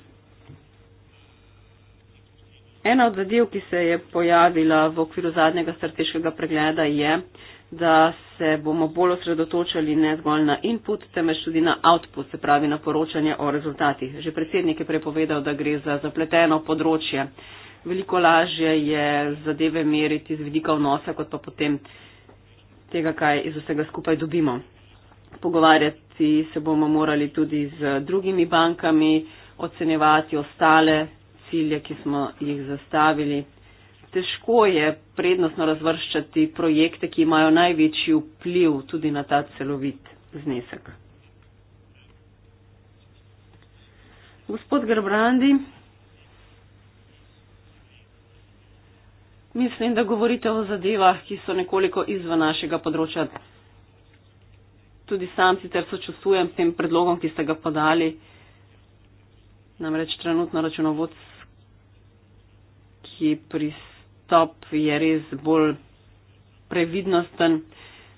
Ena od zadev, ki se je pojavila v okviru zadnjega strateškega pregleda, je, da se bomo bolj osredotočali ne zgolj na input, temveč tudi na output, se pravi na poročanje o rezultatih. Že predsednik je prepovedal, da gre za zapleteno področje. Veliko lažje je zadeve meriti z vidika vnosa, kot pa potem tega, kaj iz vsega skupaj dobimo. Pogovarjati se bomo morali tudi z drugimi bankami, ocenjevati ostale cilje, ki smo jih zastavili težko je prednostno razvrščati projekte, ki imajo največji vpliv tudi na ta celovit znesek. Gospod Grbrandi, mislim, da govorite o zadevah, ki so nekoliko izven našega področja. Tudi sam sicer sočustujem tem predlogom, ki ste ga podali, namreč trenutno računovodski pristop pristop je res bolj previdnosten.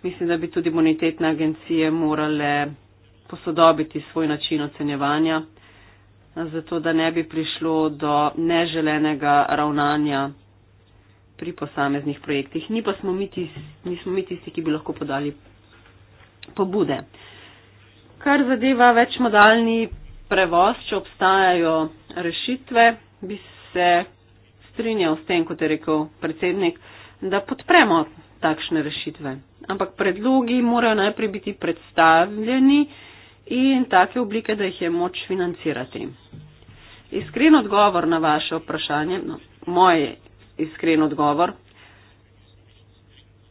Mislim, da bi tudi bonitetne agencije morale posodobiti svoj način ocenjevanja, zato da ne bi prišlo do neželenega ravnanja pri posameznih projektih. Ni pa smo mi tisti, nismo mi tisti, ki bi lahko podali pobude. Kar zadeva večmodalni prevoz, če obstajajo rešitve, bi se strinjal s tem, kot je rekel predsednik, da podpremo takšne rešitve. Ampak predlogi morajo najprej biti predstavljeni in take oblike, da jih je moč financirati. Iskren odgovor na vaše vprašanje, no, moj iskren odgovor,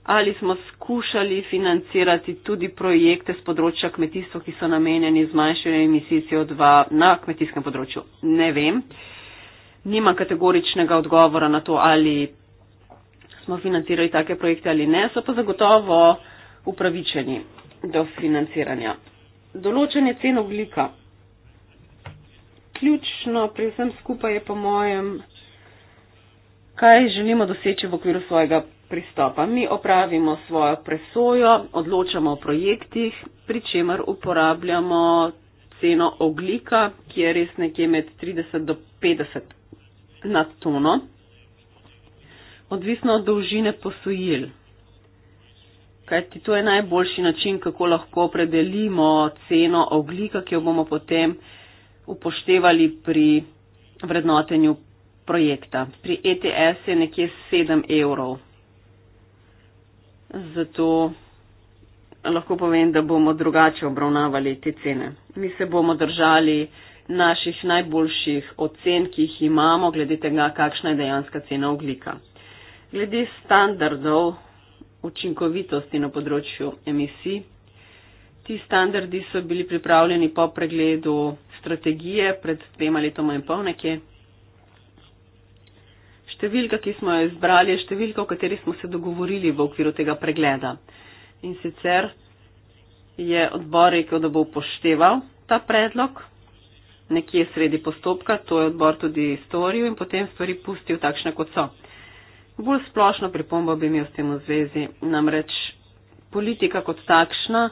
ali smo skušali financirati tudi projekte z področja kmetijstva, ki so namenjeni zmanjšanju emisij CO2 na kmetijskem področju, ne vem. Uh, nima kategoričnega odgovora na to, ali smo financirali take projekte ali ne, so pa zagotovo upravičeni do financiranja. Določanje cen oglika. Ključno pri vsem skupaj je po mojem, kaj želimo doseči v okviru svojega pristopa. Mi opravimo svojo presojo, odločamo o projektih, pri čemer uporabljamo ceno oglika, ki je res nekje med 30 do 50 na tono, odvisno od dolžine posojil. Kaj ti to je najboljši način, kako lahko predelimo ceno oglika, ki jo bomo potem upoštevali pri vrednotenju projekta. Pri ETS je nekje 7 evrov. Zato lahko povem, da bomo drugače obravnavali te cene. Mi se bomo držali naših najboljših ocen, ki jih imamo, glede tega, kakšna je dejanska cena oglika. Glede standardov učinkovitosti na področju emisij, ti standardi so bili pripravljeni po pregledu strategije pred dvema letoma in pol nekje. Številka, ki smo jo izbrali, je številka, o kateri smo se dogovorili v okviru tega pregleda. In sicer je odbor rekel, da bo upošteval ta predlog nekje sredi postopka, to je odbor tudi storil in potem stvari pustil takšne, kot so. Bolj splošno pripombo bi imel s tem v zvezi, namreč politika kot takšna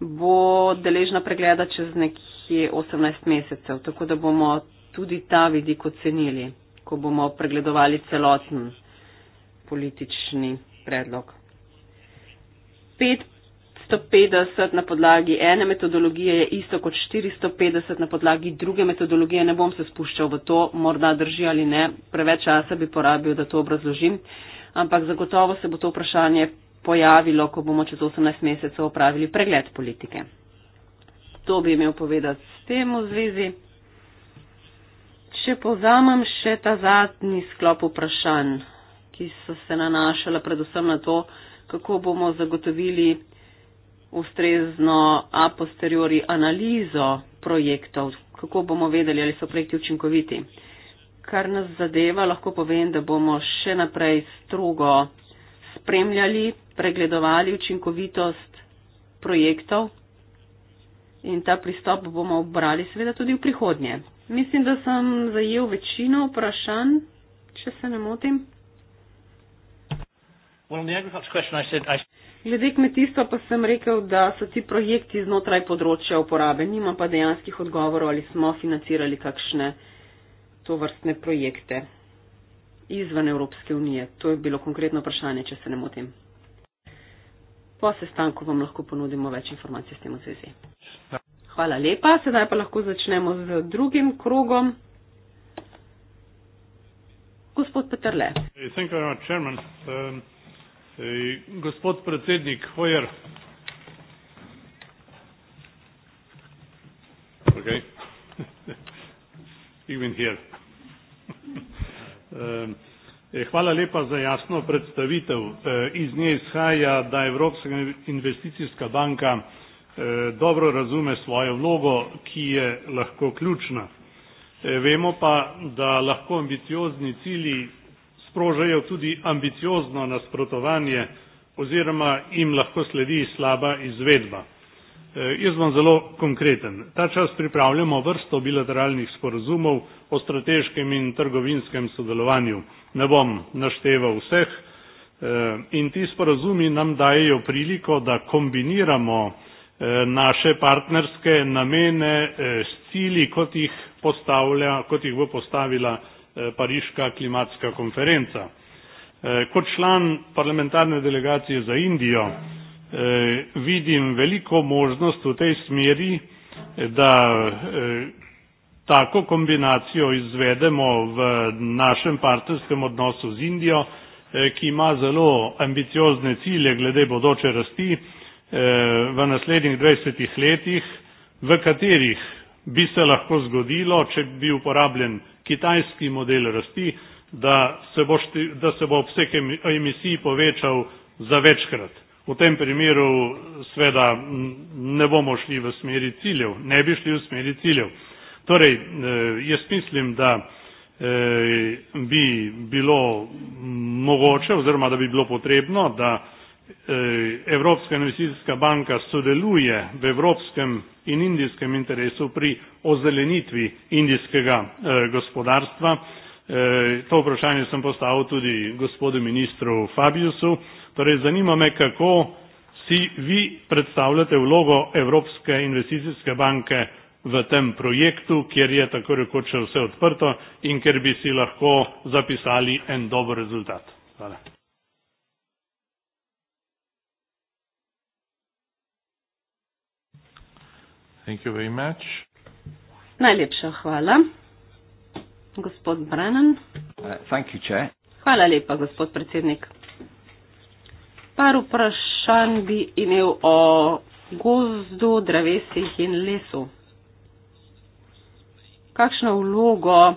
bo deležna pregleda čez nekje 18 mesecev, tako da bomo tudi ta vidik ocenili, ko bomo pregledovali celoten politični predlog. Pet 450 na podlagi ene metodologije je isto kot 450 na podlagi druge metodologije. Ne bom se spuščal v to, morda drži ali ne, preveč časa bi porabil, da to obrazložim, ampak zagotovo se bo to vprašanje pojavilo, ko bomo čez 18 mesecev opravili pregled politike. To bi imel povedati s tem v zvezi. Če povzamem še ta zadnji sklop vprašanj, ki so se nanašala predvsem na to, kako bomo zagotovili ustrezno a posteriori analizo projektov, kako bomo vedeli, ali so projekti učinkoviti. Kar nas zadeva, lahko povem, da bomo še naprej strogo spremljali, pregledovali učinkovitost projektov in ta pristop bomo obrali seveda tudi v prihodnje. Mislim, da sem zajel večino vprašanj, če se ne motim. Well, Glede kmetijstva pa sem rekel, da so ti projekti znotraj področja uporabe. Nima pa dejanskih odgovorov, ali smo financirali kakšne to vrstne projekte izven Evropske unije. To je bilo konkretno vprašanje, če se ne motim. Po sestanku vam lahko ponudimo več informacij s tem v zvezi. Hvala lepa. Sedaj pa lahko začnemo z drugim krogom. Gospod Petrle. Hey, Gospod predsednik Hojer, okay. Even here. hvala lepa za jasno predstavitev. Iz nje izhaja, da Evropska investicijska banka dobro razume svojo vlogo, ki je lahko ključna. Vemo pa, da lahko ambiciozni cilji sprožajo tudi ambiciozno nasprotovanje oziroma jim lahko sledi slaba izvedba. E, jaz bom zelo konkreten. Ta čas pripravljamo vrsto bilateralnih sporazumov o strateškem in trgovinskem sodelovanju. Ne bom našteval vseh e, in ti sporazumi nam dajejo priliko, da kombiniramo e, naše partnerske namene e, s cili, kot jih, kot jih bo postavila Eh, pariška klimatska konferenca. Eh, kot član parlamentarne delegacije za Indijo eh, vidim veliko možnost v tej smeri, da tako kombinacijo izvedemo v našem partnerskem odnosu z Indijo, ki ima zelo ambiciozne cilje glede bodoče rasti v naslednjih 20 letih, v katerih bi se lahko zgodilo, če bi uporabljen kitajski model rasti, da se bo, šti, da se bo obseg emisij povečal za večkrat. V tem primeru sveda ne bomo šli v smeri ciljev, ne bi šli v smeri ciljev. Torej, eh, jaz mislim, da eh, bi bilo mogoče oziroma da bi bilo potrebno, da Eh, Evropska investicijska banka sodeluje v evropskem in indijskem interesu pri ozelenitvi indijskega eh, gospodarstva. Eh, to vprašanje sem postavil tudi gospodu ministru Fabiusu. Torej, zanima me, kako si vi predstavljate vlogo Evropske investicijske banke v tem projektu, kjer je tako rekoče vse odprto in kjer bi si lahko zapisali en dober rezultat. Hvala. Thank you very much. Najlepša hvala. Gospod Brennan. Uh, thank you, Chair. Hvala lepa, gospod predsednik. Par vprašanj bi imel o gozdu, drevesih in lesu. Kakšno vlogo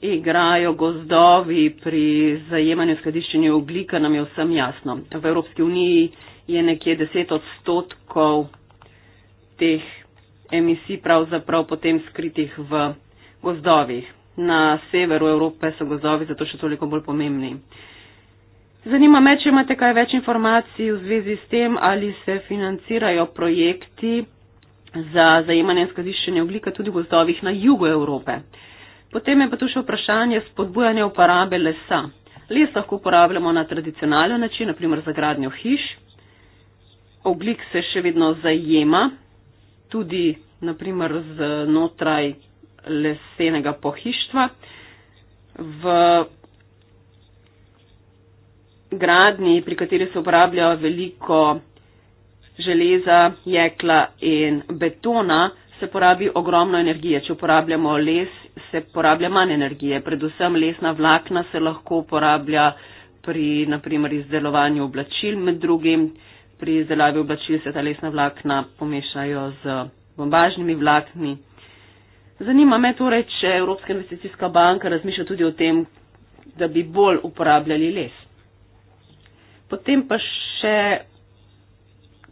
igrajo gozdovi pri zajemanju skladiščenja oglika, nam je vsem jasno. V Evropski uniji je nekje 10 odstotkov teh emisij pravzaprav potem skritih v gozdovih. Na severu Evrope so gozdovi zato še toliko bolj pomembni. Zanima me, če imate kaj več informacij v zvezi s tem, ali se financirajo projekti za zajemanje in skladiščenje oglika tudi v gozdovih na jugu Evrope. Potem je pa tu še vprašanje spodbujanja uporabe lesa. Les lahko uporabljamo na tradicionalen način, naprimer za gradnjo hiš. Oglik se še vedno zajema tudi naprimer znotraj lesenega pohištva. V gradni, pri kateri se uporablja veliko železa, jekla in betona, se porabi ogromno energije. Če uporabljamo les, se porablja manj energije. Predvsem lesna vlakna se lahko uporablja pri naprimer izdelovanju oblačil med drugim pri izdelavi oblačil se telesna vlakna pomešajo z bombažnimi vlakni. Zanima me torej, če Evropska investicijska banka razmišlja tudi o tem, da bi bolj uporabljali les. Potem pa še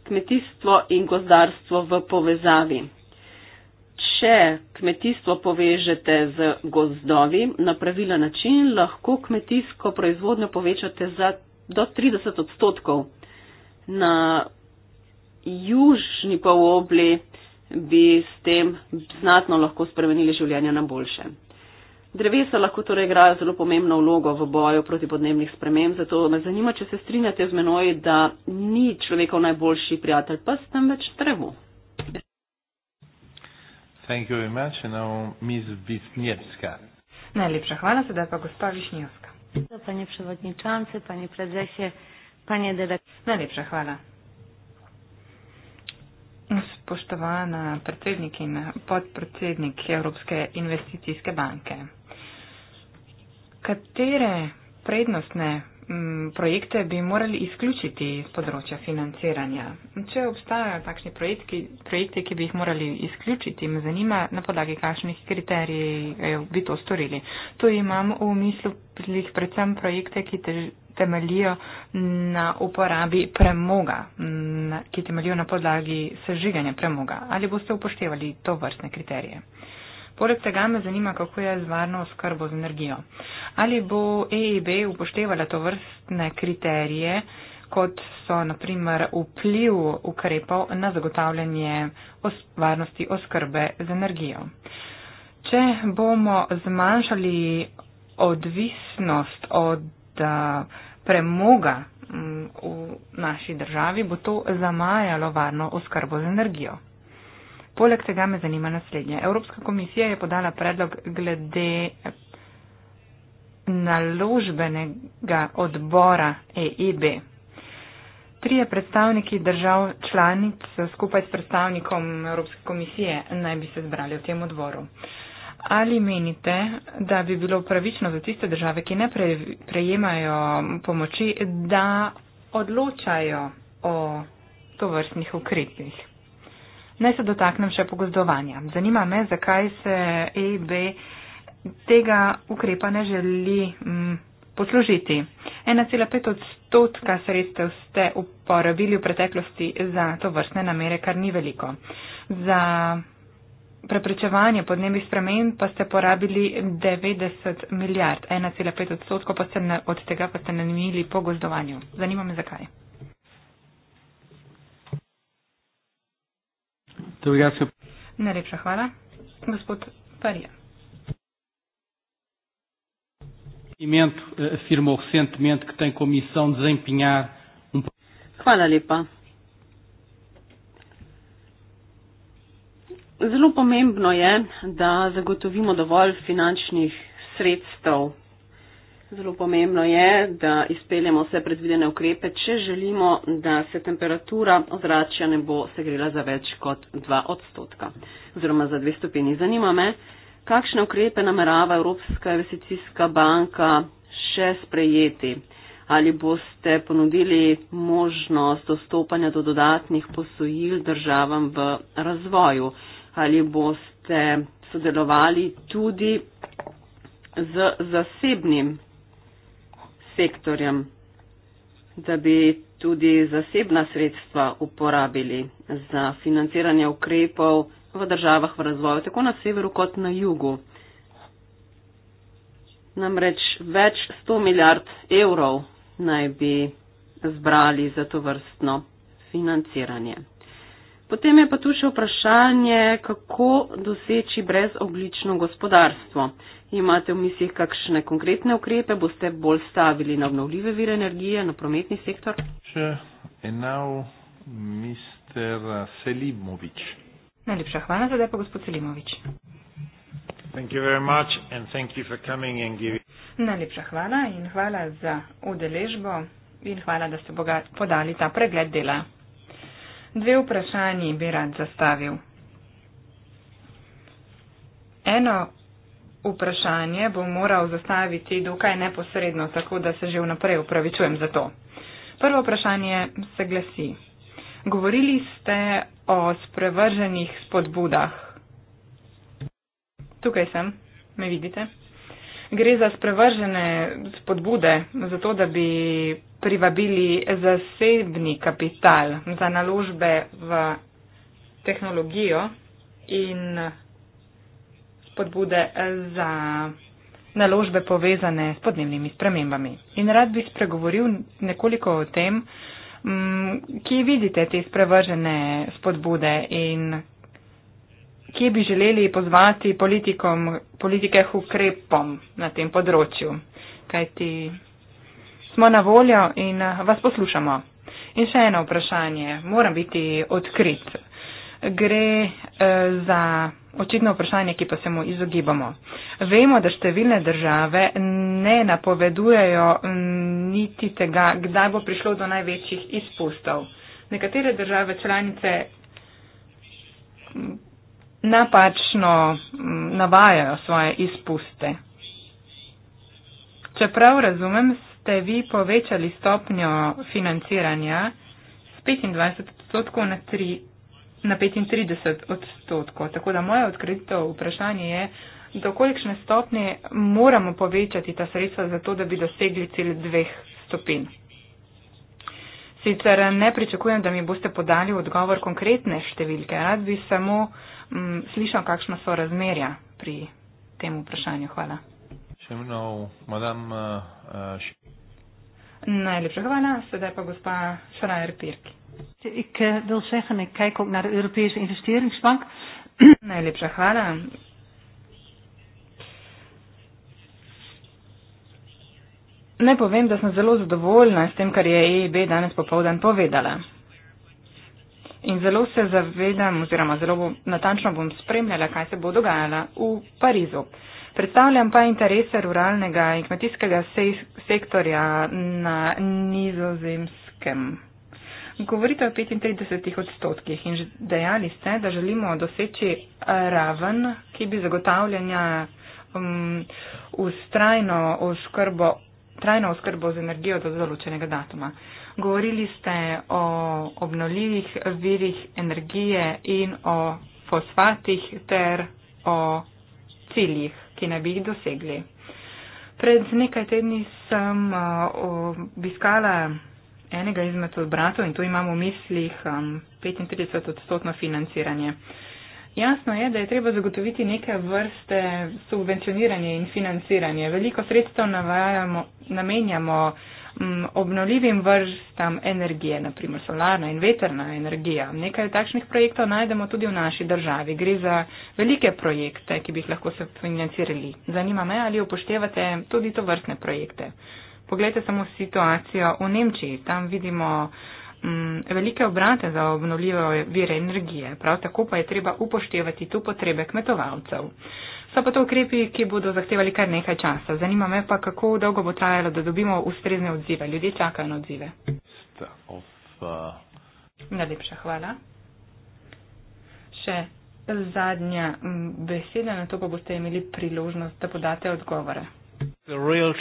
kmetijstvo in gozdarstvo v povezavi. Če kmetijstvo povežete z gozdovi na pravila način, lahko kmetijsko proizvodnjo povečate za do 30 odstotkov na južni polobli bi s tem znatno lahko spremenili življenje na boljše. Drevesa lahko torej igrajo zelo pomembno vlogo v boju proti podnebnih sprememb, zato me zanima, če se strinjate z menoj, da ni človekov najboljši prijatelj pa s tem več drevo. Najlepša hvala, sedaj pa gospa Višnjevska. Pani przewodniczący, panie prezesie, Panie dyrektorze, najlepsza chwala. Spoštovana predsednik in podpredsednik Evropske investicijske banke. Katere prednostne projekte bi morali izključiti iz področja financiranja? Če obstajajo takšni projekti, projekti, ki bi jih morali izključiti, me zanima, na podlagi kakšnih kriterijev bi to storili. Tu imam v mislu predvsem projekte, ki težijo temeljijo na uporabi premoga, ki temeljijo na podlagi sežiganja premoga. Ali boste upoštevali to vrstne kriterije? Poleg tega me zanima, kako je z varno oskrbo z energijo. Ali bo EIB upoštevala to vrstne kriterije, kot so naprimer vpliv ukrepov na zagotavljanje os varnosti oskrbe z energijo. Če bomo zmanjšali odvisnost od. Uh, premoga mm, v naši državi, bo to zamajalo varno oskrbo z energijo. Poleg tega me zanima naslednje. Evropska komisija je podala predlog glede naložbenega odbora EIB. Trije predstavniki držav članic skupaj s predstavnikom Evropske komisije naj bi se zbrali v tem odboru. Uh, Ali menite, da bi bilo pravično za tiste države, ki ne pre, prejemajo pomoči, da odločajo o tovrstnih ukrepih? Naj se dotaknem še pogozdovanja. Zanima me, zakaj se EIB tega ukrepa ne želi m, mm, poslužiti. 1,5 odstotka sredstev ste uporabili v preteklosti za to vrstne namere, kar ni veliko. Za preprečevanje podnebnih sprememb pa ste porabili 90 milijard, 1,5 odstotkov pa ste ne, od tega pa ste namenili po gozdovanju. Zanima me zakaj. Najlepša hvala. Gospod Parija. Firmo Ocent, ki je komisijo za empinjar. Hvala lepa. Zelo pomembno je, da zagotovimo dovolj finančnih sredstev. Zelo pomembno je, da izpeljemo vse predvidene ukrepe, če želimo, da se temperatura ozračja ne bo segrela za več kot 2 odstotka oziroma za 2 stopini. Zanima me, kakšne ukrepe namerava Evropska investicijska banka še sprejeti. Ali boste ponudili možnost dostopanja do dodatnih posojil državam v razvoju? ali boste sodelovali tudi z zasebnim sektorjem, da bi tudi zasebna sredstva uporabili za financiranje ukrepov v državah v razvoju, tako na severu kot na jugu. Namreč več 100 milijard evrov naj bi zbrali za to vrstno financiranje. Potem je pa tu še vprašanje, kako doseči brezoglično gospodarstvo. Imate v mislih kakšne konkretne ukrepe, boste bolj stavili na obnovljive vire energije, na prometni sektor? Če je nov mister Selimovič. Najlepša hvala, zdaj pa gospod Selimovič. Najlepša hvala in hvala za udeležbo in hvala, da ste podali ta pregled dela. Dve vprašanji bi rad zastavil. Eno vprašanje bom moral zastaviti dokaj neposredno, tako da se že vnaprej upravičujem za to. Prvo vprašanje se glasi. Govorili ste o sprevrženih spodbudah. Tukaj sem, me vidite? gre za sprevržene spodbude, zato da bi privabili zasebni kapital za naložbe v tehnologijo in spodbude za naložbe povezane s podnebnimi spremembami. In rad bi spregovoril nekoliko o tem, mm, kje vidite te sprevržene spodbude in kje bi želeli pozvati politike k ukrepom na tem področju. Kajti smo na voljo in eh, vas poslušamo. In še eno vprašanje, moram biti odkrit. Gre eh, za očitno vprašanje, ki pa se mu izogibamo. Vemo, da številne države ne napovedujejo mm, niti tega, kdaj bo prišlo do največjih izpustov. Nekatere države članice napačno mm, navajajo svoje izpuste. Čeprav razumem, ste vi povečali stopnjo financiranja z 25 odstotkov na, na 35 odstotkov. Tako da moje odkrito vprašanje je, do kolikšne stopnje moramo povečati ta sredstva za to, da bi dosegli cilj dveh stopin. Sicer ne pričakujem, da mi boste podali odgovor konkretne številke. Rad bi samo uh, m, mm, slišal, kakšna so razmerja pri tem vprašanju. Hvala. Eh, eh, Najlepša hvala, sedaj pa gospa Šrajer Pirki. Eh, Najlepša hvala. Naj povem, da sem zelo zadovoljna s tem, kar je EIB danes popovdan povedala. In zelo se zavedam oziroma zelo bom, natančno bom spremljala, kaj se bo dogajala v Parizu. Predstavljam pa interese ruralnega in kmetijskega se sektorja na nizozemskem. Govorite o 35 odstotkih in dejali ste, da želimo doseči raven, ki bi zagotavljanja um, ustrajno oskrbo, trajno oskrbo z energijo do določenega datuma. Govorili ste o obnovljivih virih energije in o fosfatih ter o ciljih, ki naj bi jih dosegli. Pred nekaj tedni sem uh, obiskala enega izmed odbratov in tu imam v mislih 35 um, odstotno financiranje. Jasno je, da je treba zagotoviti neke vrste subvencioniranje in financiranje. Veliko sredstev namenjamo m, obnovljivim vrstam energije, naprimer solarna in veterna energija. Nekaj takšnih projektov najdemo tudi v naši državi. Gre za velike projekte, ki bi jih lahko se financirali. Zanima me, ali upoštevate tudi to vrstne projekte. Poglejte samo situacijo v Nemčiji. Tam vidimo m, velike obrate za obnovljive vire energije. Prav tako pa je treba upoštevati tu potrebe kmetovalcev so pa to ukrepi, ki bodo zahtevali kar nekaj časa. Zanima me pa, kako dolgo bo trajalo, da dobimo ustrezne odzive. Ljudje čakajo na odzive. Of, uh... Najlepša hvala. Še zadnja mm, beseda, na to pa boste imeli priložnost, da podate odgovore. Uh,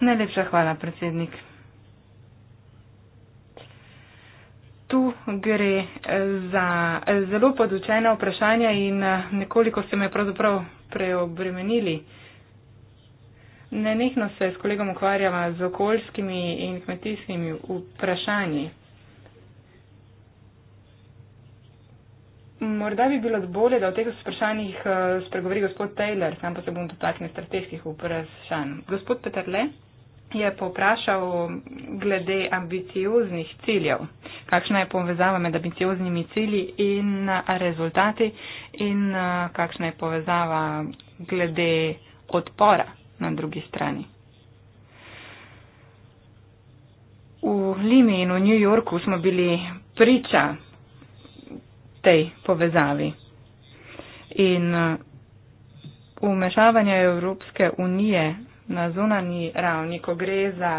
Najlepša hvala, predsednik. tu gre eh, za eh, zelo podučena vprašanja in eh, nekoliko ste me pravzaprav preobremenili. Nenehno se s kolegom ukvarjava z okoljskimi in kmetijskimi vprašanji. Morda bi bilo bolje, da o teh vprašanjih spregovori gospod Taylor, sam pa se bom dotaknil strateških vprašanj. Gospod Petrle? Uh, je povprašal glede ambicioznih ciljev. Kakšna je povezava med ambicioznimi cilji in rezultati in kakšna je povezava glede odpora na drugi strani. V Limi in v New Yorku smo bili priča tej povezavi. In vmešavanje Evropske unije na zunani ravni, ko gre za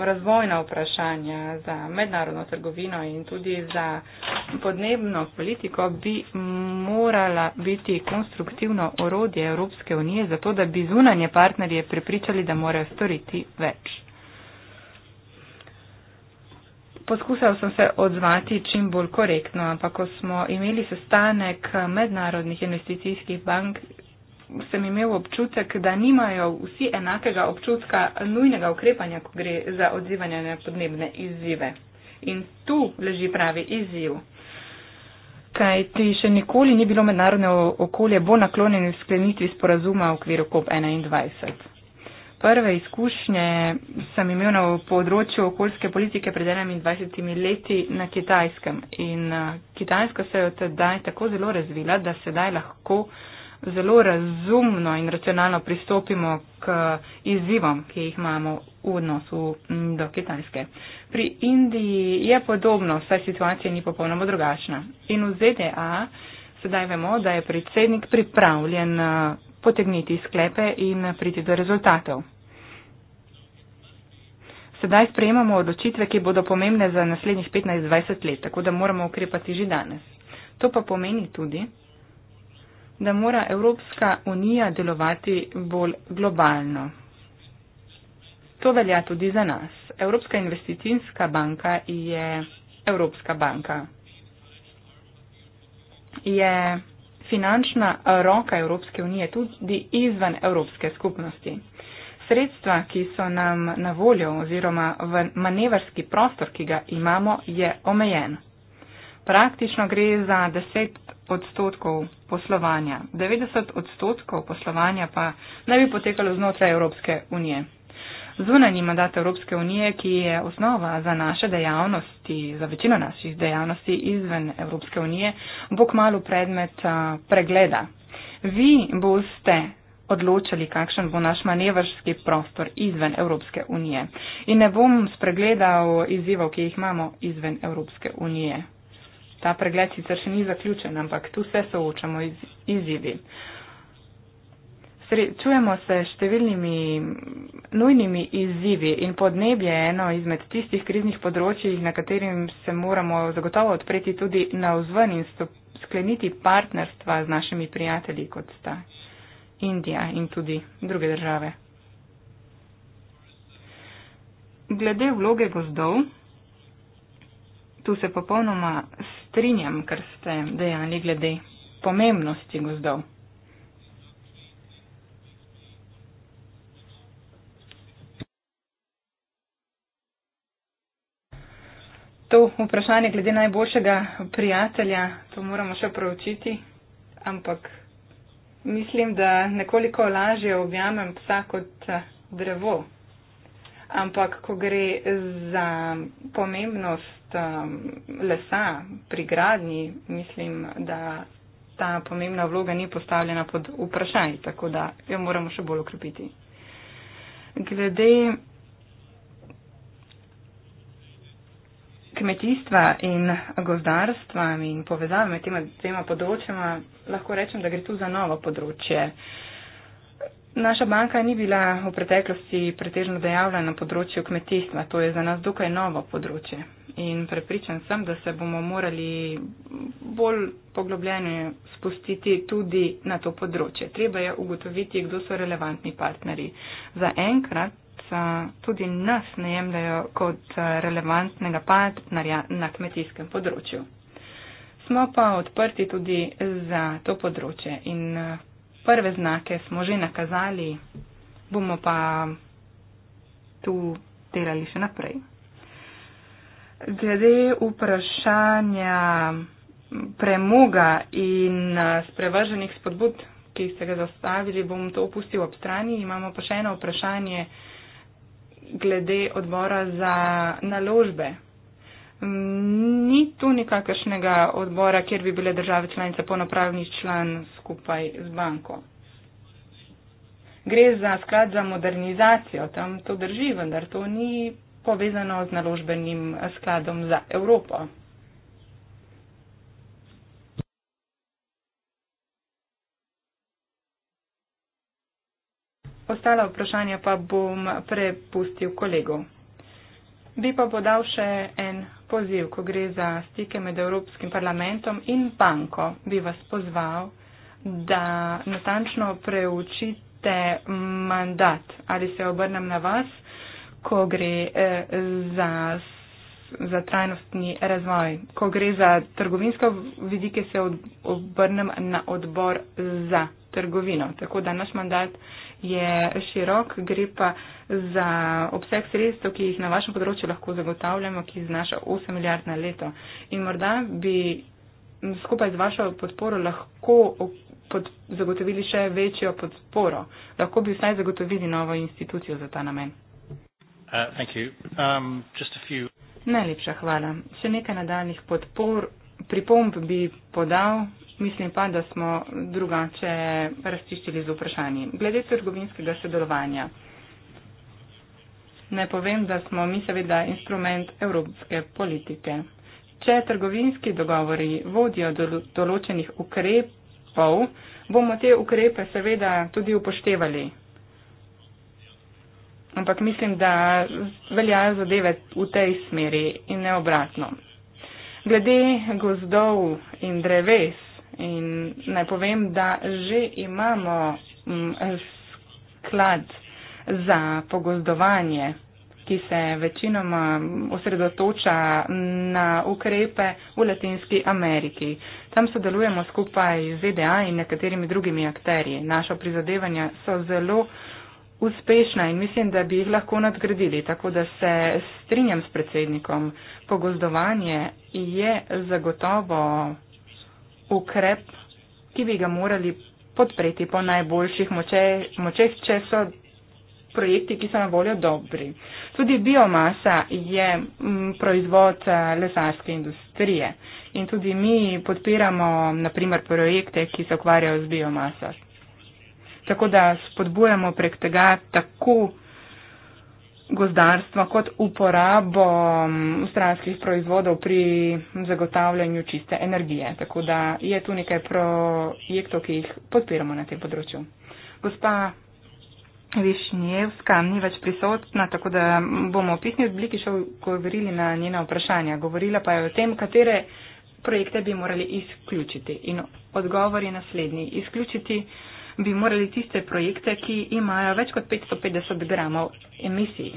razvojna vprašanja, za mednarodno trgovino in tudi za podnebno politiko, bi morala biti konstruktivno orodje Evropske unije za to, da bi zunanje partnerje prepričali, da morajo storiti več. Poskusal sem se odzvati čim bolj korektno, ampak ko smo imeli sestanek mednarodnih investicijskih bank, sem imel občutek, da nimajo vsi enakega občutka nujnega ukrepanja, ko gre za odzivanje na podnebne izzive. In tu leži pravi izziv. Kaj ti še nikoli ni bilo mednarodne okolje bolj naklonjeno sklenitvi sporazuma v okviru COP21. Prve izkušnje sem imel na področju okoljske politike pred 21 leti na Kitajskem. In eh, Kitajska se je od tedaj tako zelo razvila, da sedaj lahko zelo razumno in racionalno pristopimo k izzivom, ki jih imamo v odnosu do Kitajske. Pri Indiji je podobno, saj situacija ni popolnoma drugačna. In v ZDA sedaj vemo, da je predsednik pripravljen eh, potegniti sklepe in eh, priti do rezultatov. Sedaj sprejemamo odločitve, ki bodo pomembne za naslednjih 15-20 let, tako da moramo ukrepati že danes. To pa pomeni tudi, da mora Evropska unija delovati bolj globalno. To velja tudi za nas. Evropska investicijska banka je Evropska banka. Je finančna roka Evropske unije tudi izven Evropske skupnosti. Sredstva, ki so nam na voljo oziroma v manevrski prostor, ki ga imamo, je omejen. Praktično gre za 10 odstotkov poslovanja. 90 odstotkov poslovanja pa naj bi potekalo znotraj Evropske unije. Zunanji mandat Evropske unije, ki je osnova za naše dejavnosti, za večino naših dejavnosti izven Evropske unije, bo kmalo predmet pregleda. Vi boste odločali, kakšen bo naš manevrski prostor izven Evropske unije. In ne bom spregledal izzivov, ki jih imamo izven Evropske unije. Ta pregled sicer še ni zaključen, ampak tu se soočamo iz, izzivi. Srečujemo se številnimi nujnimi izzivi in podnebje je eno izmed tistih kriznih področji, na katerim se moramo zagotovo odpreti tudi na vzven in skleniti partnerstva z našimi prijatelji, kot sta Indija in tudi druge države. Glede vloge gozdov, tu se popolnoma strinjam, kar ste dejali glede pomembnosti gozdov. To vprašanje glede najboljšega prijatelja, to moramo še proučiti, ampak mislim, da nekoliko lažje objamem psa kot eh, drevo. Ampak, ko gre za pomembnost um, lesa pri gradni, mislim, da ta pomembna vloga ni postavljena pod vprašanj, tako da jo moramo še bolj okrepiti. Glede kmetijstva in gozdarstva in povezave med tema dvema področjama, lahko rečem, da gre tu za novo področje. Uh, Naša banka ni bila v preteklosti pretežno dejavna na področju kmetijstva. To je za nas dokaj novo področje. In prepričan sem, da se bomo morali bolj poglobljeno spustiti tudi na to področje. Treba je ugotoviti, kdo so relevantni partnerji. Za enkrat tudi nas ne jemljajo kot eh, relevantnega partnerja na kmetijskem področju. Smo pa odprti tudi za to področje in eh, prve znake smo že nakazali, bomo pa tu delali še naprej. Glede vprašanja premoga in eh, sprevrženih spodbud, ki ste ga zastavili, bom to opustil ob strani. Imamo pa še eno vprašanje glede odbora za naložbe. Mm, ni tu nikakršnega odbora, kjer bi bile države članice ponopravni član skupaj z banko. Gre za sklad za modernizacijo, tam to drži, vendar to ni povezano z naložbenim skladom za Evropo. Ostala vprašanja pa bom prepustil kolegu. Bi pa podal še en poziv, ko gre za stike med Evropskim parlamentom in banko, bi vas pozval, da natančno preučite mandat, ali se obrnem na vas, ko gre eh, za, za trajnostni razvoj. Ko gre za trgovinsko vidike, se obrnem na odbor za trgovino. Tako da naš mandat je širok, gre pa za obseg sredstev, ki jih na vašem področju lahko zagotavljamo, ki znaša 8 milijard na leto. In morda bi skupaj z vašo podporo lahko pod, zagotovili še večjo podporo. Lahko bi vsaj zagotovili novo institucijo za ta namen. Uh, um, Najlepša hvala. Še nekaj nadaljnih podpor. Pripomb bi podal, mislim pa, da smo drugače razčiščili z vprašanji. Glede trgovinskega sodelovanja. Ne povem, da smo mi seveda instrument evropske politike. Če trgovinski dogovori vodijo do določenih ukrepov, bomo te ukrepe seveda tudi upoštevali. Ampak mislim, da veljajo zadeve v tej smeri in ne obratno. Glede gozdov in dreves, In naj povem, da že imamo m, mm, sklad za pogozdovanje, ki se večinoma osredotoča na ukrepe v Latinski Ameriki. Tam sodelujemo skupaj z ZDA in nekaterimi drugimi akterji. Naša prizadevanja so zelo uspešna in mislim, da bi jih lahko nadgradili. Tako da se strinjam s predsednikom. Pogozdovanje je zagotovo ukrep, ki bi ga morali podpreti po najboljših močeh, če so projekti, ki so na voljo dobri. Tudi biomasa je mm, proizvod eh, lesarske industrije in tudi mi podpiramo naprimer projekte, ki se ukvarjajo z biomasa. Tako da spodbujamo prek tega tako gozdarstva kot uporabo ustranskih proizvodov pri zagotavljanju čiste energije. Tako da je tu nekaj projektov, ki jih podpiramo na tem področju. Gospa Višnjevska ni več prisotna, tako da bomo v pisni obliki še govorili na njena vprašanja. Govorila pa je o tem, katere projekte bi morali izključiti. In odgovor je naslednji. Izključiti bi morali tiste projekte, ki imajo več kot 550 gramov emisij.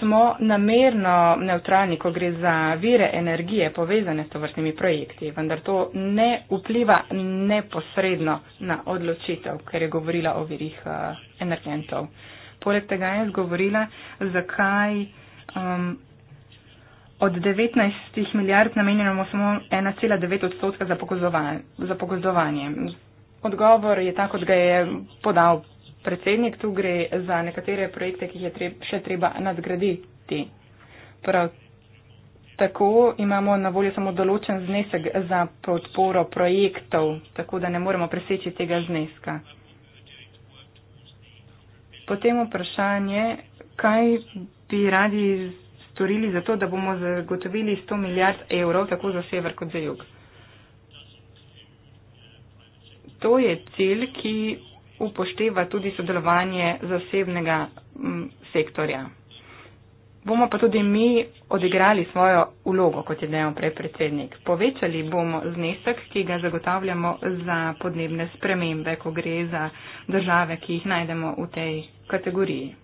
Smo namerno neutralni, ko gre za vire energije povezane s tovrstnimi projekti, vendar to ne vpliva neposredno na odločitev, ker je govorila o virih eh, energentov. Poleg tega je zgovorila, zakaj um, od 19 milijard namenjamo samo 1,9 odstotka za, za pogozdovanje. Odgovor je tako, kot ga je podal predsednik, tu gre za nekatere projekte, ki jih je treb, še treba nadgraditi. Prav tako imamo na voljo samo določen znesek za podporo projektov, tako da ne moremo preseči tega zneska. Potem vprašanje, kaj bi radi storili za to, da bomo zagotovili 100 milijard evrov tako za sever kot za jug. To je cilj, ki upošteva tudi sodelovanje zasebnega sektorja. Bomo pa tudi mi odigrali svojo ulogo, kot je dejal prej predsednik. Povečali bomo znesek, ki ga zagotavljamo za podnebne spremembe, ko gre za države, ki jih najdemo v tej kategoriji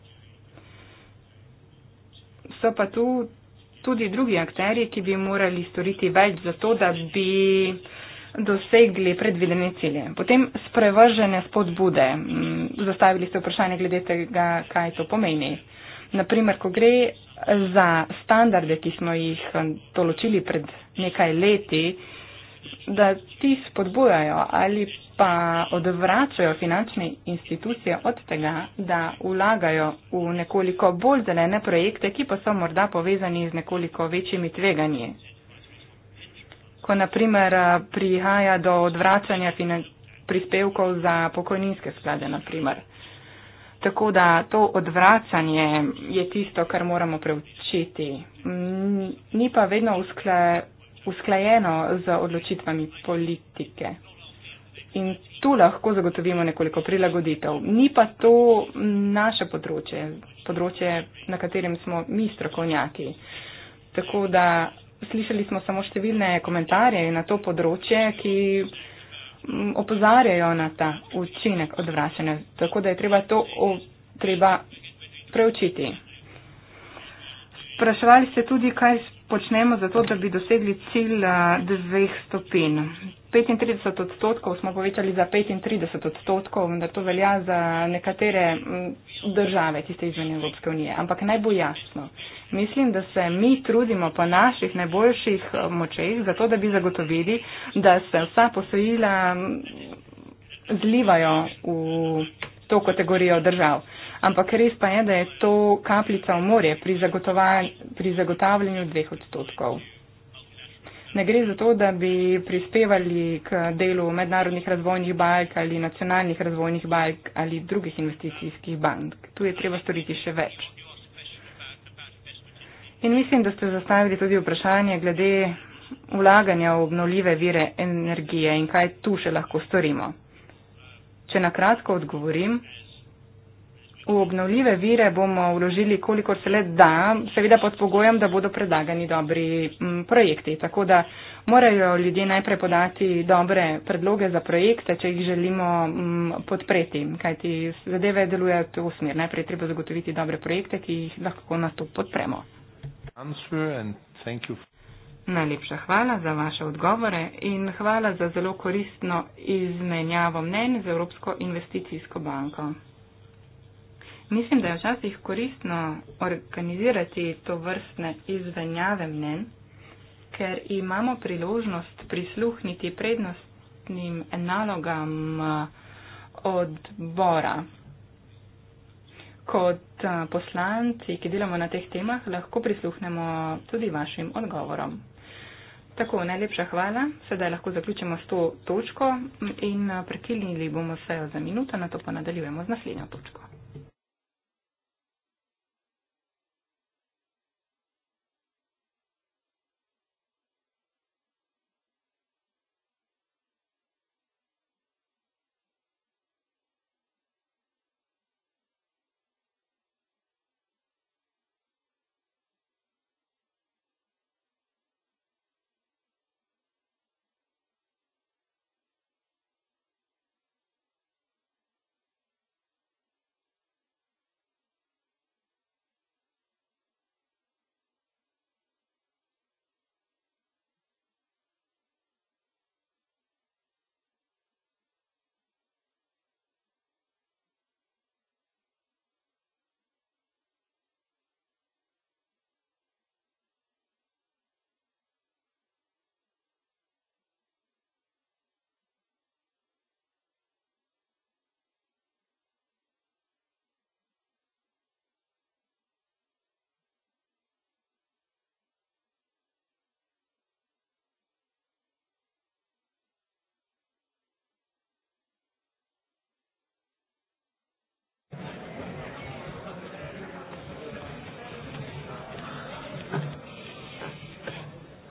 so pa tu tudi drugi akteri, ki bi morali storiti več za to, da bi dosegli predvidene cilje. Potem sprevržene spodbude. Mm, zastavili ste vprašanje glede tega, kaj to pomeni. Naprimer, ko gre za standarde, ki smo jih določili pred nekaj leti, da ti spodbujajo ali pa odvračajo finančne institucije od tega, da vlagajo v nekoliko bolj zelene projekte, ki pa so morda povezani z nekoliko večjimi tveganji. Ko naprimer eh, prihaja do odvračanja prispevkov za pokojninske sklade, naprimer. Tako da to odvračanje je tisto, kar moramo preučiti. Ni pa vedno usklajeno usklajeno z odločitvami politike. In tu lahko zagotovimo nekoliko prilagoditev. Ni pa to naše področje, področje, na katerem smo mi strokovnjaki. Tako da slišali smo samo številne komentarje na to področje, ki mm, opozarjajo na ta učinek odvračanja. Tako da je treba to o, treba preučiti. Spraševali ste tudi, kaj počnemo zato, da bi dosegli cilj eh, dveh stopinj. 35 odstotkov smo povečali za 35 odstotkov, vendar to velja za nekatere mm, države, tiste izven Evropske unije. Ampak najbolj jasno, mislim, da se mi trudimo po naših najboljših eh, močeh zato, da bi zagotovili, da se vsa posojila mm, zlivajo v to kategorijo držav ampak res pa je, da je to kapljica v morje pri, pri zagotavljanju dveh odstotkov. Ne gre za to, da bi prispevali k delu mednarodnih razvojnih bank ali nacionalnih razvojnih bank ali drugih investicijskih bank. Tu je treba storiti še več. In mislim, da ste zastavili tudi vprašanje glede vlaganja v obnovljive vire energije in kaj tu še lahko storimo. Če na kratko odgovorim, V obnovljive vire bomo vložili, kolikor se le da, seveda pod pogojem, da bodo predlagani dobri mm, projekti. Tako da morajo ljudje najprej podati dobre predloge za projekte, če jih želimo mm, podpreti, kajti zadeve delujejo v to smer. Najprej treba zagotoviti dobre projekte, ki jih lahko na to podpremo. Najlepša hvala za vaše odgovore in hvala za zelo koristno izmenjavo mnen z Evropsko investicijsko banko. Mislim, da je včasih koristno organizirati to vrstne izvenjave mnen, ker imamo priložnost prisluhniti prednostnim nalogam eh, odbora. Kot eh, poslanci, ki delamo na teh temah, lahko prisluhnemo tudi vašim odgovorom. Tako, najlepša hvala. Sedaj lahko zaključimo s to točko in eh, prekinili bomo sejo za minuto, na to pa nadaljujemo z naslednjo točko.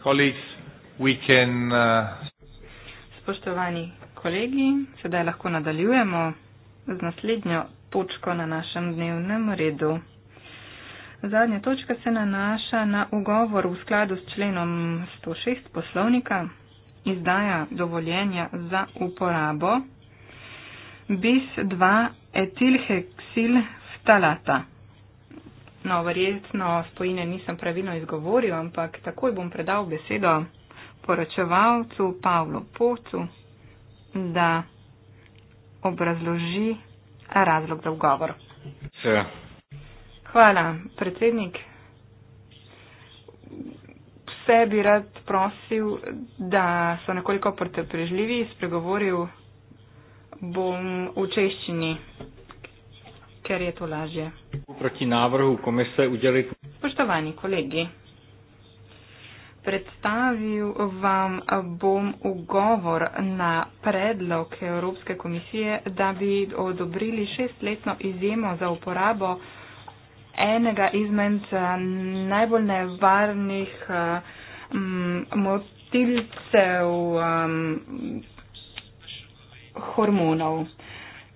Colleagues, we can, uh... Spoštovani kolegi, sedaj lahko nadaljujemo z naslednjo točko na našem dnevnem redu. Zadnja točka se nanaša na ugovor v skladu s členom 106 poslovnika izdaja dovoljenja za uporabo bis e 2 etilheksil ftalata. No, verjetno spojine nisem pravilno izgovoril, ampak takoj bom predal besedo poročevalcu Pavlu Pocu, da obrazloži razlog za ugovor. Ja. Hvala, predsednik. Vse bi rad prosil, da so nekoliko potrpežljivi, spregovoril bom v češčini ker je to lažje. Proti navrhu komise udeliti. Spoštovani kolegi, predstavil vam bom ugovor na predlog Evropske komisije, da bi odobrili šestletno izjemo za uporabo enega izmed eh, najbolj nevarnih eh, motilcev um, hormonov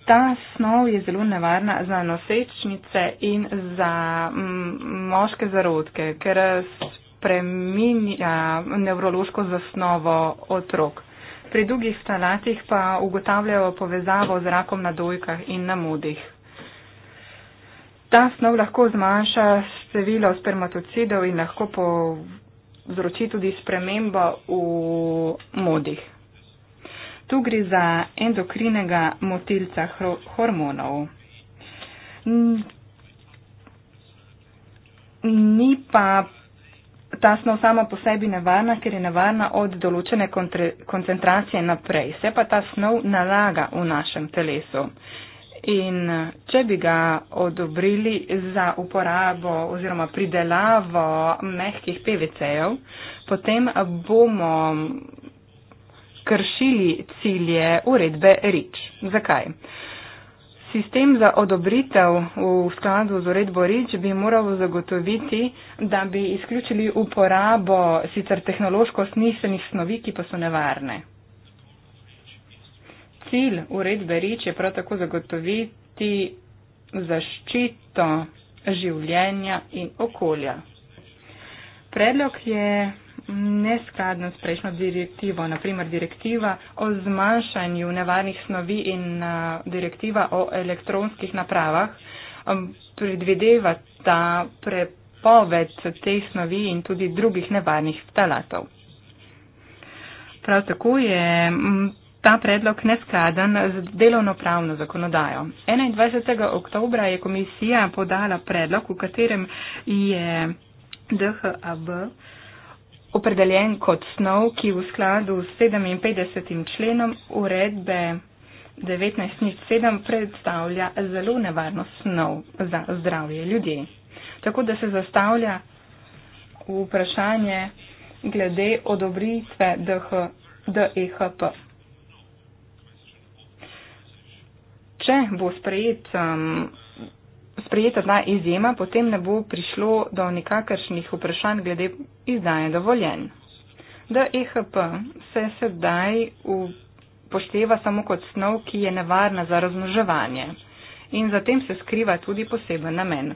ta snov je zelo nevarna za nosečnice in za mm, moške zarodke, ker spreminja nevrološko zasnovo otrok. Pri drugih stalatih pa ugotavljajo povezavo z rakom na dojkah in na modih. Ta snov lahko zmanjša število spermatocidov in lahko povzroči tudi spremembo v modih. Tu gre za endokrinega motilca hormonov. Ni pa ta snov sama po sebi nevarna, ker je nevarna od določene koncentracije naprej. Se pa ta snov nalaga v našem telesu. In če bi ga odobrili za uporabo oziroma pridelavo mehkih PVC-jev, potem bomo kršili cilje uredbe REACH. Zakaj? Sistem za odobritev v skladu z uredbo REACH bi moral zagotoviti, da bi izključili uporabo sicer tehnološko sniselnih snovi, ki pa so nevarne. Cilj uredbe REACH je prav tako zagotoviti zaščito življenja in okolja. Predlog je neskladno s prejšnjo direktivo, naprimer direktiva o zmanjšanju nevarnih snovi in uh, direktiva o elektronskih napravah, um, predvideva ta prepoved teh snovi in tudi drugih nevarnih talatov. Prav tako je mm, ta predlog neskladen z delovno pravno zakonodajo. 21. oktobra je komisija podala predlog, v katerem je DHAB uh, opredeljen kot snov, ki v skladu s 57. členom uredbe 1907 predstavlja zelo nevarno snov za zdravje ljudi. Tako da se zastavlja vprašanje glede odobritve DEHP. Če bo sprejet um, sprejeta ta izjema, potem ne bo prišlo do nekakršnih vprašanj glede izdaje dovoljen. Da EHP se sedaj upošteva samo kot snov, ki je nevarna za razmnoževanje in zatem se skriva tudi poseben namen.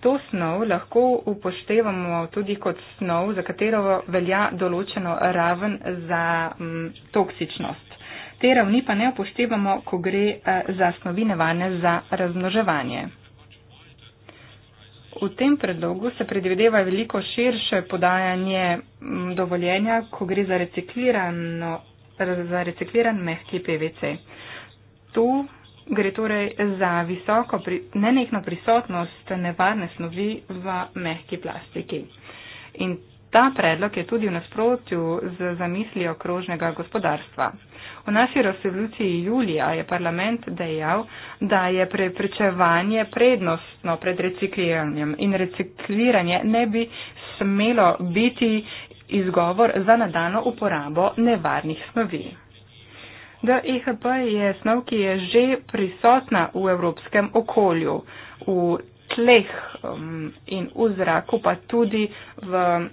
To snov lahko upoštevamo tudi kot snov, za katero velja določeno raven za m, mm, toksičnost te ravni pa ne upoštevamo, ko gre eh, za snovi nevarne za razmnoževanje. V tem predlogu se predvideva veliko širše podajanje mm, dovoljenja, ko gre za, za recikliran mehki PVC. Tu gre torej za visoko pri, nenehno prisotnost nevarne snovi v mehki plastiki. In ta predlog je tudi v nasprotju z zamislijo krožnega gospodarstva. V naši resoluciji julija je parlament dejal, da je preprečevanje prednostno pred recikliranjem in recikliranje ne bi smelo biti izgovor za nadaljno uporabo nevarnih snovi. DEHP je snov, ki je že prisotna v evropskem okolju. V tleh um, in v zraku, pa tudi v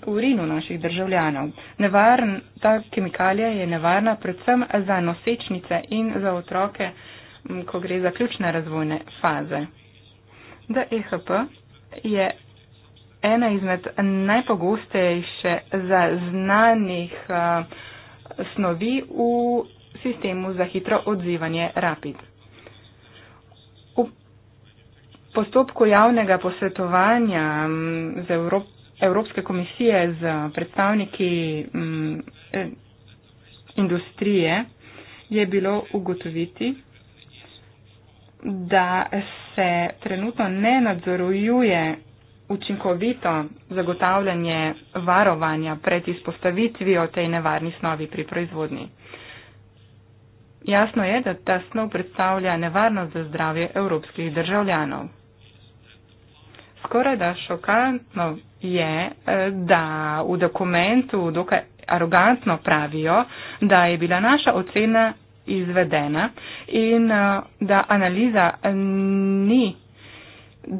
urinu naših državljanov. Nevarn, ta kemikalija je nevarna predvsem za nosečnice in za otroke, um, ko gre za ključne razvojne faze. DEHP je ena izmed najpogostejše zaznanih uh, snovi v sistemu za hitro odzivanje rapid postopku javnega posvetovanja mm, z Evrop Evropske komisije z predstavniki m, mm, eh, industrije je bilo ugotoviti, da se trenutno ne nadzoruje učinkovito zagotavljanje varovanja pred izpostavitvijo tej nevarni snovi pri proizvodnji. Jasno je, da ta snov predstavlja nevarnost za zdravje evropskih državljanov skoraj da šokantno je, eh, da v dokumentu dokaj arogantno pravijo, da je bila naša ocena izvedena in eh, da analiza eh, ni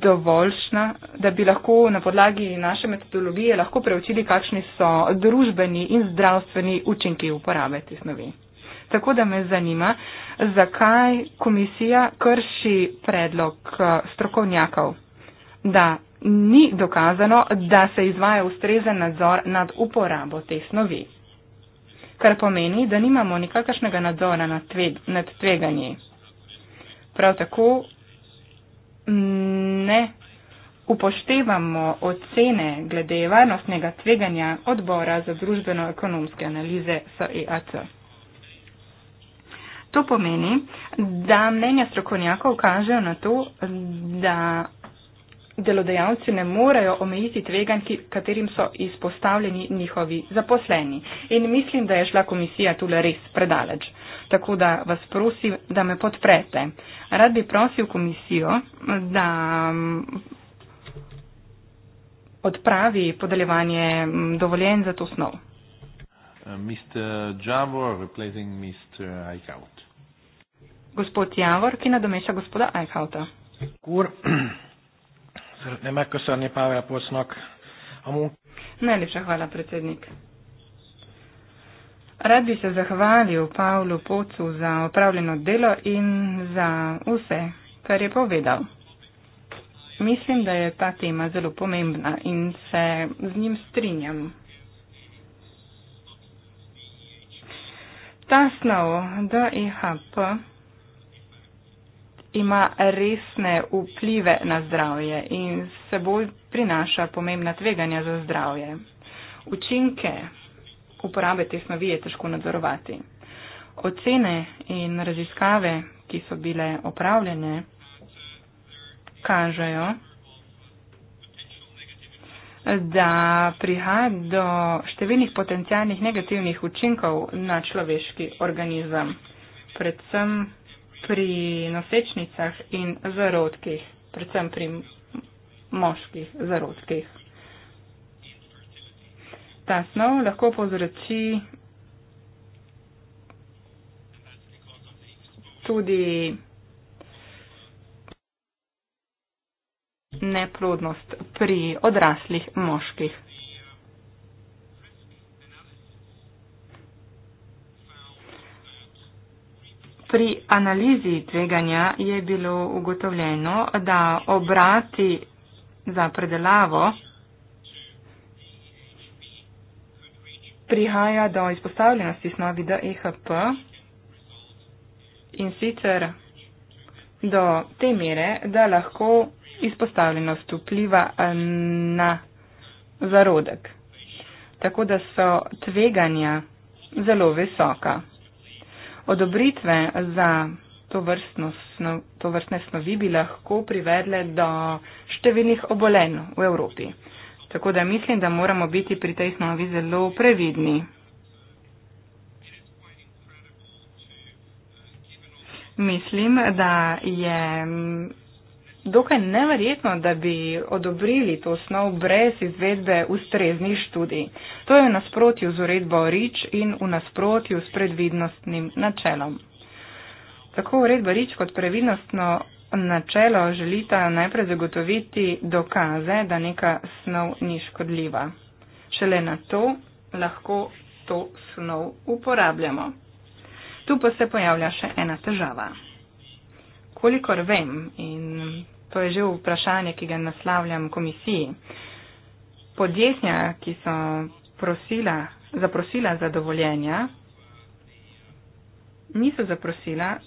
dovoljšna, da bi lahko na podlagi naše metodologije lahko preučili, kakšni so družbeni in zdravstveni učinki uporabe te snovi. Tako da me zanima, zakaj komisija krši predlog strokovnjakov da ni dokazano, da se izvaja ustrezen nadzor nad uporabo te snovi. Kar pomeni, da nimamo nikakršnega nadzora nad, tve, nad tveganji. Prav tako ne upoštevamo ocene glede varnostnega tveganja odbora za družbeno-ekonomske analize SEAC. To pomeni, da mnenja strokovnjakov kažejo na to, da delodajalci ne morejo omejiti tveganj, katerim so izpostavljeni njihovi zaposleni. In mislim, da je šla komisija tule res predaleč. Tako da vas prosim, da me podprete. Rad bi prosil komisijo, da mm, odpravi podeljevanje mm, dovoljenj za to snov. Uh, Gospod Javor, ki nadomeša gospoda Eichhauta. Szeretném megköszönni Pál Apolcnak a munkát. Najlepša hvala, predsednik. Rad bi se zahvalil Pavlu Pocu za opravljeno delo in za vse, kar je povedal. Mislim, da je ta tema zelo pomembna in se z njim strinjam. Ta snov DIHP e ima resne vplive na zdravje in seboj prinaša pomembna tveganja za zdravje. Učinke uporabe te snovi je težko nadzorovati. Ocene in raziskave, ki so bile opravljene, kažejo, da prihaja do številnih potencijalnih negativnih učinkov na človeški organizem, predvsem pri nosečnicah in zarodkih, predvsem pri moških zarodkih. Ta snov lahko povzroči tudi neplodnost pri odraslih moških. Pri analizi tveganja je bilo ugotovljeno, da obrati za predelavo prihaja do izpostavljenosti snovi DEHP in sicer do te mere, da lahko izpostavljenost vpliva eh, na zarodek. Tako da so tveganja zelo visoka odobritve za to, vrstno, to vrstne snovi bi lahko privedle do številnih obolenj v Evropi. Tako da mislim, da moramo biti pri tej snovi zelo previdni. Mislim, da je dokaj neverjetno, da bi odobrili to snov brez izvedbe ustreznih študij. To je v nasprotju z uredbo Rič in v nasprotju s predvidnostnim načelom. Tako uredba Rič kot previdnostno načelo želita najprej zagotoviti dokaze, da neka snov ni škodljiva. Šele na to lahko to snov uporabljamo. Tu pa se pojavlja še ena težava. Kolikor vem in To je že vprašanje, ki ga naslavljam komisiji. Podjetja, ki so prosila, zaprosila za dovoljenja, niso zaprosila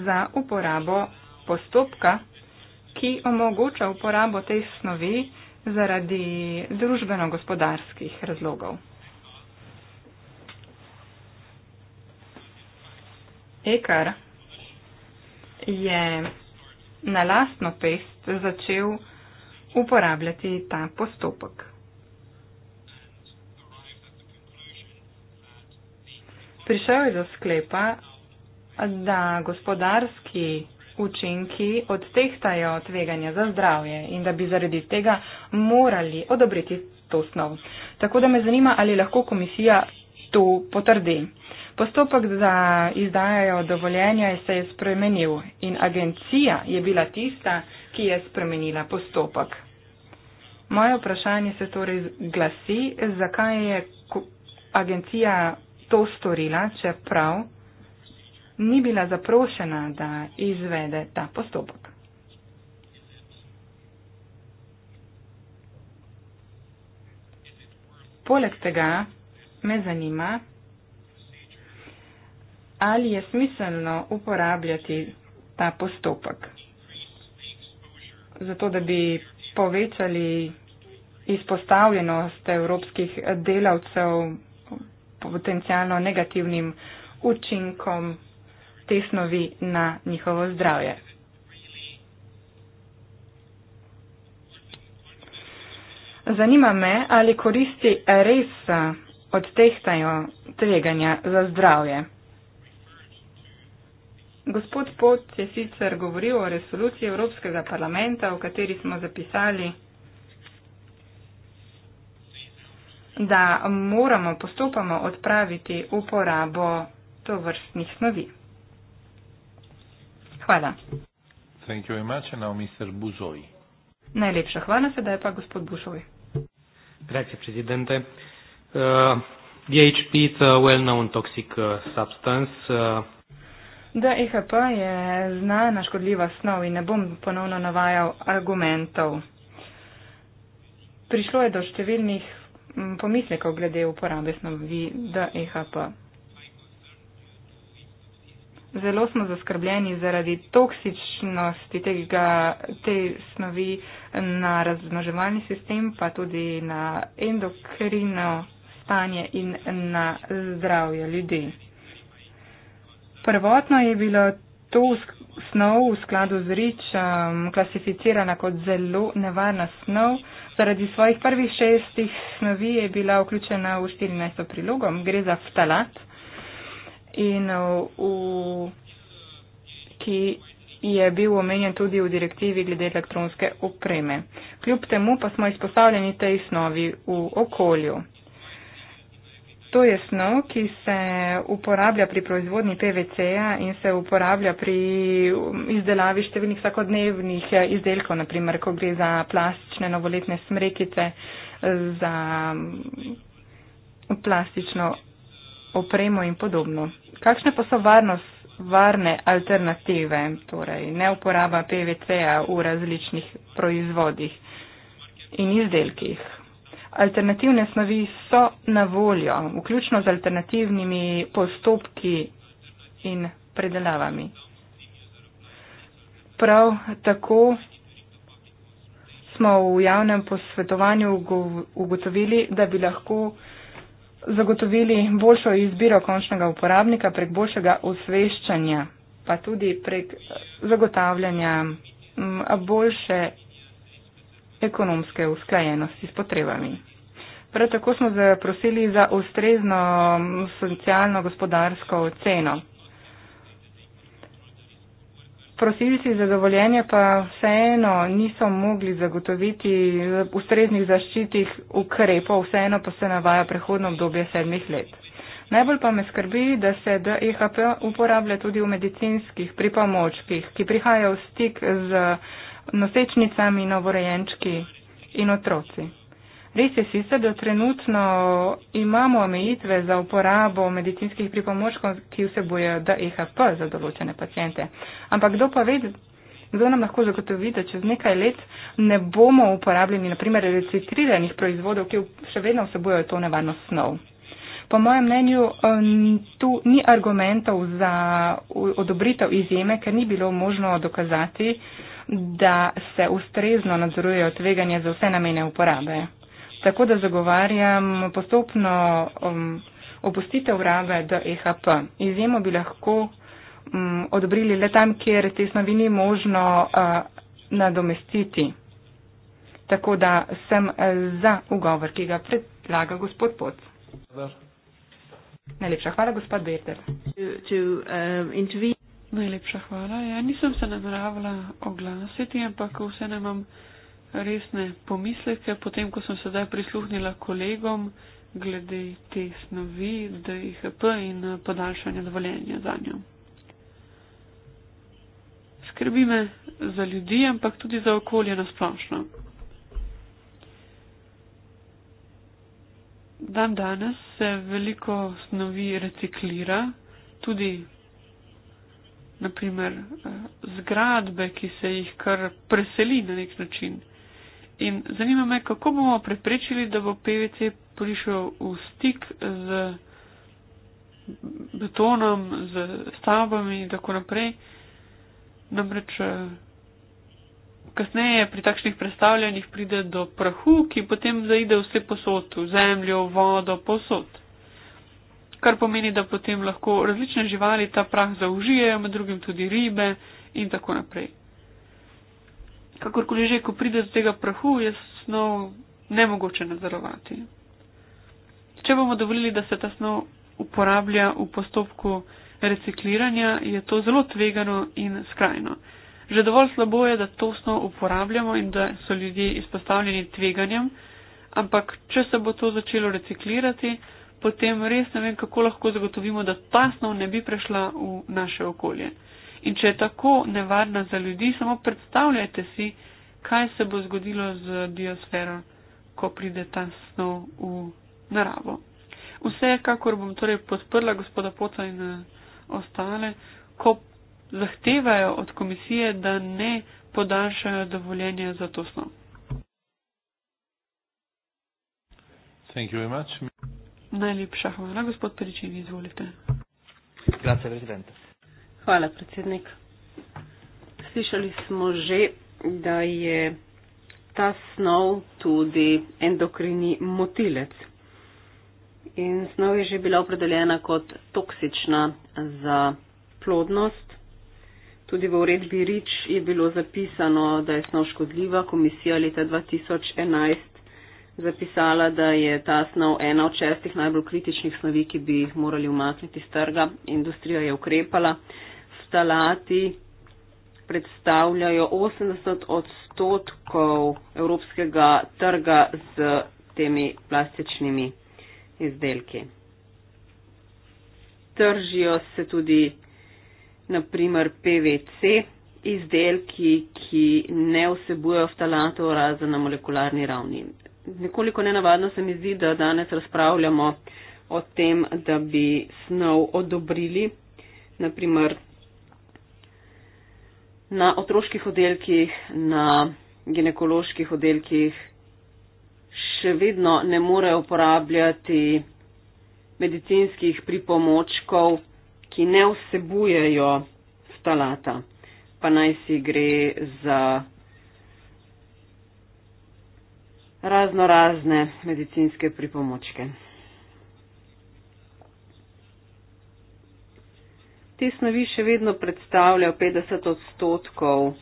za uporabo postopka, ki omogoča uporabo te snovi zaradi družbeno-gospodarskih razlogov. Ekar je na lastno pest začel uporabljati ta postopek. Prišel je do sklepa, da gospodarski učinki odtehtajo tveganja za zdravje in da bi zaradi tega morali odobriti to snov. Tako da me zanima, ali lahko komisija tu potrdi. Postopek za izdajo dovoljenja se je spremenil in agencija je bila tista, ki je spremenila postopek. Moje vprašanje se torej glasi, zakaj je agencija to storila, čeprav ni bila zaprošena, da izvede ta postopek. Poleg tega me zanima, ali je smiselno uporabljati ta postopek, zato da bi povečali izpostavljenost evropskih delavcev potencijalno negativnim učinkom te snovi na njihovo zdravje. Zanima me, ali koristi res odtehtajo tveganja za zdravje. Gospod Pot je sicer govoril o resoluciji Evropskega parlamenta, v kateri smo zapisali, da moramo postopoma odpraviti uporabo tovrstnih snovi. Hvala. Thank you very much, now Mr. Buzoi. Najlepša hvala, sedaj pa gospod Buzoi. Grazie, predsednik. Uh, DHP is a well-known toxic uh, substance. Uh, DHP e je znana škodljiva snov in ne bom ponovno navajal argumentov. Prišlo je do številnih mm, pomislekov glede uporabe snovi DHP. E Zelo smo zaskrbljeni zaradi toksičnosti tega, te snovi na razmnoževalni sistem, pa tudi na endokrino spanje in na zdravje ljudi. Prvotno je bilo to snov v skladu z rič um, klasificirana kot zelo nevarna snov. Zaradi svojih prvih šestih snovi je bila vključena v 14. prilogom. Gre za ftalat, in, uh, v, ki je bil omenjen tudi v direktivi glede elektronske opreme. Kljub temu pa smo izpostavljeni tej snovi v okolju. To je snov, ki se uporablja pri proizvodni PVC-ja in se uporablja pri um, izdelavi številnih vsakodnevnih eh, izdelkov, naprimer, ko gre za plastične novoletne smrekice, eh, za mm, plastično opremo in podobno. Kakšne pa so varnost, varne alternative, torej neuporaba PVC-ja v različnih proizvodih in izdelkih? Alternativne snovi so na voljo, vključno z alternativnimi postopki in predelavami. Prav tako smo v javnem posvetovanju ugotovili, da bi lahko zagotovili boljšo izbiro končnega uporabnika prek boljšega osveščanja, pa tudi prek zagotavljanja boljše ekonomske usklajenosti s potrebami. Prav tako smo zaprosili za ustrezno socialno-gospodarsko oceno. Prosili si za dovoljenje, pa vseeno niso mogli zagotoviti ustreznih zaščitih ukrepov, vseeno pa se navaja prehodno obdobje sedmih let. Najbolj pa me skrbi, da se DEHP uporablja tudi v medicinskih pripomočkih, ki prihajajo v stik z nosečnicami, novorojenčki in otroci. Res je sicer, da trenutno imamo omejitve za uporabo medicinskih pripomočkov, ki vsebujejo DEHP za določene pacijente. Ampak kdo pa ve, kdo nam lahko zagotovi, da čez nekaj let ne bomo uporabljeni naprimer recitriranih proizvodov, ki še vedno vsebujejo to nevarno snov. Po mojem mnenju tu ni argumentov za odobritev izjeme, ker ni bilo možno dokazati, da se ustrezno nadzorujejo tveganja za vse namene uporabe. Tako da zagovarjam postopno um, opustitev rabe do EHP. Izjemo bi lahko um, odobrili le tam, kjer te snovi ni možno uh, nadomestiti. Tako da sem uh, za ugovor, ki ga predlaga gospod Pot. Najlepša hvala, gospod Berter. To, to, um, Najlepša hvala. Ja, nisem se nameravala oglasiti, ampak vseeno imam resne pomisleke. Potem, ko sem sedaj prisluhnila kolegom glede te snovi DHP in eh, podaljšanja dovoljenja za njo. Skrbi me za ljudi, ampak tudi za okolje na splošno. Dan danes se veliko snovi reciklira, tudi naprimer eh, zgradbe, ki se jih kar preseli na nek način. In zanima me, kako bomo preprečili, da bo PVC prišel v stik z betonom, z stavbami in tako naprej. Namreč eh, kasneje pri takšnih predstavljanjih pride do prahu, ki potem zaide vse posod, v zemljo, vodo, posod kar pomeni, da potem lahko različne živali ta prah zaužijejo, med drugim tudi ribe in tako naprej. Kakorkoli že, ko pride do tega prahu, je snov nemogoče nadzorovati. Če bomo dovolili, da se ta snov uporablja v postopku recikliranja, je to zelo tvegano in skrajno. Že dovolj slabo je, da to snov uporabljamo in da so ljudje izpostavljeni tveganjem, ampak če se bo to začelo reciklirati, potem res ne vem, kako lahko zagotovimo, da ta snov ne bi prešla v naše okolje. In če je tako nevarna za ljudi, samo predstavljajte si, kaj se bo zgodilo z biosfero, ko pride ta snov v naravo. Vsekakor bom torej podprla gospoda Poca in eh, ostale, ko zahtevajo od komisije, da ne podaljšajo dovoljenja za to snov. Thank you very much. Najlepša hvala, gospod Peričin, izvolite. Grazie, presidente. Hvala, predsednik. Slišali smo že, da je ta snov tudi endokrini motilec. In snov je že bila opredeljena kot toksična za plodnost. Tudi v uredbi Rič je bilo zapisano, da je snov škodljiva. Komisija leta 2011 zapisala, da je ta snov ena od šestih najbolj kritičnih snovi, ki bi jih morali umakniti z trga. Industrija je ukrepala. Stalati predstavljajo 80 odstotkov evropskega trga z temi plastičnimi izdelki. Tržijo se tudi naprimer PVC izdelki, ki ne vsebujejo ftalatov razen na molekularni ravni nekoliko nenavadno se mi zdi, da danes razpravljamo o tem, da bi snov odobrili, naprimer na otroških oddelkih, na ginekoloških oddelkih še vedno ne morejo uporabljati medicinskih pripomočkov, ki ne vsebujejo stalata, pa naj si gre za razno razne medicinske pripomočke. Te snovi še vedno predstavljajo 50 odstotkov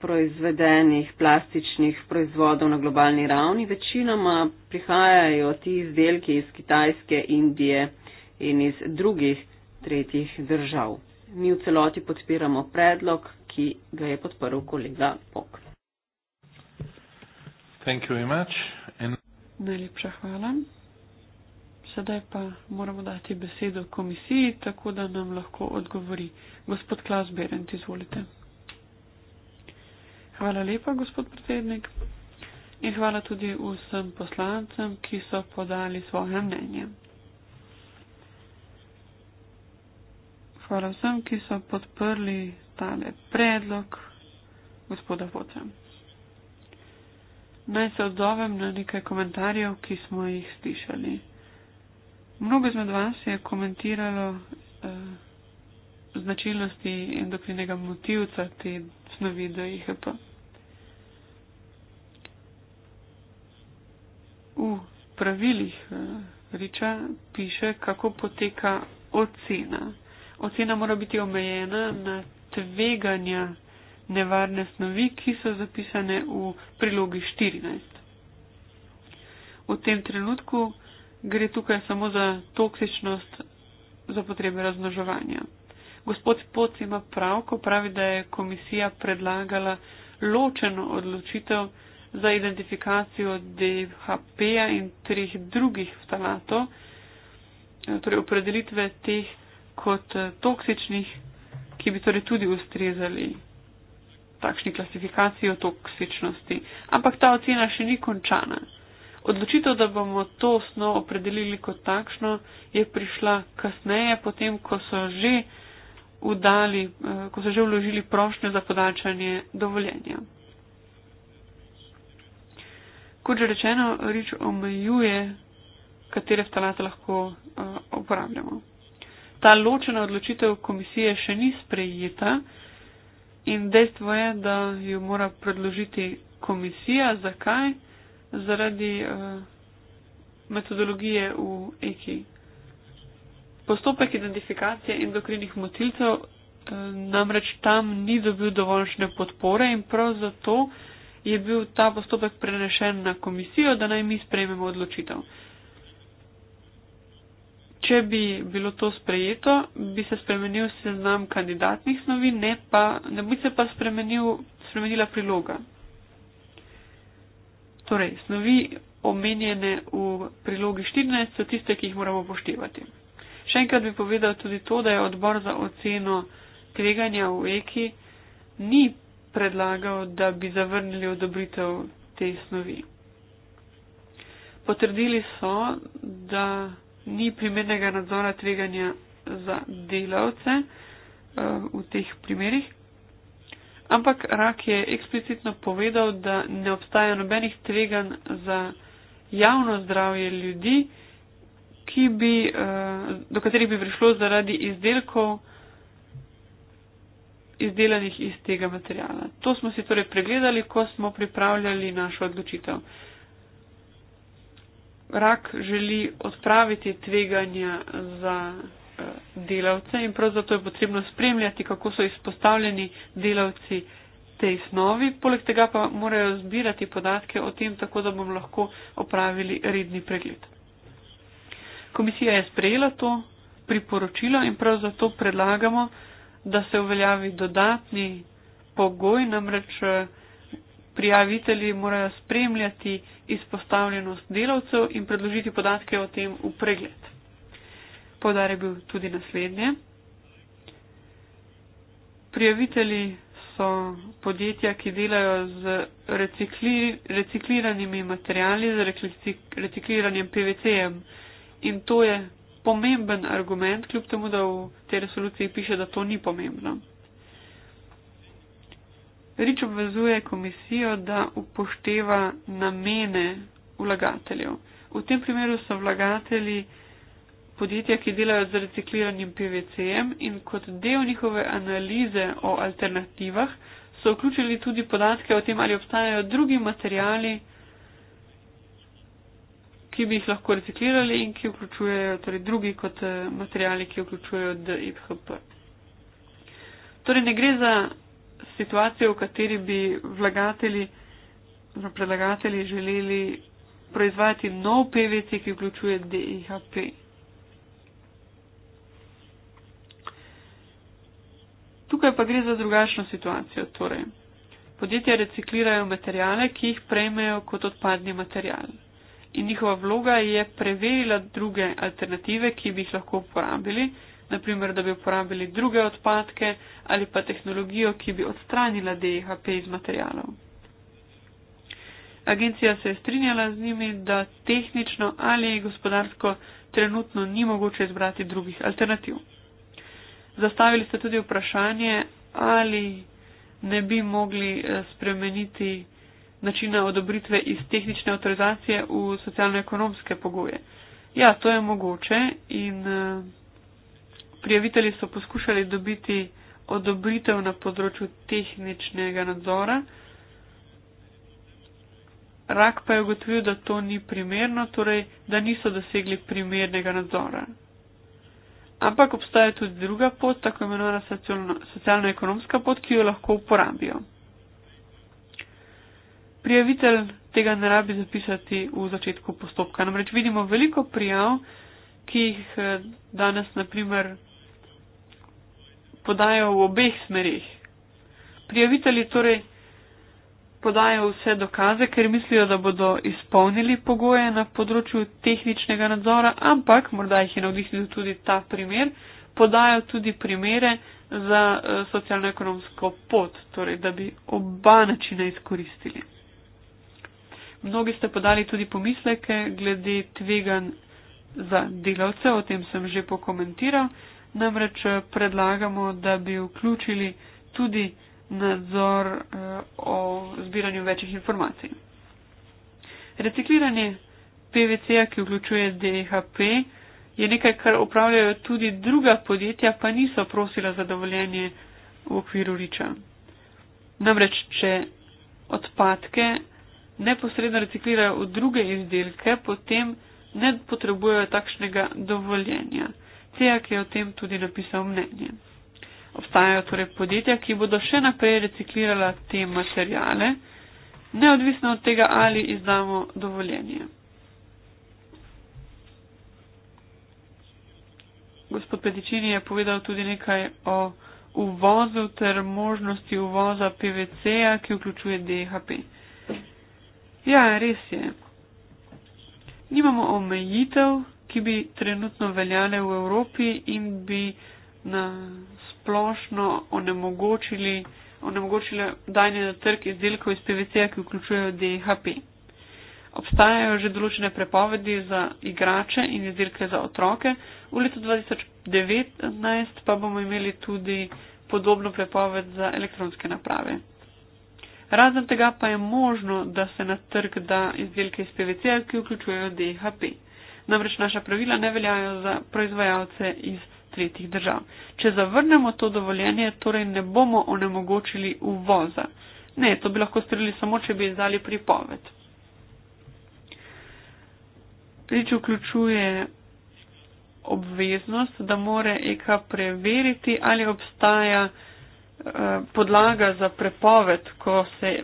proizvedenih plastičnih proizvodov na globalni ravni. Večinoma prihajajo ti izdelki iz Kitajske, Indije in iz drugih tretjih držav. Mi v celoti podpiramo predlog, ki ga je podporil kolega Pok. Thank you very much. And... Najlepša hvala. Sedaj pa moramo dati besedo komisiji, tako da nam lahko odgovori. Gospod Klaus Berend, izvolite. Hvala lepa, gospod predsednik. In hvala tudi vsem poslancem, ki so podali svoje mnenje. Hvala vsem, ki so podprli tale predlog gospoda Voca. Naj se odzovem na nekaj komentarjev, ki smo jih slišali. Mnogo izmed vas je komentiralo eh, značilnosti endokrinega motivca te snovi do IHP. V pravilih eh, Riča piše, kako poteka ocena. Ocena mora biti omejena na tveganja nevarne snovi, ki so zapisane v prilogi 14. V tem trenutku gre tukaj samo za toksičnost za potrebe raznoževanja. Gospod Poc ima prav, ko pravi, da je komisija predlagala ločeno odločitev za identifikacijo DHP-ja in treh drugih vtalatov, torej opredelitve teh kot toksičnih ki bi torej tudi ustrezali takšni klasifikaciji o toksičnosti. Ampak ta ocena še ni končana. Odločitev, da bomo to osnovo opredelili kot takšno, je prišla kasneje, potem, ko so že, udali, eh, ko so že vložili prošnje za podaljšanje dovoljenja. Kot že rečeno, rič omejuje, katere ftalate lahko uh, uporabljamo ta ločena odločitev komisije še ni sprejeta in dejstvo je, da jo mora predložiti komisija. Zakaj? Zaradi uh, metodologije v EKI. Postopek identifikacije endokrinih motilcev uh, namreč tam ni dobil dovoljšne podpore in prav zato je bil ta postopek prenešen na komisijo, da naj mi sprejmemo odločitev. Uh, Če bi bilo to sprejeto, bi se spremenil seznam kandidatnih snovi, ne, pa, ne bi se pa spremenil, spremenila priloga. Torej, snovi omenjene v prilogi 14 so tiste, ki jih moramo poštevati. Še enkrat bi povedal tudi to, da je odbor za oceno tveganja v EKI ni predlagal, da bi zavrnili odobritev te snovi. Potrdili so, da ni primernega nadzora tveganja za delavce uh, v teh primerih. Ampak Rak je eksplicitno povedal, da ne obstaja nobenih tvegan za javno zdravje ljudi, bi, uh, do katerih bi prišlo zaradi izdelkov izdelanih iz tega materijala. To smo si torej pregledali, ko smo pripravljali našo odločitev. Uh, rak želi odpraviti tveganja za eh, delavce in prav zato je potrebno spremljati, kako so izpostavljeni delavci tej snovi. Poleg tega pa morajo zbirati podatke o tem, tako da bomo lahko opravili redni pregled. Komisija je sprejela to priporočilo in prav zato predlagamo, da se uveljavi dodatni pogoj, namreč eh, prijavitelji morajo spremljati izpostavljenost delavcev in predložiti podatke o tem v pregled. Podar je bil tudi naslednje. Prijaviteli so podjetja, ki delajo z recikli, recikliranimi materijali, z recikliranjem PVC-jem. In to je pomemben argument, kljub temu, da v tej resoluciji piše, da to ni pomembno. Rič obvezuje komisijo, da upošteva namene vlagateljev. V tem primeru so vlagatelji podjetja, ki delajo z recikliranim PVC-jem in kot del njihove analize o alternativah so vključili tudi podatke o tem, ali obstajajo drugi materijali, ki bi jih lahko reciklirali in ki vključujejo, torej drugi kot eh, materijali, ki vključujejo DIPHP. E torej ne gre za situacije, v kateri bi vlagatelji, predlagatelji želeli proizvajati nov PVC, ki vključuje DIHP. Tukaj pa gre za drugačno situacijo. Torej. Podjetja reciklirajo materijale, ki jih prejmejo kot odpadni materijal. In njihova vloga je preverila druge alternative, ki bi jih lahko uporabili, naprimer, da bi uporabili druge odpadke ali pa tehnologijo, ki bi odstranila DHP iz materijalov. Agencija se je strinjala z njimi, da tehnično ali gospodarsko trenutno ni mogoče izbrati drugih alternativ. Zastavili ste tudi vprašanje, ali ne bi mogli eh, spremeniti načina odobritve iz tehnične avtorizacije v socialno-ekonomske pogoje. Ja, to je mogoče in. Uh, Prijavitelji so poskušali dobiti odobritev na področju tehničnega nadzora. Rak pa je ugotovil, da to ni primerno, torej da niso dosegli primernega nadzora. Ampak obstaja tudi druga pot, tako imenovana socialno-ekonomska pot, ki jo lahko uporabijo. Prijavitelj tega ne rabi zapisati v začetku postopka. Namreč vidimo veliko prijav, ki jih eh, danes, naprimer, podajo v obeh smerih. Prijavitelji torej podajo vse dokaze, ker mislijo, da bodo izpolnili pogoje na področju tehničnega nadzora, ampak morda jih je navdihnil tudi ta primer, podajo tudi primere za eh, socialno-ekonomsko pot, torej da bi oba načina izkoristili. Mnogi ste podali tudi pomisleke glede tvegan za delavce, o tem sem že pokomentiral namreč eh, predlagamo, da bi vključili tudi nadzor eh, o zbiranju večjih informacij. Recikliranje PVC-ja, ki vključuje DHP, je nekaj, kar upravljajo tudi druga podjetja, pa niso prosila za dovoljenje v okviru riča. Namreč, če odpadke neposredno reciklirajo v druge izdelke, potem ne potrebujejo takšnega dovoljenja. Cijak je o tem tudi napisal mnenje. Obstajajo torej podjetja, ki bodo še naprej reciklirala te materijale, neodvisno od tega, ali izdamo dovoljenje. Gospod Petičini je povedal tudi nekaj o uvozu ter možnosti uvoza PVC-ja, ki vključuje DHP. Ja, res je. Nimamo omejitev, ki bi trenutno veljale v Evropi in bi na splošno onemogočili, onemogočili dajanje na trg izdelkov iz PVC-ja, ki vključujejo DHP. Obstajajo že določene prepovedi za igrače in izdelke za otroke. V letu 2019 pa bomo imeli tudi podobno prepoved za elektronske naprave. Razen tega pa je možno, da se na trg da izdelke iz PVC, ki vključujejo DHP namreč naša pravila ne veljajo za proizvajalce iz tretjih držav. Če zavrnemo to dovoljenje, torej ne bomo onemogočili uvoza. Ne, to bi lahko storili samo, če bi izdali pripoved. Priče vključuje obveznost, da more EK preveriti, ali obstaja eh, podlaga za prepoved, ko se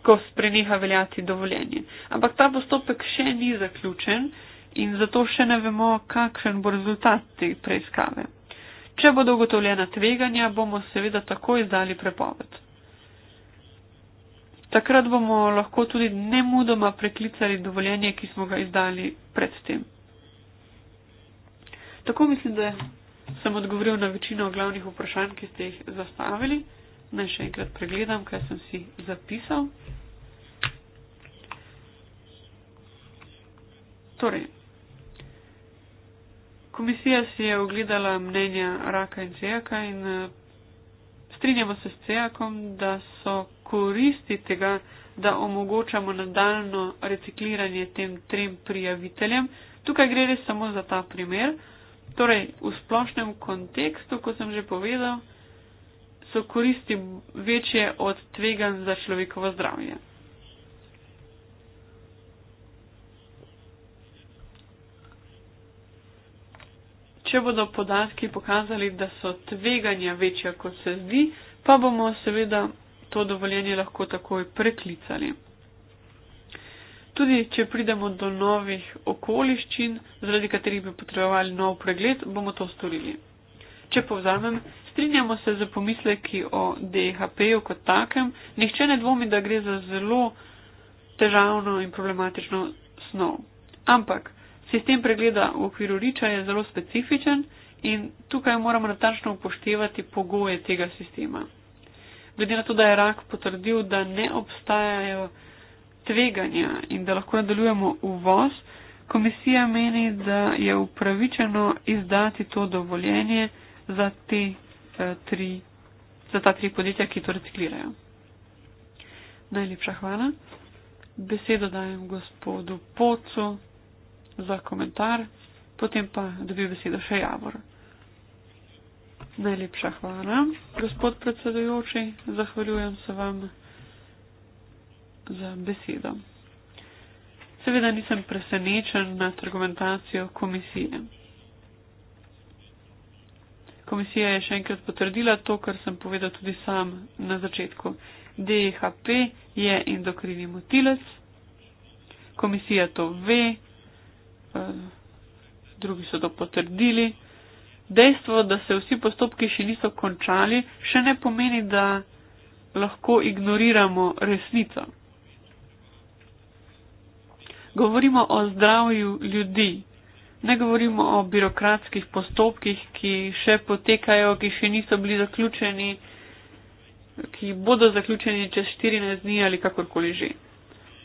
ko spreneha veljati dovoljenje. Ampak ta postopek še ni zaključen, in zato še ne vemo, kakšen bo rezultat te preiskave. Če bodo ugotovljena tveganja, bomo seveda takoj izdali prepoved. Takrat bomo lahko tudi nemudoma preklicali dovoljenje, ki smo ga izdali predtem. Tako mislim, da sem odgovoril na večino glavnih vprašanj, ki ste jih zastavili. Naj še enkrat pregledam, kaj sem si zapisal. Torej, Komisija si je ogledala mnenja Raka in Cejaka in eh, strinjamo se s Cejakom, da so koristi tega, da omogočamo nadaljno recikliranje tem trem prijaviteljem. Tukaj gre res samo za ta primer. Torej, v splošnem kontekstu, kot sem že povedal, so koristi večje od tvegan za človekovo zdravje. Če bodo podatki pokazali, da so tveganja večja, kot se zdi, pa bomo seveda to dovoljenje lahko takoj preklicali. Tudi, če pridemo do novih okoliščin, zaradi katerih bi potrebovali nov pregled, bomo to storili. Če povzamem, strinjamo se z pomisleki o DHP-ju kot takem, nihče ne dvomi, da gre za zelo težavno in problematično snov. Ampak, Sistem pregleda v okviru riča je zelo specifičen in tukaj moramo natančno upoštevati pogoje tega sistema. Glede na to, da je rak potrdil, da ne obstajajo tveganja in da lahko nadaljujemo uvoz, komisija meni, da je upravičeno izdati to dovoljenje za, te, eh, tri, za ta tri podjetja, ki to reciklirajo. Najlepša hvala. Besedo dajem gospodu Pocu za komentar, potem pa dobi besedo še Javor. Najlepša hvala, gospod predsedujoči, zahvaljujem se vam za besedo. Seveda nisem presenečen nad argumentacijo komisije. Komisija je še enkrat potrdila to, kar sem povedal tudi sam na začetku. DHP je endokrini motilec, komisija to ve, Eh, drugi so to potrdili. Dejstvo, da se vsi postopki še niso končali, še ne pomeni, da lahko ignoriramo resnico. Govorimo o zdravju ljudi, ne govorimo o birokratskih postopkih, ki še potekajo, ki še niso bili zaključeni, ki bodo zaključeni čez 14 dni ali kakorkoli že.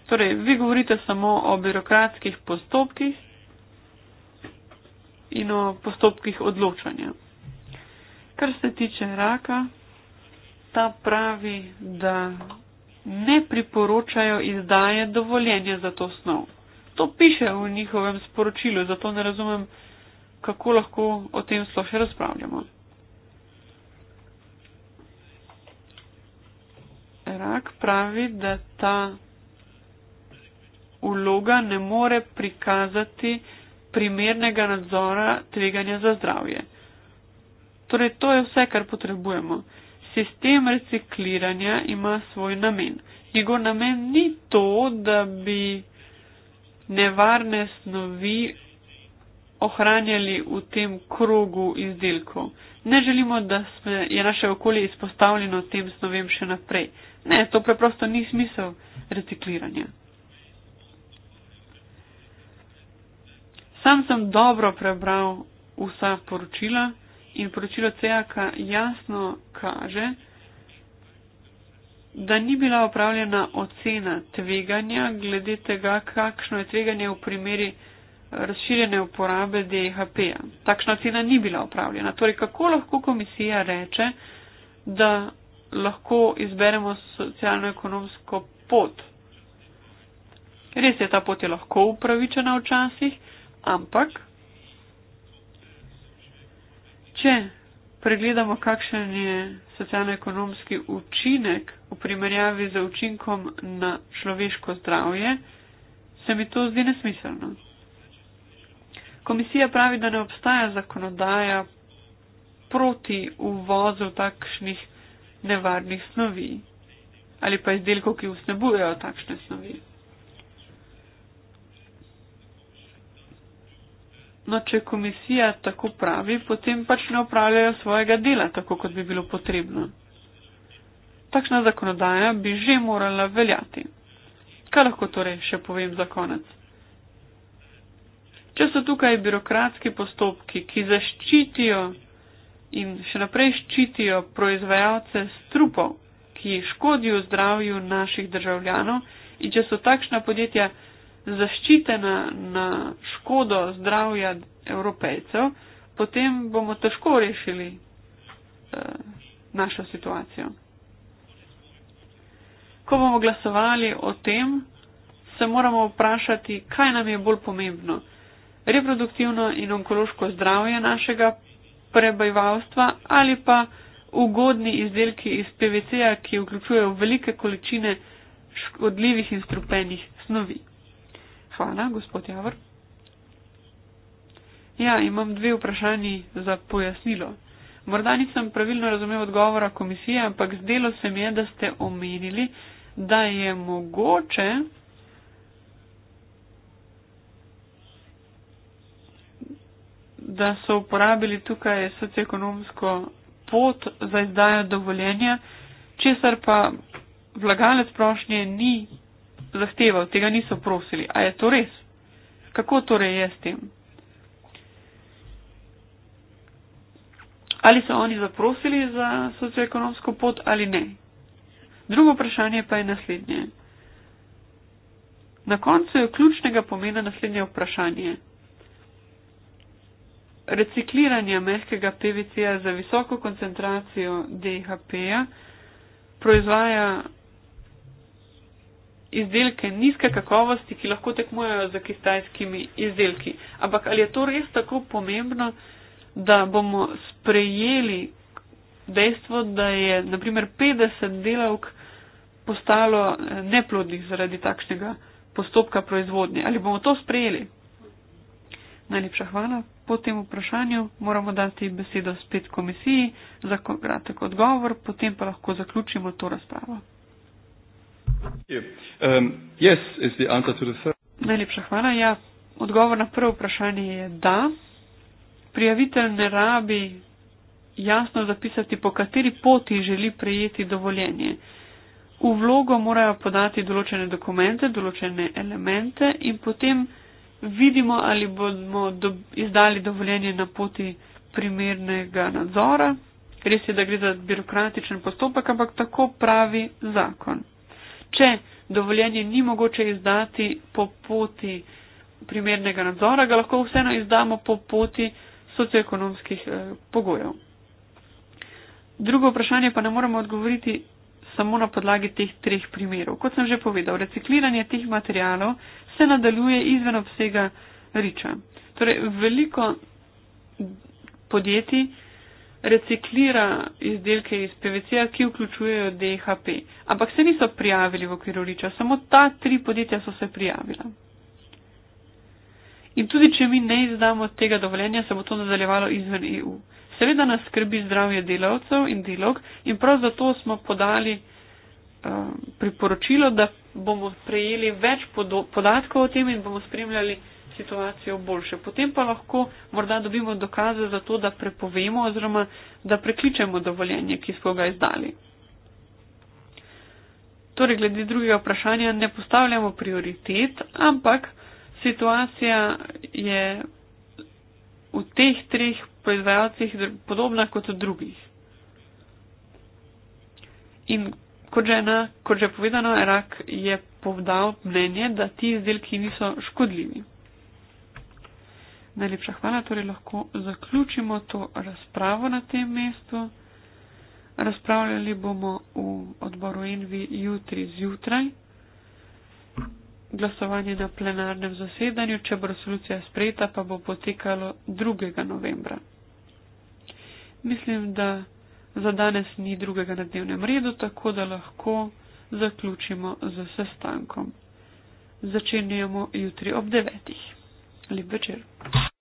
Torej, vi govorite samo o birokratskih postopkih, in o postopkih odločanja. Kar se tiče raka, ta pravi, da ne priporočajo izdaje dovoljenja za to snov. To piše v njihovem sporočilu, zato ne razumem, kako lahko o tem sploh še razpravljamo. Rak pravi, da ta vloga ne more prikazati, primernega nadzora tveganja za zdravje. Torej, to je vse, kar potrebujemo. Sistem recikliranja ima svoj namen. Njegov namen ni to, da bi nevarne snovi ohranjali v tem krogu izdelkov. Ne želimo, da sme, je naše okolje izpostavljeno tem snovem še naprej. Ne, to preprosto ni smisel recikliranja. Sam sem dobro prebral vsa poročila in poročilo CAK jasno kaže, da ni bila opravljena ocena tveganja glede tega, kakšno je tveganje v primeri razširjene uporabe DHP-ja. Takšna ocena ni bila opravljena. Torej, kako lahko komisija reče, da lahko izberemo socialno-ekonomsko pot? Res je, ta pot je lahko upravičena včasih, ampak če pregledamo, kakšen je socialno-ekonomski učinek v primerjavi z učinkom na človeško zdravje, se mi to zdi nesmiselno. Komisija pravi, da ne obstaja zakonodaja proti uvozu takšnih nevarnih snovi ali pa izdelkov, ki vsebujejo takšne snovi. No, če komisija tako pravi, potem pač ne upravljajo svojega dela tako, kot bi bilo potrebno. Takšna zakonodaja bi že morala veljati. Kaj lahko torej še povem za konec? Če so tukaj birokratski postopki, ki zaščitijo in še naprej ščitijo proizvajalce strupov, ki škodijo zdravju naših državljanov, in če so takšna podjetja, zaščitena na škodo zdravja evropejcev, potem bomo težko rešili eh, našo situacijo. Ko bomo glasovali o tem, se moramo vprašati, kaj nam je bolj pomembno. Reproduktivno in onkološko zdravje našega prebivalstva ali pa ugodni izdelki iz PVC-ja, ki vključujejo velike količine škodljivih in strupenih snovi. Hvala, gospod Javor. Ja, imam dve vprašanji za pojasnilo. Morda nisem pravilno razumel odgovora komisije, ampak zdelo se mi je, da ste omenili, da je mogoče. da so uporabili tukaj socioekonomsko pot za izdajo dovoljenja, česar pa vlagalec prošnje ni zahteval, tega niso prosili. A je to res? Kako torej je s tem? Ali so oni zaprosili za socioekonomsko pot ali ne? Drugo vprašanje pa je naslednje. Na koncu je ključnega pomena naslednje vprašanje. Recikliranje mehkega PVC-ja za visoko koncentracijo DHP-ja proizvaja izdelke nizke kakovosti, ki lahko tekmujejo z kitajskimi izdelki. Ampak ali je to res tako pomembno, da bomo sprejeli dejstvo, da je naprimer 50 delavk postalo eh, neplodnih zaradi takšnega postopka proizvodnje? Ali bomo to sprejeli? Najlepša hvala. Po tem vprašanju moramo dati besedo spet komisiji za kratek odgovor, potem pa lahko zaključimo to razpravo. Um, Najlepša hvala. Ja, odgovor na prvo vprašanje je da. Prijavitelj ne rabi jasno zapisati, po kateri poti želi prejeti dovoljenje. V vlogo morajo podati določene dokumente, določene elemente in potem vidimo, ali bomo do, izdali dovoljenje na poti primernega nadzora. Res je, da gre za birokratičen postopek, ampak tako pravi zakon če dovoljenje ni mogoče izdati po poti primernega nadzora, ga lahko vseeno izdamo po poti socioekonomskih eh, pogojev. Drugo vprašanje pa ne moremo odgovoriti samo na podlagi teh treh primerov. Kot sem že povedal, recikliranje teh materialov se nadaljuje izven obsega riča. Torej, veliko podjetij reciklira izdelke iz PVC-ja, ki vključujejo DHP. Ampak se niso prijavili v okviru Riča, samo ta tri podjetja so se prijavila. In tudi, če mi ne izdamo tega dovoljenja, se bo to nadaljevalo izven EU. Seveda nas skrbi zdravje delavcev in delog in prav zato smo podali um, priporočilo, da bomo prejeli več podatkov o tem in bomo spremljali situacijo boljše. Potem pa lahko morda dobimo dokaze za to, da prepovemo oziroma da prekličemo dovoljenje, ki smo ga izdali. Torej, glede drugega vprašanja ne postavljamo prioritet, ampak situacija je v teh treh proizvajalcih podobna kot v drugih. In kot že, na, kot že povedano, Erak je povdal mnenje, da ti izdelki niso škodljivi. Najlepša hvala, torej lahko zaključimo to razpravo na tem mestu. Razpravljali bomo v odboru Envi jutri zjutraj. Glasovanje na plenarnem zasedanju, če bo resolucija sprejeta, pa bo potekalo 2. novembra. Mislim, da za danes ni drugega na dnevnem redu, tako da lahko zaključimo z sestankom. Začenjamo jutri ob 9. Lep večer.